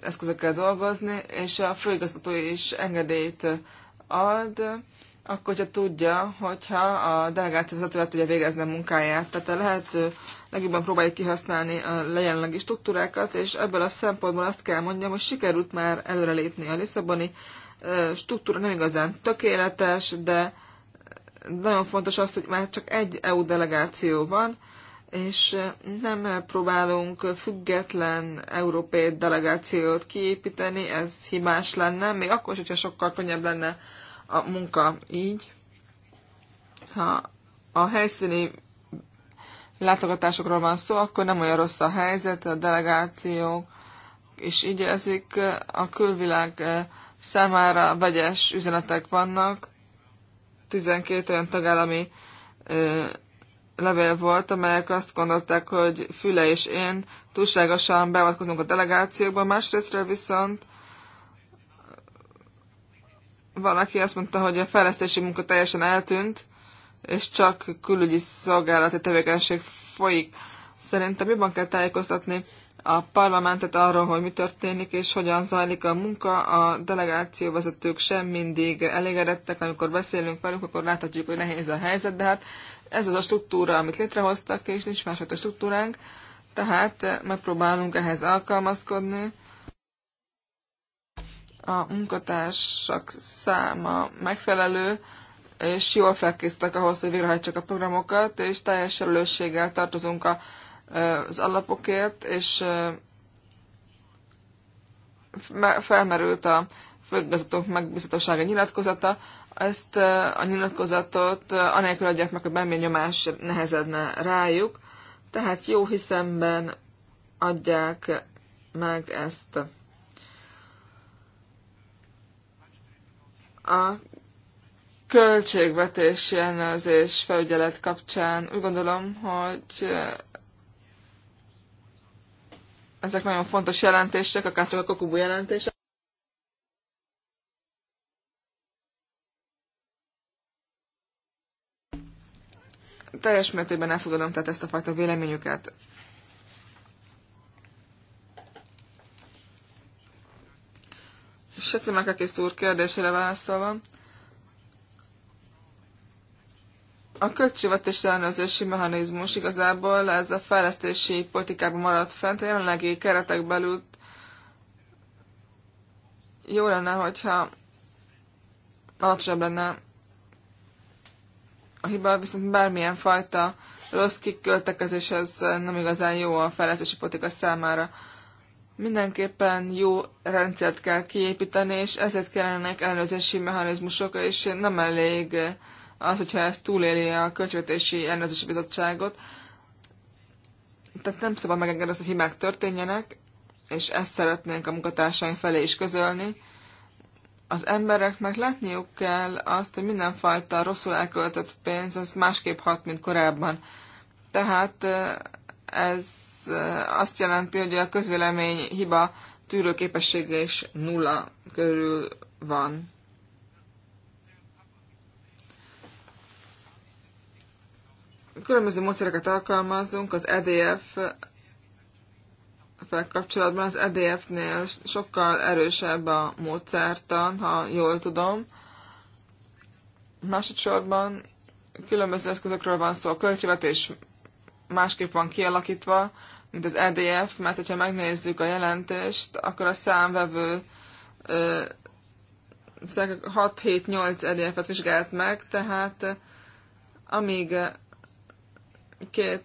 eszközökkel dolgozni, és a főigazgató is engedélyt ad akkor hogyha tudja, hogyha a delegáció vezetővel tudja végezni a munkáját. Tehát a lehető legjobban próbálja kihasználni a lejelenlegi struktúrákat, és ebből a szempontból azt kell mondjam, hogy sikerült már előrelépni a Lisszaboni struktúra nem igazán tökéletes, de nagyon fontos az, hogy már csak egy EU delegáció van, és nem próbálunk független európai delegációt kiépíteni, ez hibás lenne, még akkor is, hogyha sokkal könnyebb lenne a munka így. Ha a helyszíni látogatásokról van szó, akkor nem olyan rossz a helyzet, a delegációk és így ezik a külvilág eh, számára vegyes üzenetek vannak. 12 olyan tagállami eh, levél volt, amelyek azt gondolták, hogy Füle és én túlságosan beavatkozunk a delegációkba, másrésztről viszont valaki azt mondta, hogy a fejlesztési munka teljesen eltűnt, és csak külügyi szolgálati tevékenység folyik. Szerintem jobban kell tájékoztatni a parlamentet arról, hogy mi történik, és hogyan zajlik a munka. A delegációvezetők sem mindig elégedettek, amikor beszélünk velük, akkor láthatjuk, hogy nehéz a helyzet, de hát ez az a struktúra, amit létrehoztak, és nincs másfajta struktúránk, tehát megpróbálunk ehhez alkalmazkodni, a munkatársak száma megfelelő, és jól felkészültek ahhoz, hogy végrehajtsák a programokat, és teljes felelősséggel tartozunk a, az alapokért, és felmerült a főgazdatók megbízhatósága nyilatkozata, ezt a nyilatkozatot anélkül adják meg, hogy bármi nyomás nehezedne rájuk, tehát jó hiszemben adják meg ezt. A költségvetési ellenőrzés felügyelet kapcsán úgy gondolom, hogy ezek nagyon fontos jelentések, akár csak a kokubú jelentések. Teljes mértékben elfogadom tehát ezt a fajta véleményüket. Secimekekis úr kérdésére válaszolva, a költségvetés ellenőrzési mechanizmus igazából ez a fejlesztési politikában maradt fent, a jelenlegi keretek belül jó lenne, hogyha alacsonyabb lenne a hiba, viszont bármilyen fajta rossz kiköltekezés, ez nem igazán jó a fejlesztési politika számára. Mindenképpen jó rendszert kell kiépíteni, és ezért kellenek ellenőrzési mechanizmusok, és nem elég az, hogyha ez túléli a Költségvetési Ellenőrzési Bizottságot. Tehát nem szabad megengedni azt, hogy hibák történjenek, és ezt szeretnénk a munkatársaink felé is közölni. Az embereknek látniuk kell azt, hogy mindenfajta rosszul elköltött pénz az másképp hat, mint korábban. Tehát eh, ez Eh, azt jelenti, hogy a közvélemény hiba tűrőképessége is nulla körül van. Különböző módszereket alkalmazunk az EDF fel kapcsolatban. Az EDF-nél sokkal erősebb a módszertan, ha jól tudom. Másodszorban különböző eszközökről van szó, a költségvetés másképp van kialakítva, mint az EDF, mert hogyha megnézzük a jelentést, akkor a számvevő 6-7-8 EDF-et vizsgált meg, tehát amíg két,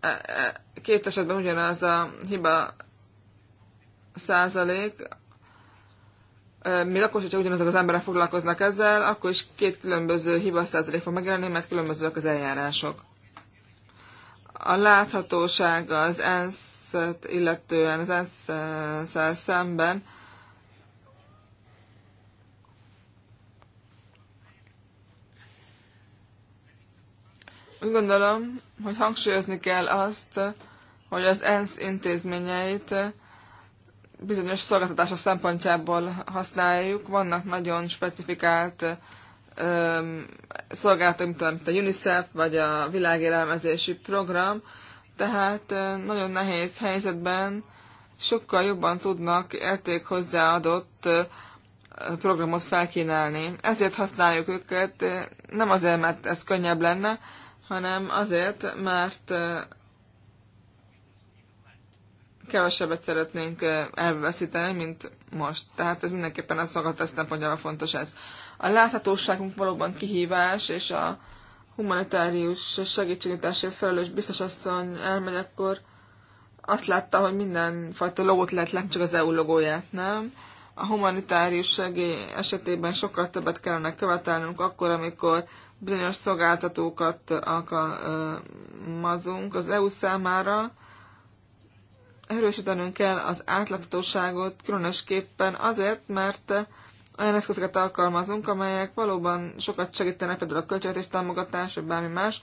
e, e, két esetben ugyanaz a hiba százalék, még akkor, hogyha ugyanazok az emberek foglalkoznak ezzel, akkor is két különböző hiba százalék fog megjelenni, mert különbözőek az eljárások. A láthatóság az ENSZ illetően, az ensz szemben úgy gondolom, hogy hangsúlyozni kell azt, hogy az ENSZ intézményeit bizonyos szolgáltatása szempontjából használjuk. Vannak nagyon specifikált szolgálatok, mint a, mint a UNICEF vagy a világélelmezési program, tehát nagyon nehéz helyzetben sokkal jobban tudnak érték hozzáadott programot felkínálni. Ezért használjuk őket, nem azért, mert ez könnyebb lenne, hanem azért, mert kevesebbet szeretnénk elveszíteni, mint most. Tehát ez mindenképpen a szolgáltatás szempontjából fontos ez. A láthatóságunk valóban kihívás, és a humanitárius segítségnyújtásért felelős biztos asszony elmegy, akkor azt látta, hogy mindenfajta logót lehet látni, csak az EU logóját, nem? A humanitárius segély esetében sokkal többet kellene követelnünk akkor, amikor bizonyos szolgáltatókat alkalmazunk az EU számára, erősítenünk kell az átlagtóságot, különösképpen azért, mert olyan eszközöket alkalmazunk, amelyek valóban sokat segítenek, például a költségvetés támogatás, vagy bármi más,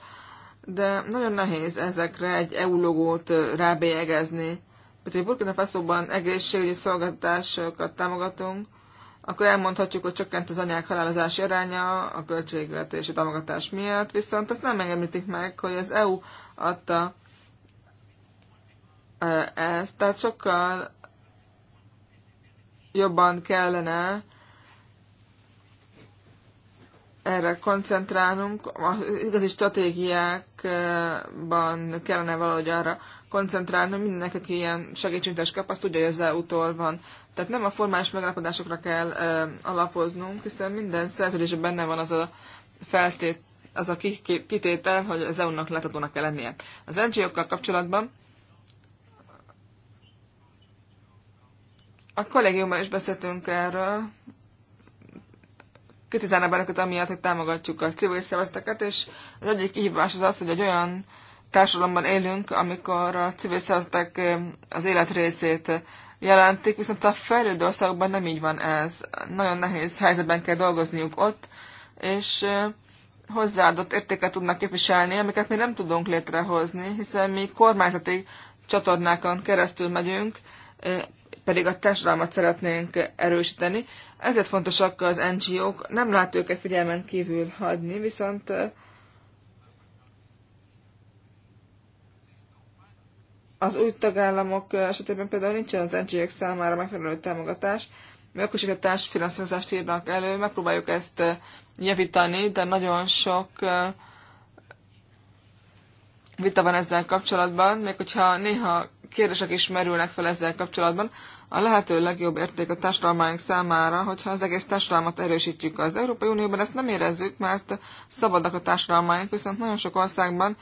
de nagyon nehéz ezekre egy EU logót rábélyegezni. Például Burkina Faso-ban egészségügyi szolgáltatásokat támogatunk, akkor elmondhatjuk, hogy csökkent az anyák halálozási aránya a költségvetési támogatás miatt, viszont ezt nem említik meg, hogy az EU adta ezt, tehát sokkal jobban kellene erre koncentrálnunk, az igazi stratégiákban kellene valahogy arra koncentrálni, hogy mindenki, aki ilyen segítségnyújtást kap, azt tudja, hogy ezzel utol van. Tehát nem a formális megállapodásokra kell ö, alapoznunk, hiszen minden szerződésben benne van az a feltét, az a kitétel, hogy az EU-nak láthatónak kell lennie. Az NGO-kkal kapcsolatban a kollégiumban is beszéltünk erről, kritizálnak bennünket amiatt, hogy támogatjuk a civil szervezeteket, és az egyik kihívás az az, hogy egy olyan társadalomban élünk, amikor a civil szervezetek eh, az élet részét jelentik, viszont a fejlődő országokban nem így van ez. Nagyon nehéz helyzetben kell dolgozniuk ott, és eh, hozzáadott értéket tudnak képviselni, amiket mi nem tudunk létrehozni, hiszen mi kormányzati csatornákon keresztül megyünk, eh, pedig a társadalmat szeretnénk erősíteni. Ezért fontosak az NGO-k, nem lehet őket figyelmen kívül hagyni, viszont az új tagállamok esetében például nincsen az NGO-k számára megfelelő támogatás, mi akkor is a társfinanszírozást írnak elő, megpróbáljuk ezt javítani, de nagyon sok vita van ezzel kapcsolatban, még hogyha néha kérdések is merülnek fel ezzel kapcsolatban. A lehető legjobb érték a társadalmaink számára, hogyha az egész társadalmat erősítjük. Az Európai Unióban ezt nem érezzük, mert szabadak a társadalmaink, viszont nagyon sok országban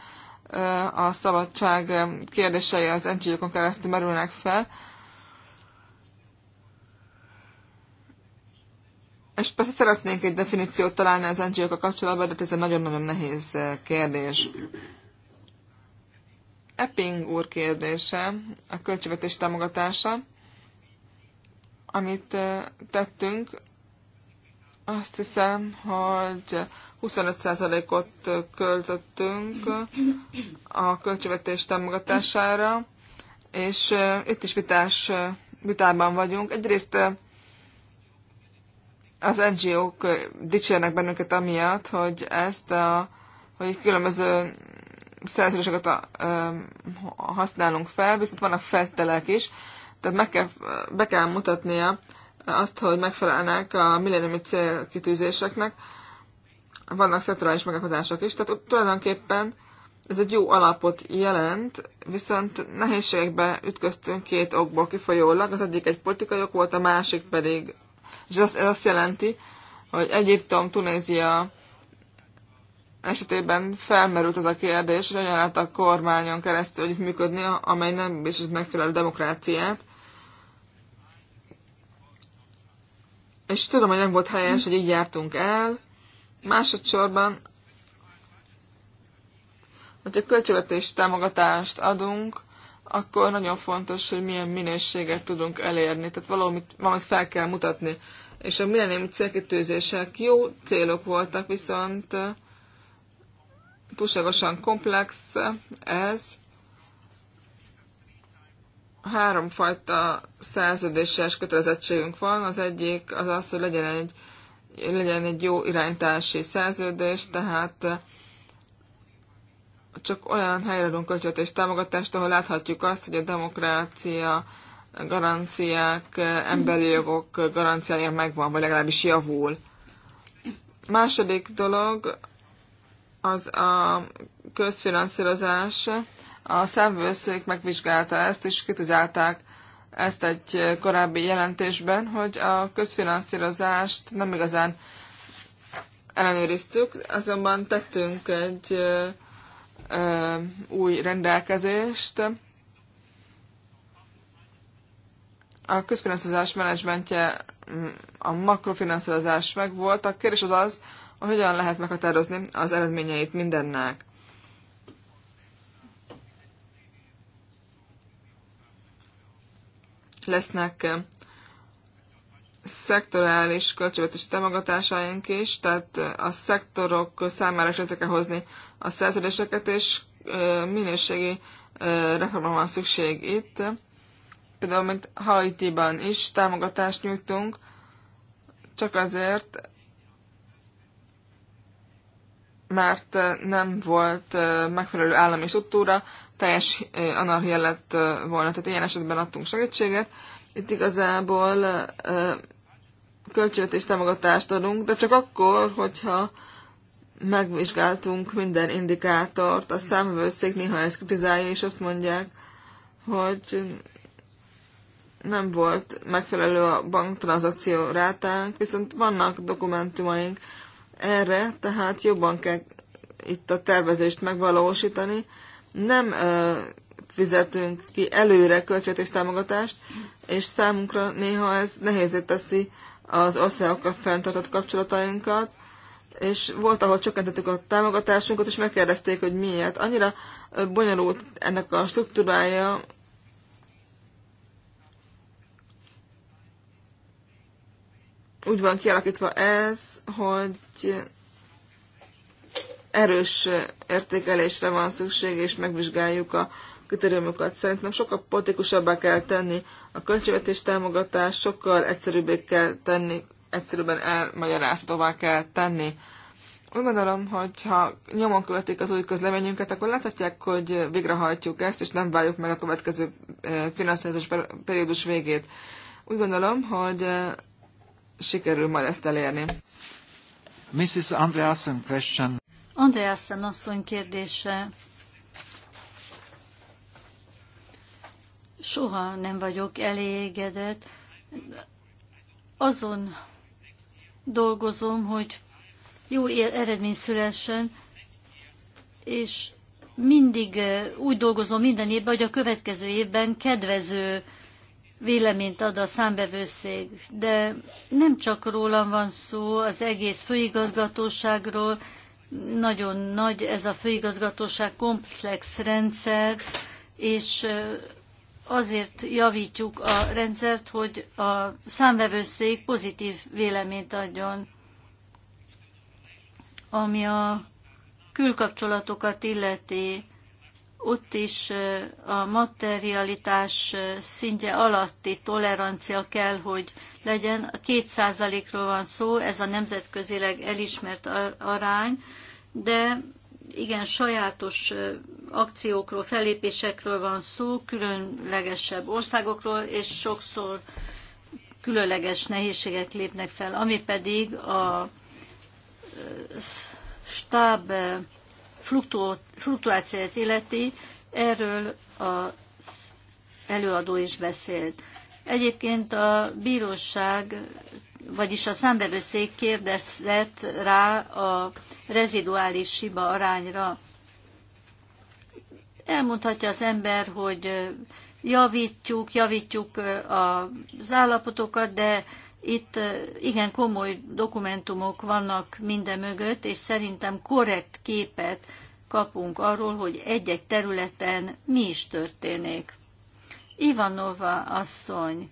a szabadság kérdései az ngo keresztül merülnek fel. És persze szeretnénk egy definíciót találni az ngo kapcsolatban, de ez egy nagyon-nagyon nehéz kérdés. Epping úr kérdése, a költségvetés támogatása, amit tettünk, azt hiszem, hogy 25%-ot költöttünk a költségvetés támogatására, és itt is vitás, vitában vagyunk. Egyrészt az NGO-k dicsérnek bennünket amiatt, hogy ezt a, hogy különböző szerződéseket használunk fel, viszont vannak feltelek is, tehát meg kell, be kell mutatnia azt, hogy megfelelnek a millenniumi célkitűzéseknek, vannak szektorális megakadások is, tehát tulajdonképpen ez egy jó alapot jelent, viszont nehézségekbe ütköztünk két okból kifolyólag, az egyik egy politikai ok volt, a másik pedig, és ez azt, ez azt jelenti, hogy Egyiptom, Tunézia, esetében felmerült az a kérdés, hogy hogyan lehet a kormányon keresztül hogy működni, amely nem biztos megfelelő demokráciát. És tudom, hogy nem volt helyes, hogy így jártunk el. Másodszorban, hogyha költségvetés támogatást adunk, akkor nagyon fontos, hogy milyen minőséget tudunk elérni. Tehát valamit, valamit fel kell mutatni. És a millennium célkitűzések jó célok voltak, viszont uh, túlságosan komplex ez. Háromfajta szerződéses kötelezettségünk van. Az egyik az az, hogy legyen egy, legyen egy jó iránytási szerződés, tehát csak olyan helyre adunk és támogatást, ahol láthatjuk azt, hogy a demokrácia garanciák, emberi jogok garanciája megvan, vagy legalábbis javul. Második dolog az a közfinanszírozás. A szemvőszék megvizsgálta ezt, és kritizálták ezt egy korábbi jelentésben, hogy a közfinanszírozást nem igazán ellenőriztük, azonban tettünk egy ö, ö, új rendelkezést. A közfinanszírozás menedzsmentje, a makrofinanszírozás volt. A kérdés az az, hogyan lehet meghatározni az eredményeit mindennek. Lesznek eh, szektorális költségvetési támogatásaink is, tehát eh, a szektorok számára is kell hozni a szerződéseket, és eh, minőségi reformra van szükség itt. Például, mint Haiti-ban is támogatást nyújtunk, csak azért, mert nem volt megfelelő állami struktúra, teljes anarchia lett volna. Tehát ilyen esetben adtunk segítséget. Itt igazából költségvetés támogatást adunk, de csak akkor, hogyha megvizsgáltunk minden indikátort, a számvőszék néha ezt kritizálja, és azt mondják, hogy nem volt megfelelő a banktranszakció rátánk, viszont vannak dokumentumaink, erre, tehát jobban kell itt a tervezést megvalósítani. Nem ö, fizetünk ki előre költségvetés támogatást, és számunkra néha ez nehézé teszi az országokkal fenntartott kapcsolatainkat, és volt, ahol csökkentettük a támogatásunkat, és megkérdezték, hogy miért. Annyira bonyolult ennek a struktúrája, úgy van kialakítva ez, hogy erős értékelésre van szükség, és megvizsgáljuk a kritériumokat. Szerintem sokkal politikusabbá kell tenni a költségvetés támogatás, sokkal egyszerűbbé kell tenni, egyszerűbben elmagyarázhatóvá kell tenni. Úgy gondolom, hogy ha nyomon követik az új közleményünket, akkor láthatják, hogy végrehajtjuk ezt, és nem váljuk meg a következő eh, finanszírozás periódus végét. Úgy gondolom, hogy eh, sikerül majd ezt elérni. Mrs. Andreasen question. Andreasen asszony kérdése. Soha nem vagyok elégedett. Azon dolgozom, hogy jó eredmény szülessen, és mindig eh, úgy dolgozom minden évben, hogy a következő évben kedvező véleményt ad a számbevőszék, de nem csak rólam van szó, az egész főigazgatóságról, nagyon nagy ez a főigazgatóság, komplex rendszer, és azért javítjuk a rendszert, hogy a számvevőszék pozitív véleményt adjon, ami a külkapcsolatokat illeti ott is a materialitás szintje alatti tolerancia kell, hogy legyen. A két százalékról van szó, ez a nemzetközileg elismert arány, de igen, sajátos akciókról, felépésekről van szó, különlegesebb országokról, és sokszor különleges nehézségek lépnek fel, ami pedig a stáb fluktuációt illeti, erről az előadó is beszélt. Egyébként a bíróság, vagyis a számbevőszék kérdezett rá a reziduális siba arányra. Elmondhatja az ember, hogy javítjuk, javítjuk az állapotokat, de itt igen komoly dokumentumok vannak minden mögött, és szerintem korrekt képet kapunk arról, hogy egy-egy területen mi is történik. Ivanova asszony,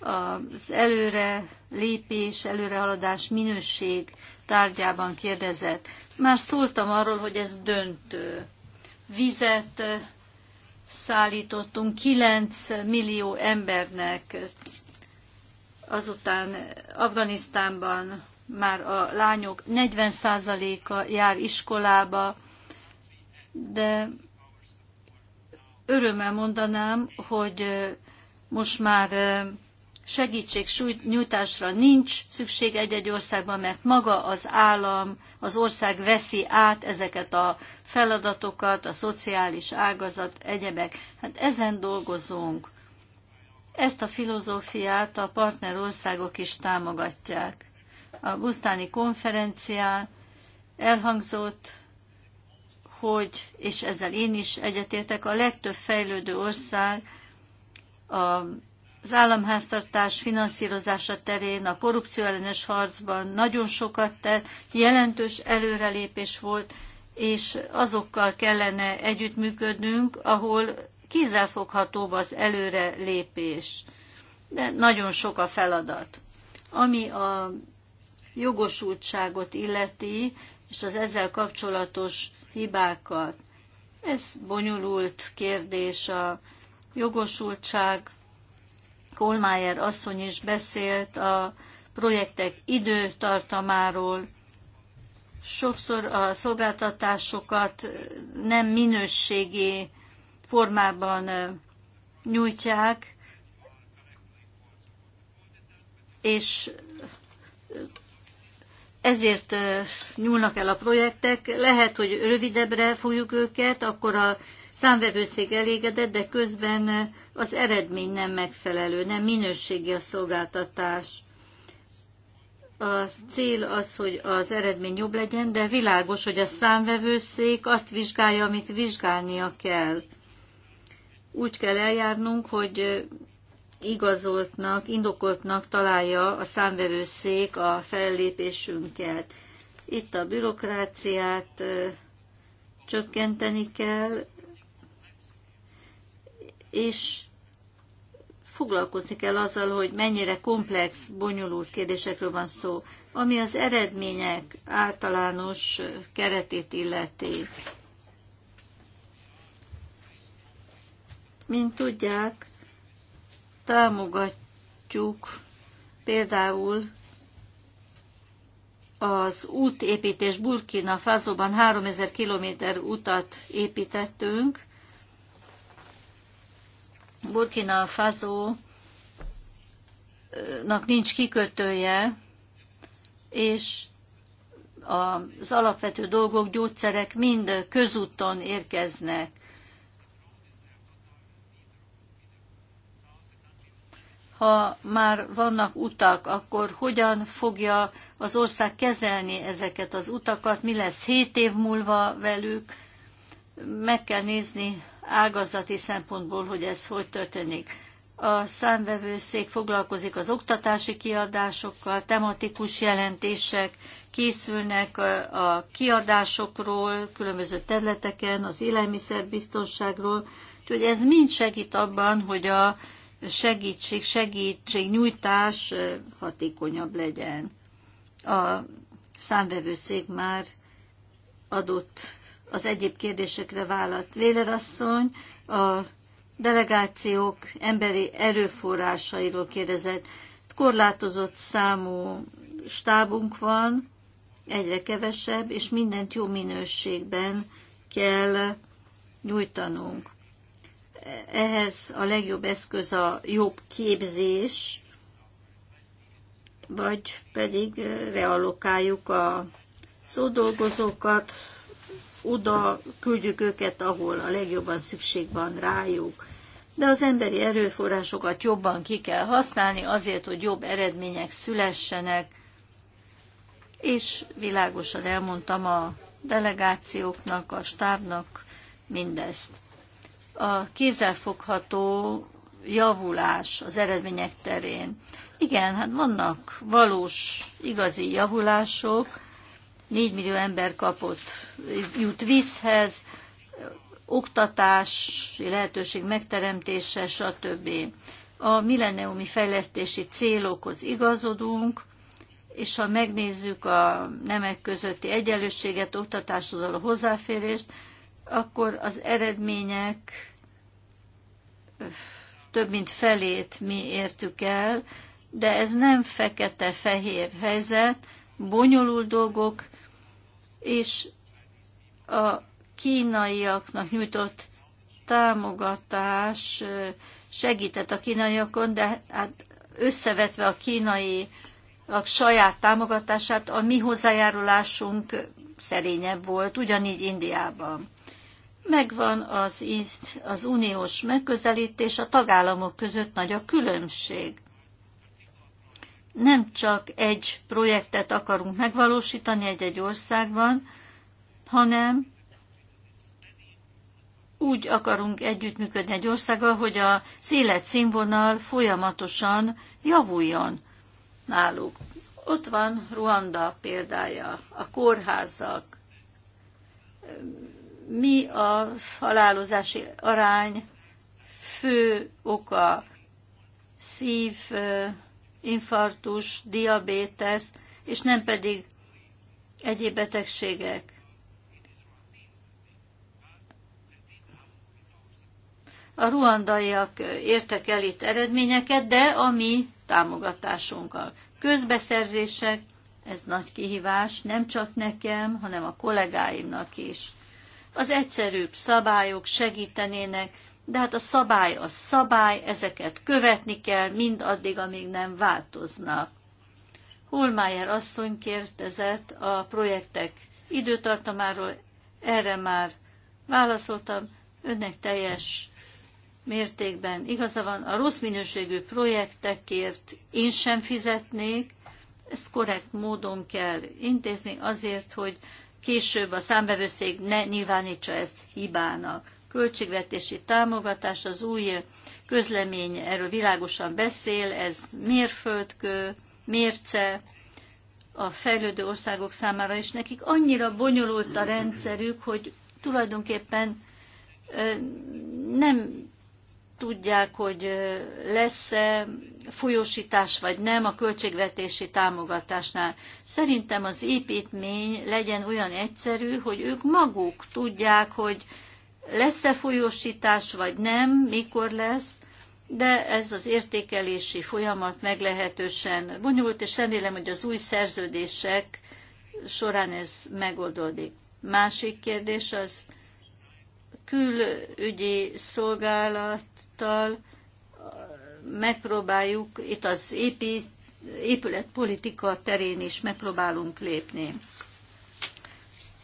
az előre lépés, előrehaladás minőség tárgyában kérdezett. Már szóltam arról, hogy ez döntő. Vizet szállítottunk 9 millió embernek, azután Afganisztánban már a lányok 40%-a jár iskolába, de örömmel mondanám, hogy most már segítség nyújtásra nincs szükség egy-egy országban, mert maga az állam, az ország veszi át ezeket a feladatokat, a szociális ágazat, egyebek. Hát ezen dolgozunk. Ezt a filozófiát a partnerországok is támogatják. A Busztáni konferencián elhangzott, hogy, és ezzel én is egyetértek, a legtöbb fejlődő ország a az államháztartás finanszírozása terén, a korrupció ellenes harcban nagyon sokat tett, jelentős előrelépés volt, és azokkal kellene együttműködnünk, ahol kézzelfoghatóbb az előre lépés, de nagyon sok a feladat. Ami a jogosultságot illeti, és az ezzel kapcsolatos hibákat. Ez bonyolult kérdés a jogosultság. Kolmájer asszony is beszélt a projektek időtartamáról. Sokszor a szolgáltatásokat nem minőségi formában nyújtják, és ezért nyúlnak el a projektek. Lehet, hogy rövidebbre fogjuk őket, akkor a számvevőszék elégedett, de közben az eredmény nem megfelelő, nem minőségi a szolgáltatás. A cél az, hogy az eredmény jobb legyen, de világos, hogy a számvevőszék azt vizsgálja, amit vizsgálnia kell úgy kell eljárnunk, hogy igazoltnak, indokoltnak találja a számverőszék a fellépésünket. Itt a bürokráciát csökkenteni kell, és foglalkozni kell azzal, hogy mennyire komplex, bonyolult kérdésekről van szó, ami az eredmények általános keretét illeti. Mint tudják, támogatjuk például az útépítés Burkina Fazóban 3000 kilométer utat építettünk. Burkina Fazónak nincs kikötője, és az alapvető dolgok, gyógyszerek mind közúton érkeznek. ha már vannak utak, akkor hogyan fogja az ország kezelni ezeket az utakat, mi lesz hét év múlva velük, meg kell nézni ágazati szempontból, hogy ez hogy történik. A számvevőszék foglalkozik az oktatási kiadásokkal, tematikus jelentések készülnek a kiadásokról, különböző területeken, az élelmiszerbiztonságról, úgyhogy ez mind segít abban, hogy a segítség, segítségnyújtás hatékonyabb legyen. A számvevőszék már adott az egyéb kérdésekre választ. Vélerasszony, a delegációk emberi erőforrásairól kérdezett. Korlátozott számú stábunk van, egyre kevesebb, és mindent jó minőségben kell nyújtanunk ehhez a legjobb eszköz a jobb képzés, vagy pedig realokáljuk a szódolgozókat, oda küldjük őket, ahol a legjobban szükség van rájuk. De az emberi erőforrásokat jobban ki kell használni azért, hogy jobb eredmények szülessenek, és világosan elmondtam a delegációknak, a stábnak mindezt a kézzelfogható javulás az eredmények terén. Igen, hát vannak valós, igazi javulások, 4 millió ember kapott, jut vízhez, oktatási lehetőség megteremtése, stb. A milleniumi fejlesztési célokhoz igazodunk, és ha megnézzük a nemek közötti egyenlőséget, oktatáshoz a hozzáférést, akkor az eredmények több mint felét mi értük el, de ez nem fekete-fehér helyzet, bonyolult dolgok, és a kínaiaknak nyújtott támogatás segített a kínaiakon, de hát összevetve a kínai a saját támogatását, a mi hozzájárulásunk szerényebb volt, ugyanígy Indiában megvan az, az uniós megközelítés, a tagállamok között nagy a különbség. Nem csak egy projektet akarunk megvalósítani egy-egy országban, hanem úgy akarunk együttműködni egy országgal, hogy a életszínvonal folyamatosan javuljon náluk. Ott van Ruanda példája, a kórházak, mi a halálozási arány fő oka? Szív, infarktus, diabétesz, és nem pedig egyéb betegségek. A ruandaiak értek el itt eredményeket, de a mi támogatásunkkal. Közbeszerzések, ez nagy kihívás, nem csak nekem, hanem a kollégáimnak is. Az egyszerűbb szabályok segítenének, de hát a szabály a szabály, ezeket követni kell, mind addig, amíg nem változnak. Holmájer asszony kérdezett a projektek időtartamáról, erre már válaszoltam, önnek teljes mértékben igaza van, a rossz minőségű projektekért én sem fizetnék, ezt korrekt módon kell intézni azért, hogy később a számbevőszék ne nyilvánítsa ezt hibának. Költségvetési támogatás, az új közlemény erről világosan beszél, ez mérföldkő, mérce a fejlődő országok számára, és nekik annyira bonyolult a rendszerük, hogy tulajdonképpen nem tudják, hogy lesz-e folyósítás vagy nem a költségvetési támogatásnál. Szerintem az építmény legyen olyan egyszerű, hogy ők maguk tudják, hogy lesz-e folyósítás vagy nem, mikor lesz, de ez az értékelési folyamat meglehetősen bonyolult, és remélem, hogy az új szerződések során ez megoldódik. Másik kérdés az külügyi szolgálattal megpróbáljuk, itt az épületpolitika terén is megpróbálunk lépni.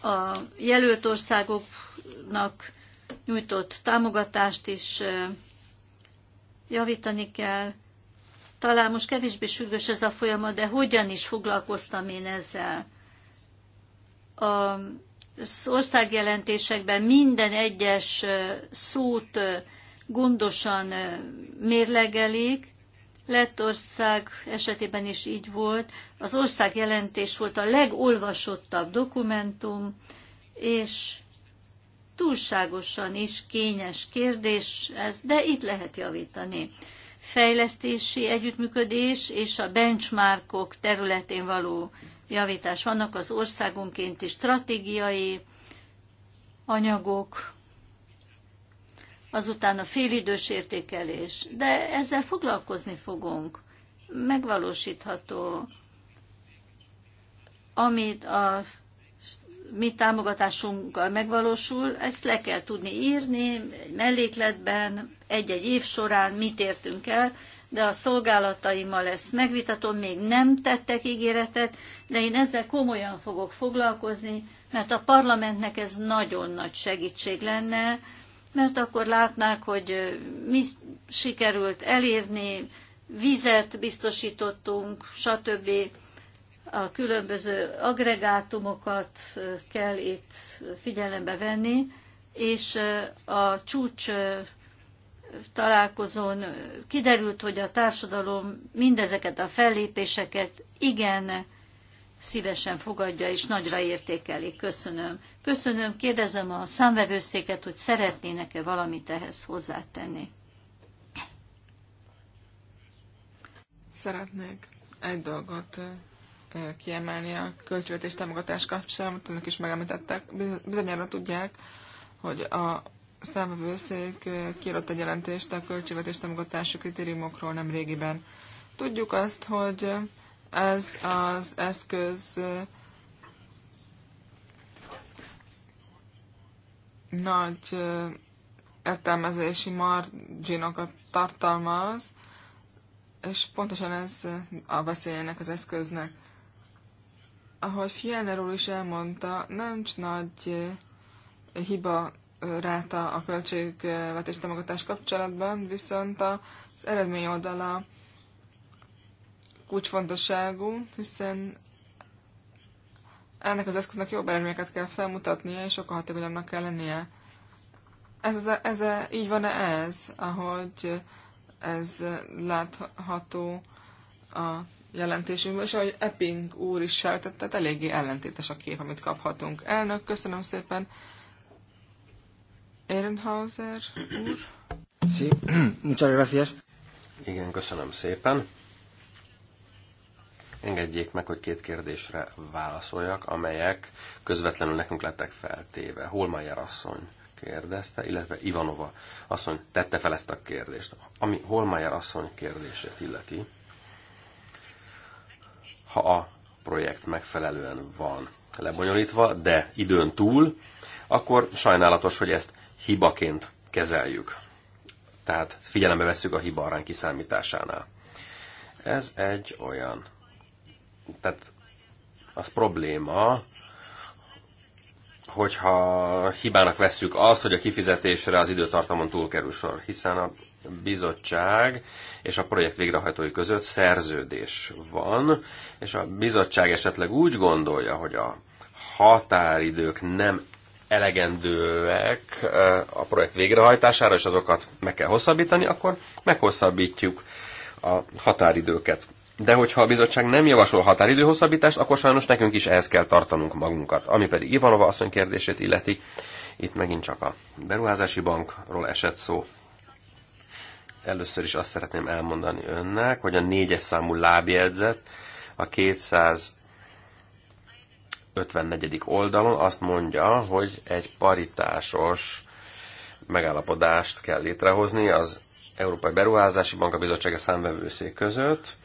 A jelölt országoknak nyújtott támogatást is javítani kell. Talán most kevésbé sürgős ez a folyamat, de hogyan is foglalkoztam én ezzel? A országjelentésekben minden egyes szót gondosan mérlegelik. Lettország esetében is így volt. Az országjelentés volt a legolvasottabb dokumentum, és túlságosan is kényes kérdés ez, de itt lehet javítani. Fejlesztési együttműködés és a benchmarkok területén való javítás. Vannak az országonkénti stratégiai anyagok, azután a félidős értékelés. De ezzel foglalkozni fogunk. Megvalósítható, amit a mi támogatásunkkal megvalósul, ezt le kell tudni írni egy mellékletben, egy-egy év során mit értünk el, de a szolgálataimmal ezt megvitatom, még nem tettek ígéretet, de én ezzel komolyan fogok foglalkozni, mert a parlamentnek ez nagyon nagy segítség lenne, mert akkor látnák, hogy mi sikerült elérni, vizet biztosítottunk, stb. A különböző agregátumokat kell itt figyelembe venni, és a csúcs találkozón kiderült, hogy a társadalom mindezeket a fellépéseket igen szívesen fogadja és nagyra értékeli. Köszönöm. Köszönöm, kérdezem a számvevőszéket, hogy szeretnének-e valamit ehhez hozzátenni. Szeretnék egy dolgot eh, kiemelni a költségvetés támogatás kapcsán, amit önök is megemlítettek. Bizonyára tudják, hogy a számvevőszék eh, kiadott egy jelentést a költségvetés támogatási kritériumokról nem régiben. Tudjuk azt, hogy ez az eszköz eh, nagy eh, értelmezési marginokat tartalmaz, és pontosan ez a veszélyének az eszköznek. Ahogy Fielner úr is elmondta, nincs nagy hiba ráta a költségvetés támogatás kapcsolatban, viszont az eredmény oldala kulcsfontosságú, hiszen ennek az eszköznek jobb eredményeket kell felmutatnia, és sokkal hatékonyabbnak kell lennie. Ez, ez, ez, így van-e ez, ahogy ez látható a jelentésünkben, és ahogy Epping úr is sejtett, tehát eléggé ellentétes a kép, amit kaphatunk. Elnök, köszönöm szépen Ehrenhauser úr. Sí, *clears throat* muchas gracias. Igen, köszönöm szépen. Engedjék meg, hogy két kérdésre válaszoljak, amelyek közvetlenül nekünk lettek feltéve. Holmajer asszony kérdezte, illetve Ivanova asszony tette fel ezt a kérdést. Ami Holmajer asszony kérdését illeti, ha a projekt megfelelően van lebonyolítva, de időn túl, akkor sajnálatos, hogy ezt hibaként kezeljük. Tehát figyelembe vesszük a hiba arány kiszámításánál. Ez egy olyan. Tehát az probléma, hogyha hibának vesszük azt, hogy a kifizetésre az időtartamon túl kerül sor, hiszen a bizottság és a projekt végrehajtói között szerződés van, és a bizottság esetleg úgy gondolja, hogy a határidők nem elegendőek eh, a projekt végrehajtására, és azokat meg kell hosszabbítani, akkor meghosszabbítjuk a határidőket. De hogyha a bizottság nem javasol határidőhosszabbítást, hosszabbítást, akkor sajnos nekünk is ehhez kell tartanunk magunkat. Ami pedig Ivanova asszony kérdését illeti, itt megint csak a beruházási bankról esett szó. Először is azt szeretném elmondani önnek, hogy a négyes számú lábjegyzet a 200 54. oldalon azt mondja, hogy egy paritásos megállapodást kell létrehozni az Európai Beruházási Banka Bizottsága számvevőszék között,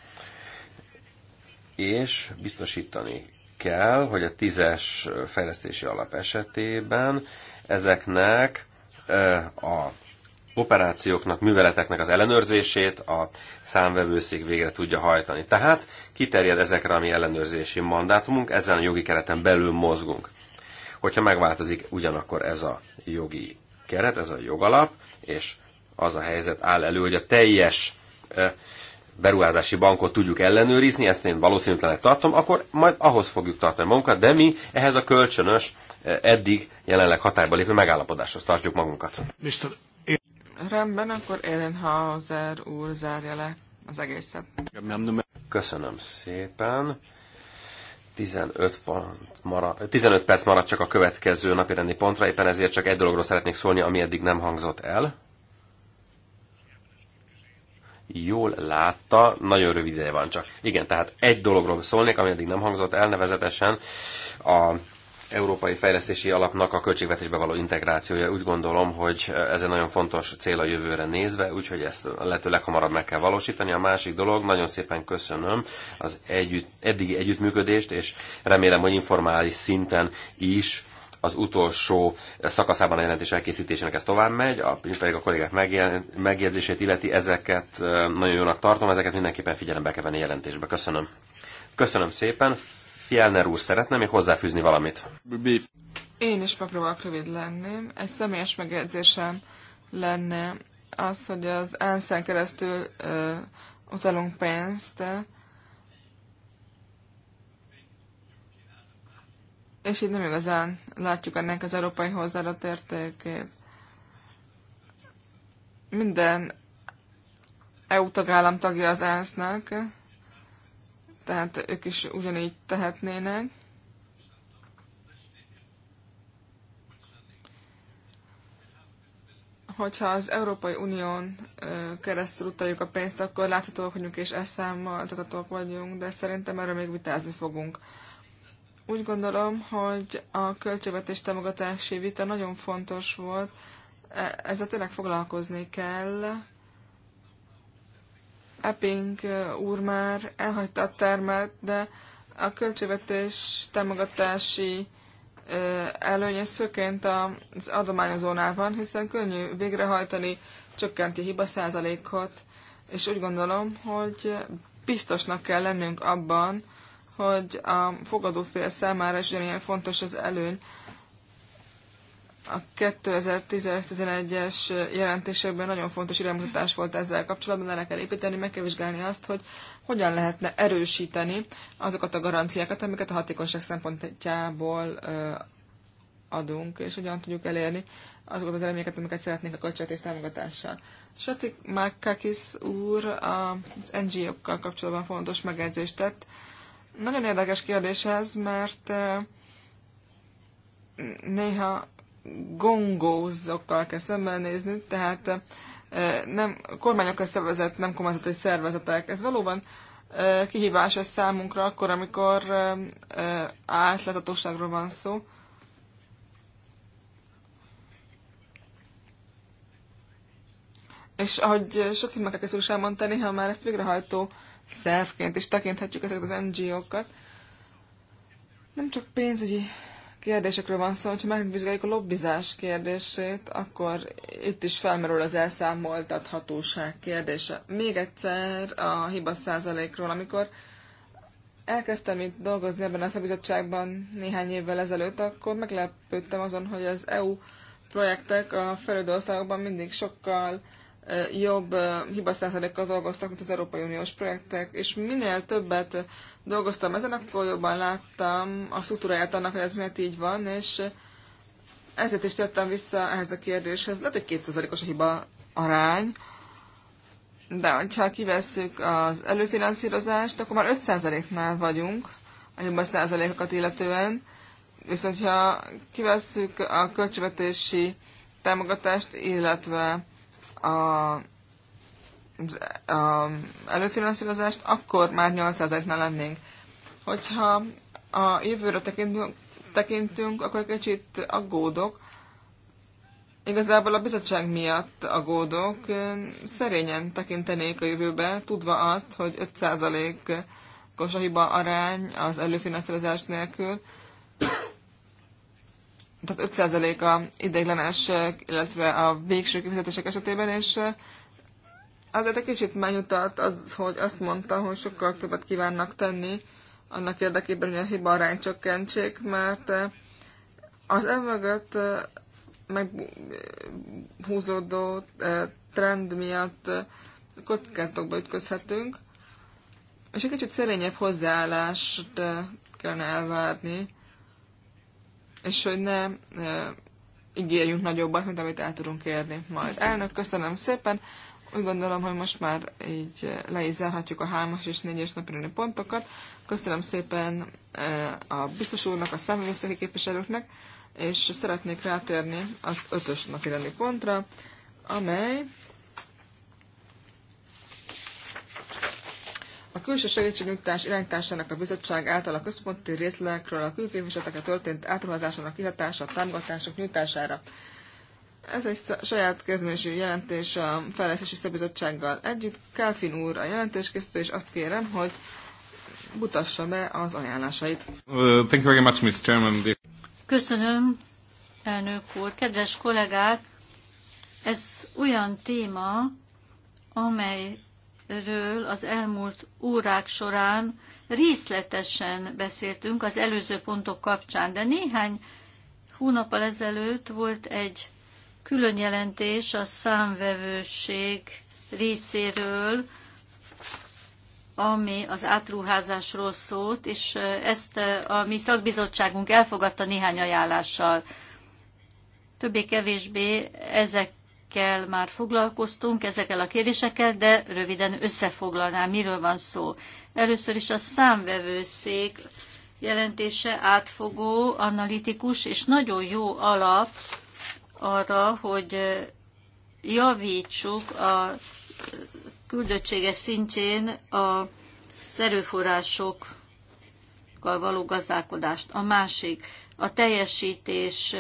és biztosítani kell, hogy a tízes fejlesztési alap esetében ezeknek a operációknak, műveleteknek az ellenőrzését a számvevőszék végre tudja hajtani. Tehát kiterjed ezekre a mi ellenőrzési mandátumunk, ezen a jogi kereten belül mozgunk. Hogyha megváltozik ugyanakkor ez a jogi keret, ez a jogalap, és az a helyzet áll elő, hogy a teljes beruházási bankot tudjuk ellenőrizni, ezt én valószínűtlenek tartom, akkor majd ahhoz fogjuk tartani magunkat, de mi ehhez a kölcsönös, eddig jelenleg hatályba lépő megállapodáshoz tartjuk magunkat. Mr. Rendben, akkor Hauser úr zárja le az egészet. Köszönöm szépen. 15, pont mara 15 perc maradt csak a következő napi rendi pontra, éppen ezért csak egy dologról szeretnék szólni, ami eddig nem hangzott el. Jól látta, nagyon rövid ideje van csak. Igen, tehát egy dologról szólnék, ami eddig nem hangzott el, nevezetesen a Európai Fejlesztési Alapnak a költségvetésbe való integrációja. Úgy gondolom, hogy ez egy nagyon fontos cél a jövőre nézve, úgyhogy ezt lehető leghamarabb meg kell valósítani. A másik dolog, nagyon szépen köszönöm az együtt, eddigi együttműködést, és remélem, hogy informális szinten is az utolsó szakaszában a jelentés elkészítésének ez tovább megy, a, pedig a kollégák megjegyzését illeti, ezeket nagyon jónak tartom, ezeket mindenképpen figyelembe kell venni jelentésbe. Köszönöm. Köszönöm szépen. Fjellner úr szeretne még hozzáfűzni valamit. Én is megpróbálok rövid lenni. Egy személyes megjegyzésem lenne az, hogy az ENSZ-en keresztül ö, utalunk pénzt, és így nem igazán látjuk ennek az európai hozzáadott értékét. Minden EU tagállam tagja az ENSZ-nek, tehát ők is ugyanígy tehetnének. Hogyha az Európai Unión keresztül utaljuk a pénzt, akkor láthatóak vagyunk és elszámoltatatók vagyunk, de szerintem erről még vitázni fogunk. Úgy gondolom, hogy a költségvetés támogatási vita nagyon fontos volt, e, ezzel tényleg foglalkozni kell, Epping úr már elhagyta a termet, de a költségvetés támogatási előnye szöként az adományozónál van, hiszen könnyű végrehajtani, csökkenti hiba százalékot, és úgy gondolom, hogy biztosnak kell lennünk abban, hogy a fogadófél számára is ugyanilyen fontos az előny, a 2010-11-es jelentésekben nagyon fontos iránymutatás volt ezzel kapcsolatban, le kell építeni, meg kell vizsgálni azt, hogy hogyan lehetne erősíteni azokat a garanciákat, amiket a hatékonyság szempontjából adunk, és hogyan tudjuk elérni azokat az eredményeket, amiket szeretnénk a költségvetés támogatással. Sacik Mákakis úr az NGO-kkal kapcsolatban fontos megjegyzést tett. Nagyon érdekes kérdés ez, mert néha gongózokkal kell szembenézni, tehát nem, kormányokkal szervezett, nem kormányzati szervezetek. Ez valóban kihívás ez számunkra akkor, amikor átláthatóságról van szó. És ahogy sokszor meg kell is elmondani, ha már ezt végrehajtó szervként is tekinthetjük ezeket az NGO-kat, nem csak pénzügyi kérdésekről van szó, hogyha megvizsgáljuk a lobbizás kérdését, akkor itt is felmerül az elszámoltathatóság kérdése. Még egyszer a hiba százalékról, amikor elkezdtem itt dolgozni ebben a szabizottságban néhány évvel ezelőtt, akkor meglepődtem azon, hogy az EU projektek a fejlődő országokban mindig sokkal jobb hibaszázalékkal dolgoztak, mint az Európai Uniós projektek, és minél többet dolgoztam ezen, akkor jobban láttam a struktúráját annak, hogy ez miért így van, és ezért is tettem vissza ehhez a kérdéshez. Lehet, hogy kétszázalékos a hiba arány, de ha kivesszük az előfinanszírozást, akkor már 5%-nál vagyunk a hiba százalékokat illetően, viszont ha kivesszük a költségvetési támogatást, illetve a, a előfinanszírozást, akkor már 800-nál lennénk. Hogyha a jövőre tekintünk, tekintünk, akkor kicsit aggódok. Igazából a bizottság miatt aggódok. Szerényen tekintenék a jövőbe, tudva azt, hogy 5%-os a hiba arány az előfinanszírozás nélkül tehát 5% a ideiglenes, illetve a végső kifizetések esetében, és eh, azért egy kicsit megnyugtat az, hogy azt mondta, hogy sokkal többet kívánnak tenni annak érdekében, hogy a hiba arány csökkentsék, mert eh, az emögött eh, meghúzódó trend miatt kockázatokba ütközhetünk, és egy kicsit szerényebb hozzáállást kellene elvárni és hogy ne e, ígérjünk nagyobbat, mint amit el tudunk érni majd. Elnök, köszönöm szépen! Úgy gondolom, hogy most már így le is zárhatjuk a 3 és négyes es napirőni pontokat. Köszönöm szépen a biztos úrnak, a számvevőszeki képviselőknek, és szeretnék rátérni az ötös napi pontra, amely A külső segítségnyújtás irányításának a bizottság által a központi részlekről a külképviseleteket történt átruházásának kihatása a támogatások nyújtására. Ez egy saját kezdeményező jelentés a Fejlesztési Szabizottsággal együtt. Kálfin úr a jelentéskészítő, és azt kérem, hogy mutassa be az ajánlásait. Uh, thank you very much, Mr. Chairman. Köszönöm, elnök úr. Kedves kollégák, ez olyan téma, amely ről az elmúlt órák során részletesen beszéltünk az előző pontok kapcsán, de néhány hónappal ezelőtt volt egy külön jelentés a számvevőség részéről, ami az átruházásról szólt, és ezt a mi szakbizottságunk elfogadta néhány ajánlással. Többé-kevésbé ezek ezekkel már foglalkoztunk, ezekkel a kérdésekkel, de röviden összefoglalnám, miről van szó. Először is a számvevőszék jelentése átfogó, analitikus és nagyon jó alap arra, hogy javítsuk a küldöttséges szintjén az erőforrásokkal való gazdálkodást. A másik, a teljesítés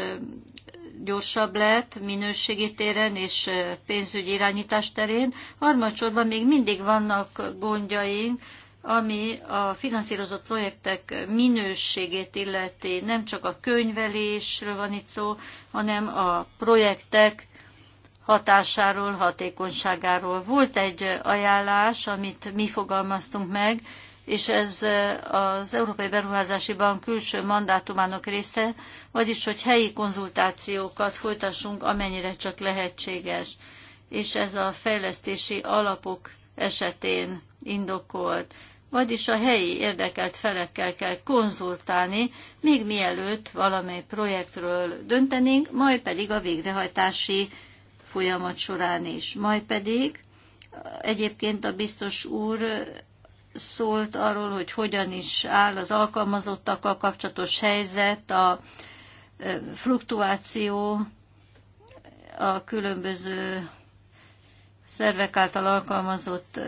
gyorsabb lett minőségi téren és pénzügyi irányítás terén. Harmadsorban még mindig vannak gondjaink, ami a finanszírozott projektek minőségét illeti. Nem csak a könyvelésről van itt szó, hanem a projektek hatásáról, hatékonyságáról. Volt egy ajánlás, amit mi fogalmaztunk meg, és ez az Európai Beruházási Bank külső mandátumának része, vagyis hogy helyi konzultációkat folytassunk, amennyire csak lehetséges, és ez a fejlesztési alapok esetén indokolt. Vagyis a helyi érdekelt felekkel kell konzultálni, még mielőtt valamely projektről döntenénk, majd pedig a végrehajtási folyamat során is. Majd pedig egyébként a biztos úr szólt arról, hogy hogyan is áll az alkalmazottakkal kapcsolatos helyzet, a fluktuáció a különböző szervek által alkalmazott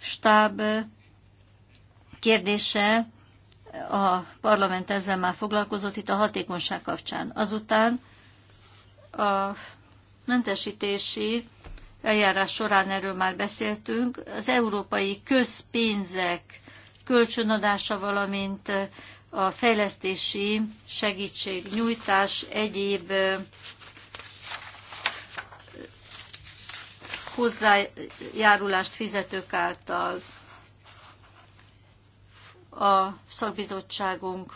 stáb kérdése, a parlament ezzel már foglalkozott itt a hatékonyság kapcsán. Azután a mentesítési eljárás során erről már beszéltünk, az európai közpénzek kölcsönadása, valamint a fejlesztési segítségnyújtás egyéb hozzájárulást fizetők által a szakbizottságunk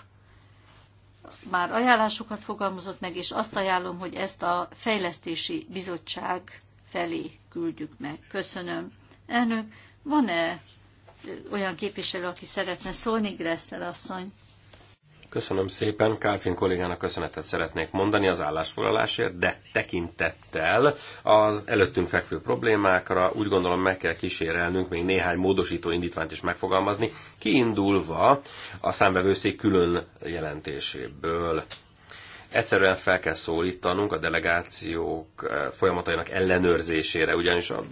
már ajánlásokat fogalmazott meg, és azt ajánlom, hogy ezt a fejlesztési bizottság felé küldjük meg. Köszönöm. Elnök, van-e olyan képviselő, aki szeretne szólni, Gresszel asszony? Köszönöm szépen, Kálfin kollégának köszönetet szeretnék mondani az állásfoglalásért, de tekintettel az előttünk fekvő problémákra úgy gondolom meg kell kísérelnünk még néhány módosító indítványt is megfogalmazni, kiindulva a számvevőszék külön jelentéséből. Egyszerűen fel kell szólítanunk a delegációk eh, folyamatainak ellenőrzésére, ugyanis a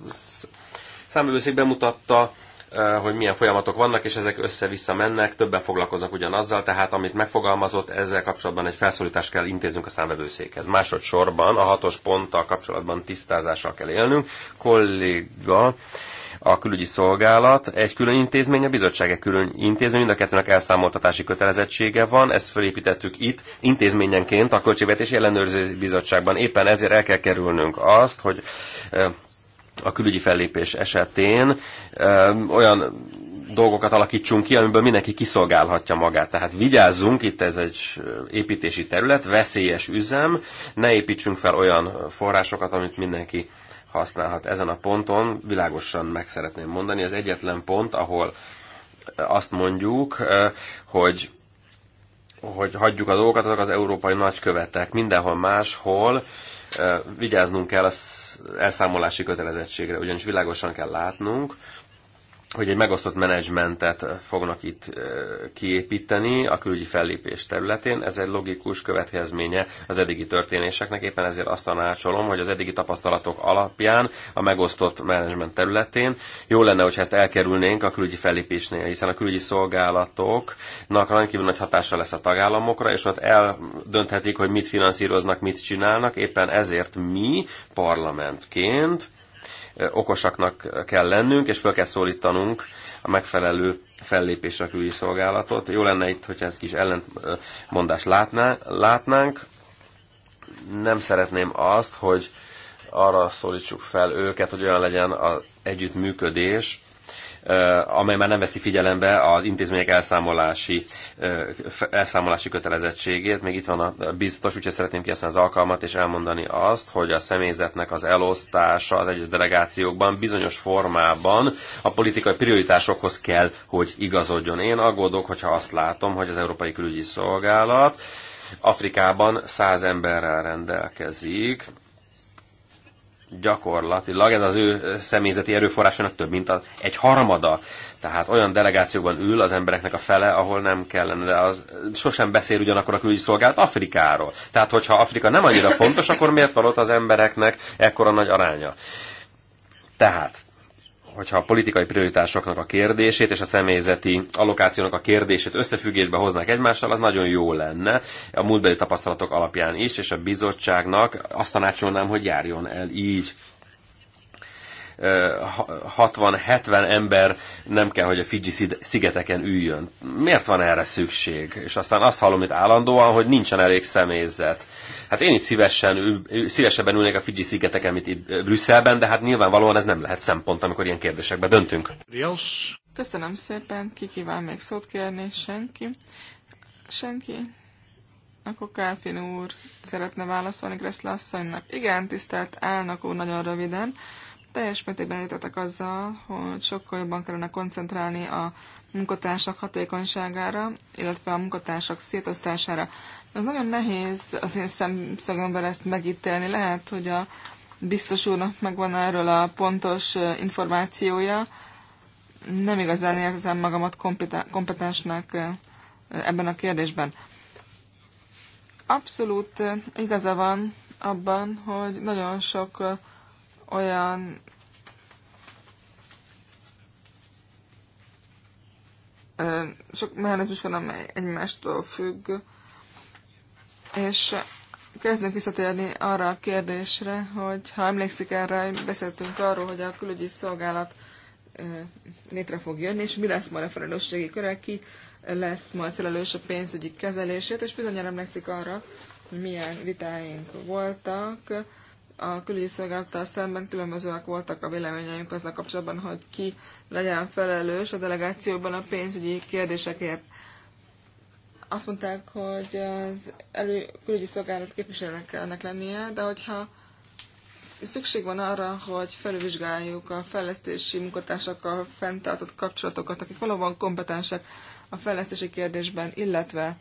számbőszék bemutatta, eh, hogy milyen folyamatok vannak, és ezek össze-vissza mennek, többen foglalkoznak ugyanazzal, tehát amit megfogalmazott, ezzel kapcsolatban egy felszólítást kell intéznünk a számvevőszékhez. Másodszorban a hatos ponttal kapcsolatban tisztázással kell élnünk. Kolléga a külügyi szolgálat egy külön intézmény, a bizottság egy külön intézmény, mind a kettőnek elszámoltatási kötelezettsége van, ezt felépítettük itt intézményenként a Költségvetési Ellenőrző Bizottságban. Éppen ezért el kell kerülnünk azt, hogy a külügyi fellépés esetén olyan dolgokat alakítsunk ki, amiből mindenki kiszolgálhatja magát. Tehát vigyázzunk, itt ez egy építési terület, veszélyes üzem, ne építsünk fel olyan forrásokat, amit mindenki használhat ezen a ponton. Világosan meg szeretném mondani, az egyetlen pont, ahol azt mondjuk, hogy hogy hagyjuk a dolgokat, azok az európai nagykövetek. Mindenhol máshol vigyáznunk kell az elszámolási kötelezettségre, ugyanis világosan kell látnunk, hogy egy megosztott menedzsmentet fognak itt kiépíteni a külügyi fellépés területén. Ez egy logikus következménye az eddigi történéseknek. Éppen ezért azt tanácsolom, hogy az eddigi tapasztalatok alapján a megosztott menedzsment területén jó lenne, hogyha ezt elkerülnénk a külügyi fellépésnél, hiszen a külügyi szolgálatoknak rendkívül nagy hatása lesz a tagállamokra, és ott eldönthetik, hogy mit finanszíroznak, mit csinálnak. Éppen ezért mi parlamentként okosaknak kell lennünk, és fel kell szólítanunk a megfelelő fellépésre a külügyi szolgálatot. Jó lenne itt, hogyha ez kis ellentmondást látná, látnánk. Nem szeretném azt, hogy arra szólítsuk fel őket, hogy olyan legyen az együttműködés, Eh, amely már nem veszi figyelembe az intézmények elszámolási, eh, elszámolási kötelezettségét. Még itt van a biztos, úgyhogy szeretném kiasználni az alkalmat és elmondani azt, hogy a személyzetnek az elosztása az egyes delegációkban bizonyos formában a politikai prioritásokhoz kell, hogy igazodjon. Én aggódok, hogyha azt látom, hogy az Európai Külügyi Szolgálat Afrikában száz emberrel rendelkezik, gyakorlatilag ez az ő személyzeti erőforrásának több, mint egy harmada. Tehát olyan delegációban ül az embereknek a fele, ahol nem kellene, de az sosem beszél ugyanakkor a külügyi szolgálat Afrikáról. Tehát, hogyha Afrika nem annyira fontos, akkor miért van ott az embereknek ekkora nagy aránya? Tehát, hogyha a politikai prioritásoknak a kérdését és a személyzeti allokációnak a kérdését összefüggésbe hoznák egymással, az nagyon jó lenne a múltbeli tapasztalatok alapján is, és a bizottságnak azt tanácsolnám, hogy járjon el így. 60-70 ember nem kell, hogy a Fidzsi szigeteken üljön. Miért van erre szükség? És aztán azt hallom itt állandóan, hogy nincsen elég személyzet. Hát én is szívesen szívesebben ülnék a Fidzsi szigeteken, mint itt Brüsszelben, de hát nyilvánvalóan ez nem lehet szempont, amikor ilyen kérdésekbe döntünk. Köszönöm szépen, ki kíván még szót kérni? Senki? Senki? Akkor Káfin úr szeretne válaszolni Kreszle asszonynak. Igen, tisztelt elnök úr, nagyon röviden. Teljes mértékben értetek azzal, hogy sokkal jobban kellene koncentrálni a munkatársak hatékonyságára, illetve a munkatársak szétosztására. Az nagyon nehéz az én szemszögömben ezt megítélni. Lehet, hogy a biztos úrnak megvan erről a pontos információja. Nem igazán érzem magamat kompetensnek ebben a kérdésben. Abszolút igaza van abban, hogy nagyon sok olyan sok mechanizmus van, amely egymástól függ, és kezdünk visszatérni arra a kérdésre, hogy ha emlékszik erre, beszéltünk arról, hogy a külügyi szolgálat létre fog jönni, és mi lesz majd a felelősségi köre, ki lesz majd felelős a pénzügyi kezelését, és bizonyára emlékszik arra, hogy milyen vitáink voltak. A külügyi szolgálattal szemben különbözőek voltak a véleményeink azzal kapcsolatban, hogy ki legyen felelős a delegációban a pénzügyi kérdésekért azt mondták, hogy az elő, külügyi szolgálat képviselőnek ennek lennie, de hogyha szükség van arra, hogy felülvizsgáljuk a fejlesztési munkatársakkal fenntartott kapcsolatokat, akik valóban kompetensek a fejlesztési kérdésben, illetve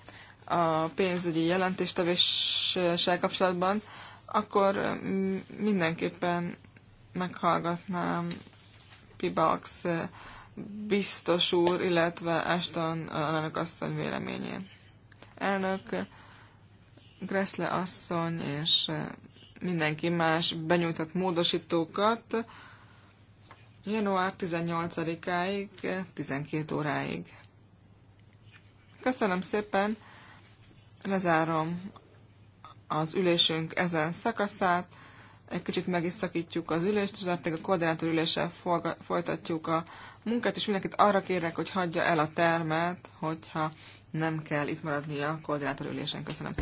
a pénzügyi jelentéstevéssel kapcsolatban, akkor mm, mindenképpen meghallgatnám Pibax eh, biztos úr, illetve Ashton eh, elnök asszony véleményét elnök, Gressle asszony és eh, mindenki más benyújtott módosítókat január 18-áig, 12 óráig. Köszönöm szépen, lezárom az ülésünk ezen szakaszát. Egy kicsit meg is szakítjuk az ülést, és pedig a koordinátor üléssel folytatjuk a munkát, és mindenkit arra kérek, hogy hagyja el a termet, hogyha nem kell itt maradnia a koordinátor ülésen. Köszönöm.